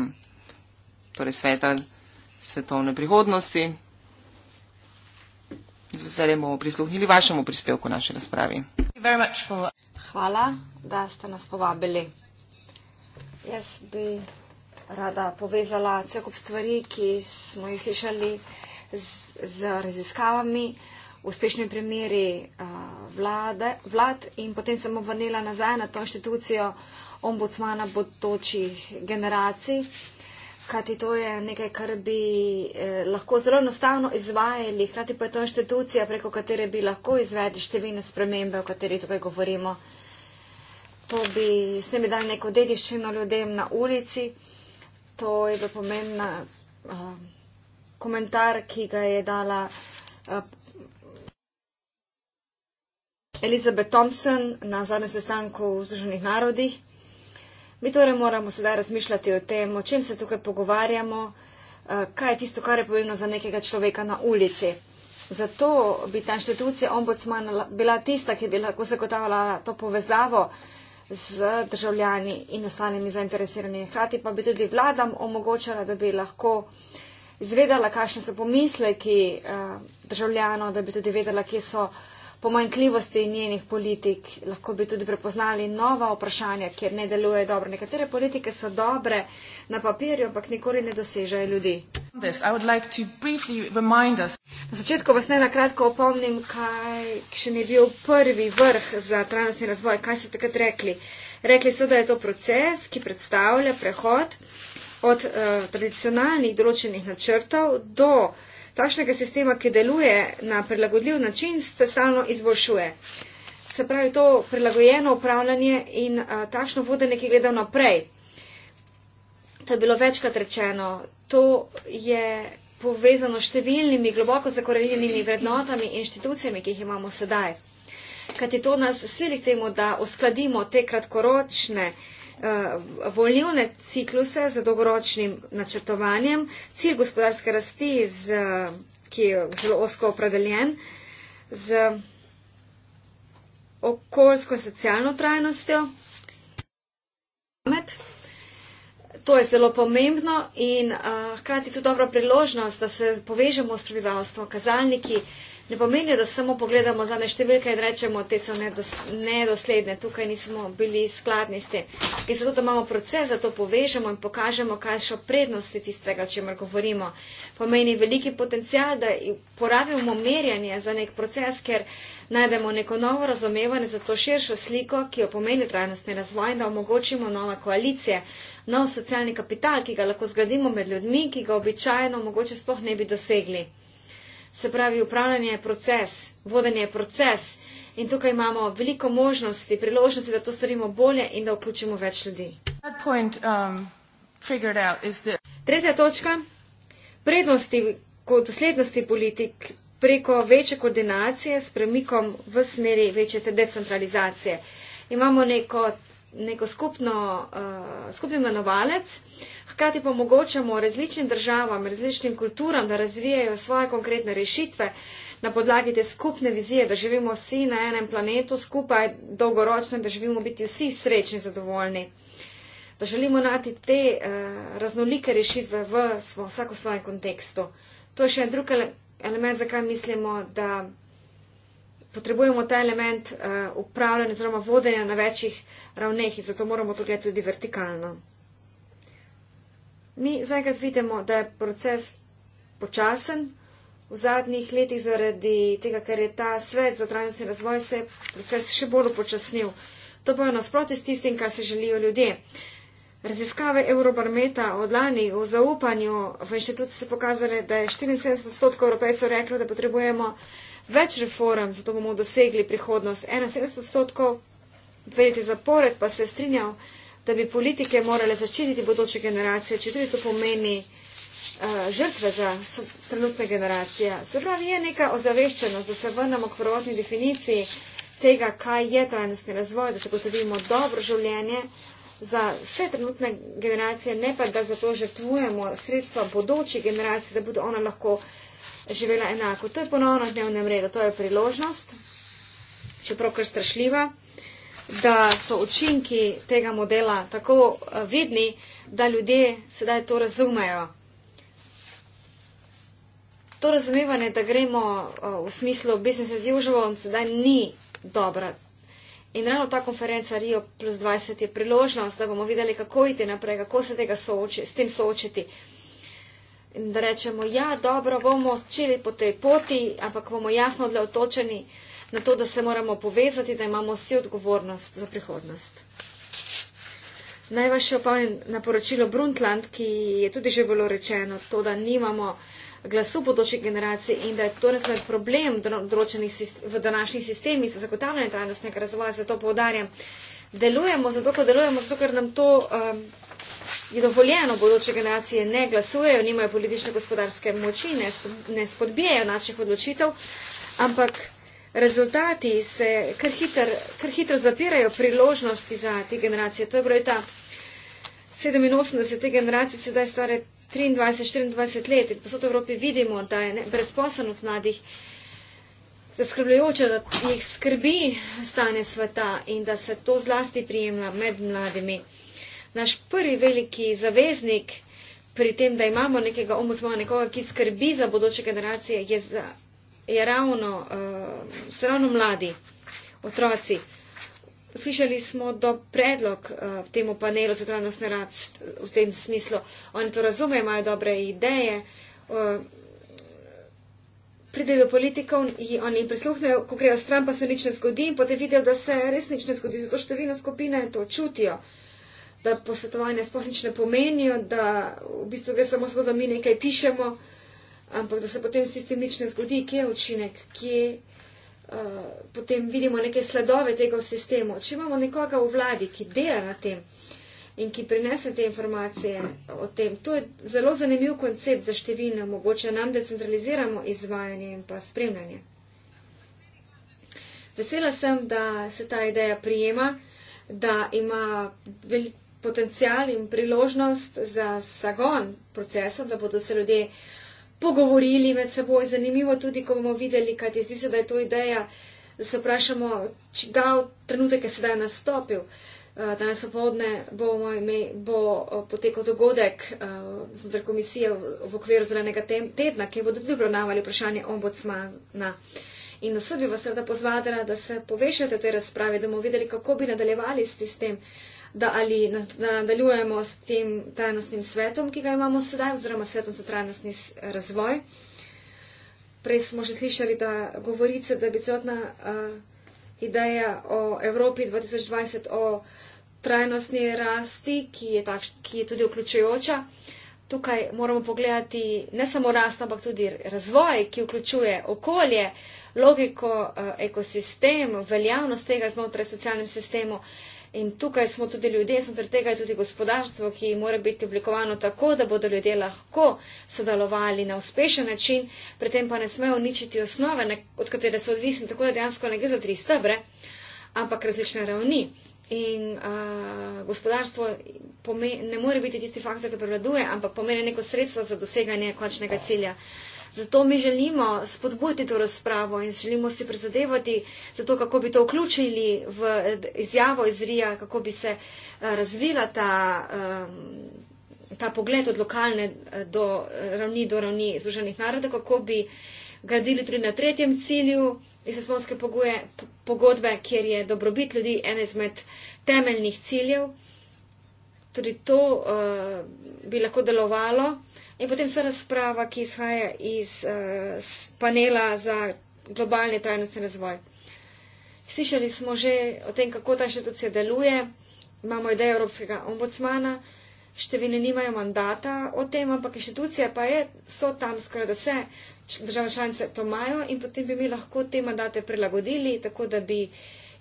torej sveta svetovne prihodnosti z veseljem prisluhnili vašemu prispevku v naši razpravi. Hvala, da ste nas povabili. Jaz bi rada povezala cel kup stvari, ki smo jih slišali z, z raziskavami, uspešnimi primeri uh, vlade, vlad in potem se bom vrnila nazaj na to inštitucijo ombudsmana bodočih generacij. Kajti to je nekaj, kar bi eh, lahko zelo enostavno izvajali, hkrati pa je to inštitucija, preko katere bi lahko izvedli številne spremembe, o katerih tukaj govorimo. To bi s tem bi dali neko dediščino ljudem na ulici. To je bil pomemben eh, komentar, ki ga je dala eh, Elizabeth Thompson na zadnjem sestanku v Združenih narodih. Mi torej moramo sedaj razmišljati o tem, o čem se tukaj pogovarjamo, eh, kaj je tisto, kar je pomembno za nekega človeka na ulici. Zato bi ta inštitucija ombudsman bila tista, ki bi lahko zagotavljala to povezavo z državljani in ostalimi zainteresiranimi. Hrati pa bi tudi vladam omogočala, da bi lahko izvedela, kakšne so pomisleki eh, državljanov, da bi tudi vedela, kje so pomanjkljivosti njenih politik, lahko bi tudi prepoznali nova vprašanja, kjer ne deluje dobro. Nekatere politike so dobre na papirju, ampak nikoli ne dosežejo ljudi. Na začetku vas naj na kratko opomnim, kaj še ni bil prvi vrh za trajnostni razvoj, kaj so takrat rekli. Rekli so, da je to proces, ki predstavlja prehod od uh, tradicionalnih določenih načrtov do uh, takšnega sistema, ki deluje na prilagodljiv način, se stalno izboljšuje. Se pravi, to prilagojeno upravljanje in uh, takšno vodenje, ki gleda naprej. To je bilo večkrat rečeno. To je povezano s številnimi globoko zakorenjenimi vrednotami in inštitucijami, ki jih imamo sedaj. Kajti to nas sili k temu, da uskladimo te kratkoročne uh, Eh, volivne cikluse z dolgoročnim načrtovanjem. Cilj gospodarske rasti, z, ki je zelo osko opredeljen, z okoljsko in socialno trajnostjo. To je zelo pomembno in uh, hkrati tudi dobra priložnost, da se povežemo s prebivalstvom. Kazalniki uh, ne pomeni, da samo pogledamo zadnje številke in rečemo, te so nedos, nedosledne, tukaj nismo bili skladni s tem. In zato, da imamo proces, da to povežemo in pokažemo, kaj so prednosti tistega, o čemer govorimo. Pomeni veliki potencial, da porabimo merjanje za nek proces, ker najdemo neko novo razumevanje za to širšo sliko, ki jo pomeni trajnostni razvoj in da omogočimo nova koalicija. Nov socialni kapital, ki ga lahko zgradimo med ljudmi, ki ga običajno mogoče sploh ne bi dosegli. Se pravi, upravljanje je proces, vodenje je proces in tukaj imamo veliko možnosti, priložnosti, da to storimo bolje in da vključimo več ljudi. Point, um, the... Tretja točka. Prednosti kot doslednosti politik preko večje koordinacije s premikom v smeri večje decentralizacije. Imamo neko, neko skupno, uh, skupni imenovalec. Uh, hkrati pa omogočamo različnim državam, različnim kulturam, da razvijajo svoje konkretne rešitve na podlagi te skupne vizije, da živimo vsi na enem planetu skupaj dolgoročno in da živimo biti vsi srečni, zadovoljni. Da želimo najti te uh, raznolike rešitve v svo, vsako svojem kontekstu. To je še en drug ele element, zakaj mislimo, da potrebujemo ta element uh, upravljanja oziroma vodenja na večjih ravneh in zato moramo to gledati tudi vertikalno. Mi zaenkrat vidimo, da je proces počasen. V zadnjih letih zaradi tega, ker je ta svet za trajnostni razvoj, se je proces še bolj upočasnil. To bojo nasproti s tistim, kar se želijo ljudje. Raziskave Eurobarometa od lani o zaupanju v inštitucije so pokazale, da je 74 odstotkov evropejcev reklo, da potrebujemo več reform, zato bomo dosegli prihodnost. 71 odstotkov, dve leti zapored, pa se je strinjal, da bi politike morale zaščititi bodoče generacije, če tudi to pomeni uh, žrtve za trenutne generacije. Se pravi, je neka ozaveščenost, da se vrnemo k prvotni definiciji tega, kaj je trajnostni razvoj, da zagotovimo dobro življenje za vse trenutne generacije, ne pa da zato žrtvujemo sredstva bodočih generacij, da bodo ona lahko živela enako. To je ponovno dnevnem redu, to je priložnost, čeprav kar strašljiva da so učinki tega modela tako eh, vidni, da ljudje sedaj to razumejo. To razumevanje, da gremo eh, v smislu business as usual, sedaj ni dobro. In ravno ta konferenca Rio plus 20 je priložnost, da bomo videli, kako iti naprej, kako se tega sooči, s tem soočiti. In da rečemo, ja, dobro, bomo odšli po tej poti, ampak bomo jasno odločeni, uh, na to, da se moramo povezati, da imamo vsi odgovornost za prihodnost. Naj vas še opomnim na poročilo Brundtland, ki je tudi že bilo rečeno, to, da nimamo glasu bodočih generacij in da je to razmer problem v današnjih sistemih za zagotavljanje trajnostnega razvoja. Zato povdarjam, delujemo zato, ker delujemo, zato, ker nam to um, je dovoljeno. Bodoče generacije ne glasujejo, nimajo politične gospodarske moči, ne, ne spodbijajo naših odločitev, ampak rezultati se kar hitro, kar hitro zapirajo priložnosti za te generacije. To je bilo ta 87. generacija, sedaj stare 23-24 let in posod v Evropi vidimo, da je brezposobnost mladih zaskrbljujoča, da jih skrbi stane sveta in da se to zlasti prijemla med mladimi. Naš prvi veliki zaveznik pri tem, da imamo nekega ombudsmana, nekoga, ki skrbi za bodoče generacije, je za je ravno, uh, so ravno mladi otroci. Slišali smo do predlog uh, eh, temu panelu za trajnostne rad v tem smislu. Oni to razumejo, imajo dobre ideje. Uh, eh, pride do politikov in oni prisluhnejo, ko grejo stran, pa se nič ne zgodi in potem vidijo, da se res nič ne zgodi. Zato številne skupine to čutijo, da posvetovanje sploh nič ne pomenijo, da v bistvu gre samo zato, da mi nekaj pišemo. Uh, ampak da se potem s tistim nič ne zgodi, kje je učinek, kje je. Uh, potem vidimo neke sledove tega v sistemu. Če imamo nekoga v vladi, ki dela na tem in ki prinese te informacije o tem, to je zelo zanimiv koncept za številne, mogoče nam decentraliziramo izvajanje in pa spremljanje. Vesela sem, da se ta ideja prijema, da ima velik potencial in priložnost za zagon procesa, da bodo se ljudje. Uh, pogovorili med seboj. Zanimivo tudi, ko bomo videli, kaj ti zdi se, da je to ideja, da se vprašamo, da je trenutek, ki se da je nastopil. Eh, danes popovdne bo, bo eh, potekal dogodek eh, znotraj komisije v okviru zelenega tedna, ki bodo tudi obravnavali vprašanje ombudsmana. In vse bi vas seveda pozvala, da se povešate te razprave, da bomo videli, kako bi nadaljevali s tem da ali nadaljujemo s tem trajnostnim svetom, ki ga imamo sedaj, oziroma svetom za trajnostni razvoj. Prej smo že slišali, da govorice, da bi celotna uh, ideja o Evropi 2020, o trajnostni rasti, ki je, takš, ki je tudi vključujoča, tukaj moramo pogledati ne samo rast, ampak tudi razvoj, ki vključuje okolje, logiko, uh, ekosistem, veljavnost tega znotraj socialnem sistemu. Uh, In tukaj smo tudi ljudje, zaradi tega je tudi gospodarstvo, ki mora biti oblikovano tako, da bodo ljudje lahko sodelovali na uspešen način, pri tem pa ne smejo uničiti osnove, od katere so odvisni, tako da dejansko ne gre za tri stebre, ampak različne ravni. In a, gospodarstvo pomen, ne more biti tisti faktor, ki prevladuje, ampak pomeni neko sredstvo za doseganje končnega cilja. Zato mi želimo spodbuditi to razpravo in želimo si prizadevati za to, kako bi to vključili v eh, izjavo iz RIA, kako bi se eh, razvila ta, eh, ta pogled od lokalne do ravni do ravni Združenih narodov, kako bi gradili tudi na tretjem cilju iz osmonske pogodbe, kjer je dobrobit ljudi ena izmed temeljnih ciljev. Tudi to uh, bi lahko delovalo. Uh, In potem vsa razprava, ki izhaja iz uh, panela za globalni trajnostni razvoj. Slišali smo že o tem, kako ta inštitucija deluje. Imamo idejo Evropskega ombudsmana, številni nimajo mandata o tem, ampak inštitucije pa je, so tam skoraj vse, države članice to imajo in potem bi mi lahko te mandate prilagodili, tako da bi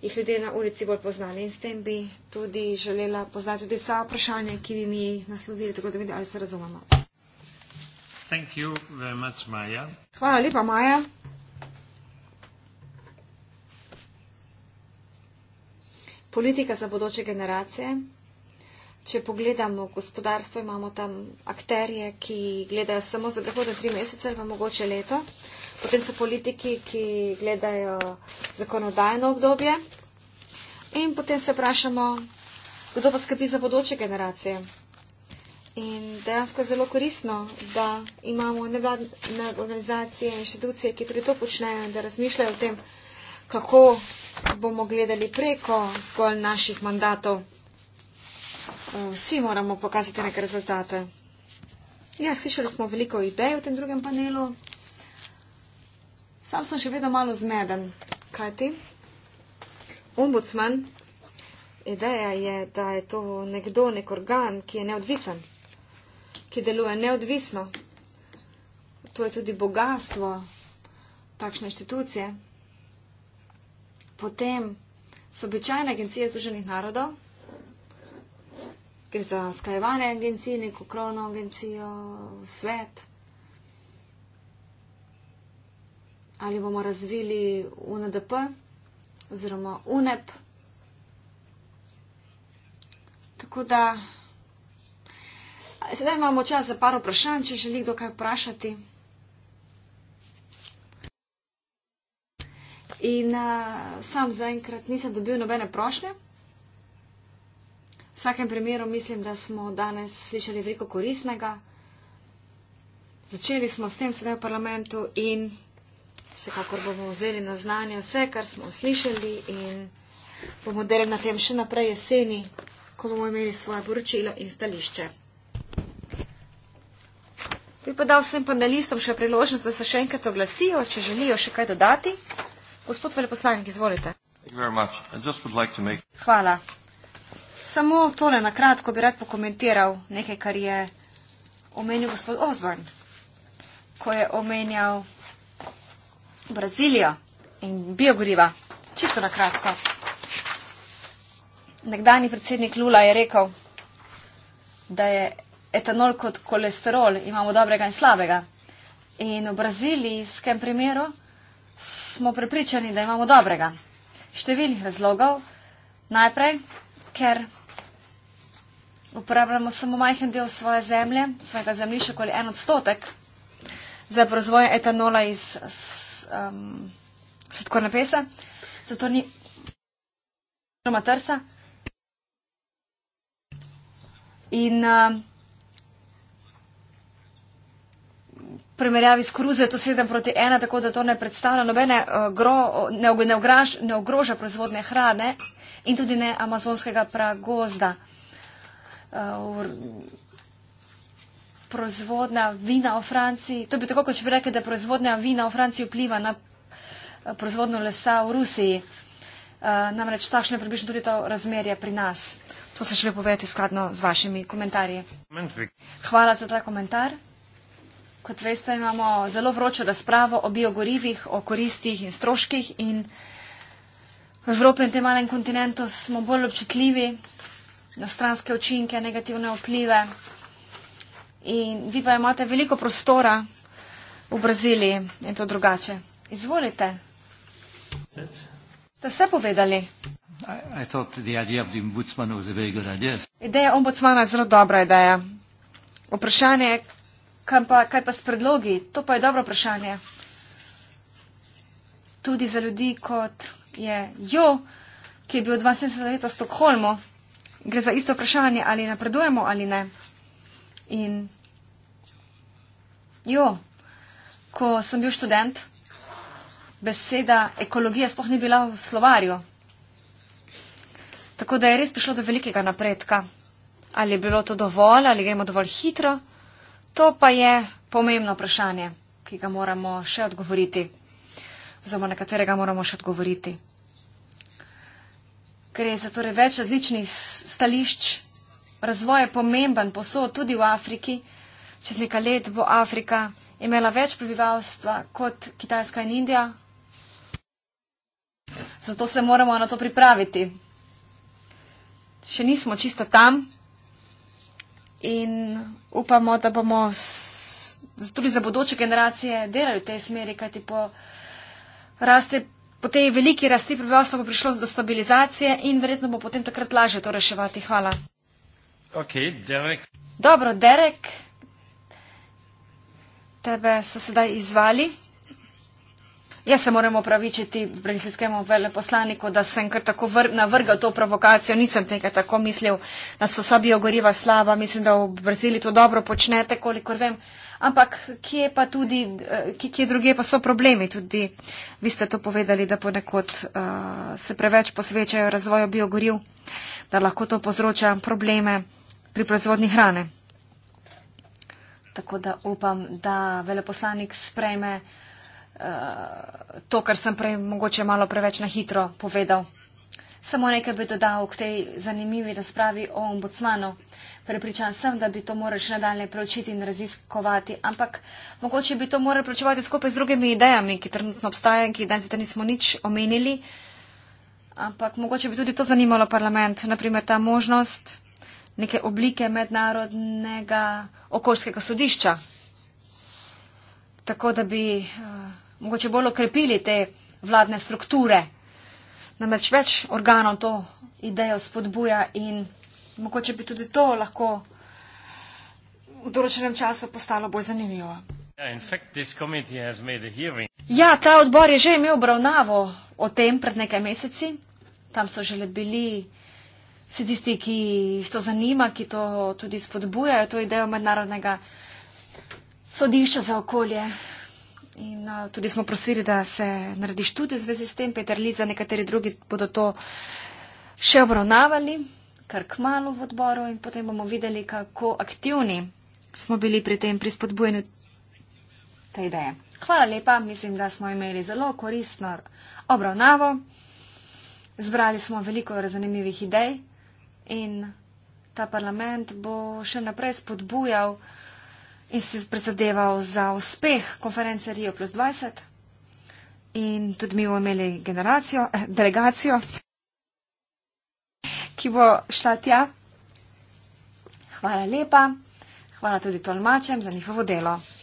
jih ljudje na ulici bolj poznali. In s tem bi tudi želela poznati tudi vsa vprašanja, ki bi mi naslovili, tako da vidi, ali se razumemo. Thank you very much, Maja. Hvala lepa, Maja. Politika za bodoče generacije. Če pogledamo gospodarstvo, imamo tam akterje, ki gledajo samo za prihodne tri mesece ali pa mogoče leto. Potem so politiki, ki gledajo zakonodajno obdobje. In potem se vprašamo, kdo pa skrbi za bodoče generacije. In dejansko je zelo korisno, da imamo nevladne organizacije in inštitucije, ki tudi to počnejo in da razmišljajo o tem, kako bomo gledali preko zgolj naših mandatov. Eh, vsi moramo pokazati neke rezultate. Ja, slišali smo veliko idej v tem drugem panelu. Sam sem še vedno malo zmeden. Kaj ti? Ombudsman. Ideja je, da je to nekdo, nek organ, ki je neodvisen ki deluje neodvisno. To je tudi bogatstvo takšne inštitucije. Potem so običajne agencije Združenih narodov, gre za skrajevanje agencij, neko krono agencijo, svet. Ali bomo razvili UNDP oziroma UNEP. Tako da Sedaj imamo čas za par vprašanj, če želi kdo kaj vprašati. In a, eh, sam zaenkrat nisem dobil nobene prošnje. V vsakem primeru mislim, da smo danes slišali veliko koristnega. Začeli smo s tem sedaj v parlamentu in vsekakor bomo vzeli na znanje vse, kar smo slišali in bomo delali na tem še naprej jeseni, ko bomo imeli svoje poročilo in stališče. Bi pa dal vsem panelistom še priložnost, da se še enkrat oglasijo, če želijo še kaj dodati. Gospod veleposlanik, izvolite. Hvala. Samo tole na kratko bi rad pokomentiral nekaj, kar je omenil gospod Osborne, ko je omenjal Brazilijo in biogoriva. Čisto na kratko. Nekdani predsednik Lula je rekel, da je etanol kot kolesterol, imamo dobrega in slabega. In v Braziliji, s tem primeru, smo prepričani, da imamo dobrega. Številnih razlogov. Najprej, ker uporabljamo samo majhen del svoje zemlje, svojega zemljišča, koli en odstotek za proizvoj etanola iz um, sladkorne pesa. Zato ni roma trsa. In um, primerjavi s kruzeto 7 proti 1, tako da to ne predstavlja nobene eh, gro, ne, ne, ograž, ne ogroža proizvodne hrane in tudi ne amazonskega pragozda. Eh, proizvodna vina v Franciji, to bi tako, kot če bi rekel, da proizvodna vina v Franciji vpliva na eh, proizvodno lesa v Rusiji. Namreč takšno je približno tudi to razmerje pri nas. To se še lepo povedati skladno z vašimi komentarji. Hvala za ta komentar. Kot veste, imamo zelo vročo razpravo o biogorivih, o koristih in stroških in v Evropi in tem malem kontinentu smo bolj občutljivi na stranske učinke, negativne vplive. In vi pa imate veliko prostora v Braziliji in to drugače. Izvolite. Ste vse povedali? Ideja ombudsmana je zelo dobra ideja. Vprašanje je, Kaj pa, kaj pa s predlogi? To pa je dobro vprašanje. Tudi za ljudi, kot je Jo, ki je bil 72 let v Stokholmu, gre za isto vprašanje, ali napredujemo ali ne. In jo, ko sem bil študent, beseda ekologija sploh ni bila v slovarju. Tako da je res prišlo do velikega napredka. Ali je bilo to dovolj, ali gremo dovolj hitro. To pa je pomembno vprašanje, ki ga moramo še odgovoriti, oziroma na katerega moramo še odgovoriti. Ker je zatorej več različnih stališč, razvoj je pomemben posod tudi v Afriki. Čez nekaj let bo Afrika imela več prebivalstva kot Kitajska in Indija. Zato se moramo na to pripraviti. Še nismo čisto tam in upamo, da bomo s, tudi za bodoče generacije delali v tej smeri, kajti po, raste, po tej veliki rasti prebivalstva bo prišlo do stabilizacije in verjetno bo potem takrat lažje to reševati. Hvala. Okay, Derek. Dobro, Derek, tebe so sedaj izvali. Jaz se moram opravičiti brisljskemu veleposlaniku, da sem kar tako vr navrgal to provokacijo, nisem tega tako mislil, da so vsa biogoriva slaba, mislim, da v Braziliji to dobro počnete, kolikor vem. Ampak kje pa tudi, eh, kje, kje druge pa so problemi? Tudi vi ste to povedali, da ponekod uh, se preveč posvečajo razvoju biogoriv, da lahko to povzroča probleme pri proizvodni hrane. Tako da upam, da veleposlanik sprejme. Eh, to, kar sem prej mogoče malo preveč na hitro povedal. Samo nekaj bi dodal k tej zanimivi razpravi o ombudsmanu. Prepričan sem, da bi to morali še nadalje preučiti in raziskovati, ampak mogoče bi to morali preučevati skupaj z drugimi idejami, ki trenutno obstajajo in ki danes tudi nismo nič omenili. Ampak mogoče bi tudi to zanimalo parlament, naprimer ta možnost neke oblike mednarodnega okoljskega sodišča. Tako da bi. Uh, mogoče bolj okrepili te vladne strukture. Namreč več organov to idejo spodbuja in mogoče bi tudi to lahko v določenem času postalo bolj zanimivo. Ja, ta odbor je že imel obravnavo o tem pred nekaj meseci. Tam so že bili vsi tisti, ki jih to zanima, ki to tudi spodbujajo, to idejo mednarodnega sodišča za okolje. In uh, tudi smo prosili, da se naredi študijo v zvezi s tem. Peter Liza, nekateri drugi bodo to še obravnavali, kar k malu v odboru in potem bomo videli, kako aktivni smo bili pri tem, pri spodbujanju te ideje. Hvala lepa, mislim, da smo imeli zelo koristno obravnavo. Zbrali smo veliko zanimivih idej in ta parlament bo še naprej spodbujal in si prizadeval za uspeh konference Rio plus 20 in tudi mi bomo imeli generacijo, eh, delegacijo, ki bo šla tja. Hvala lepa, hvala tudi tolmačem za njihovo delo.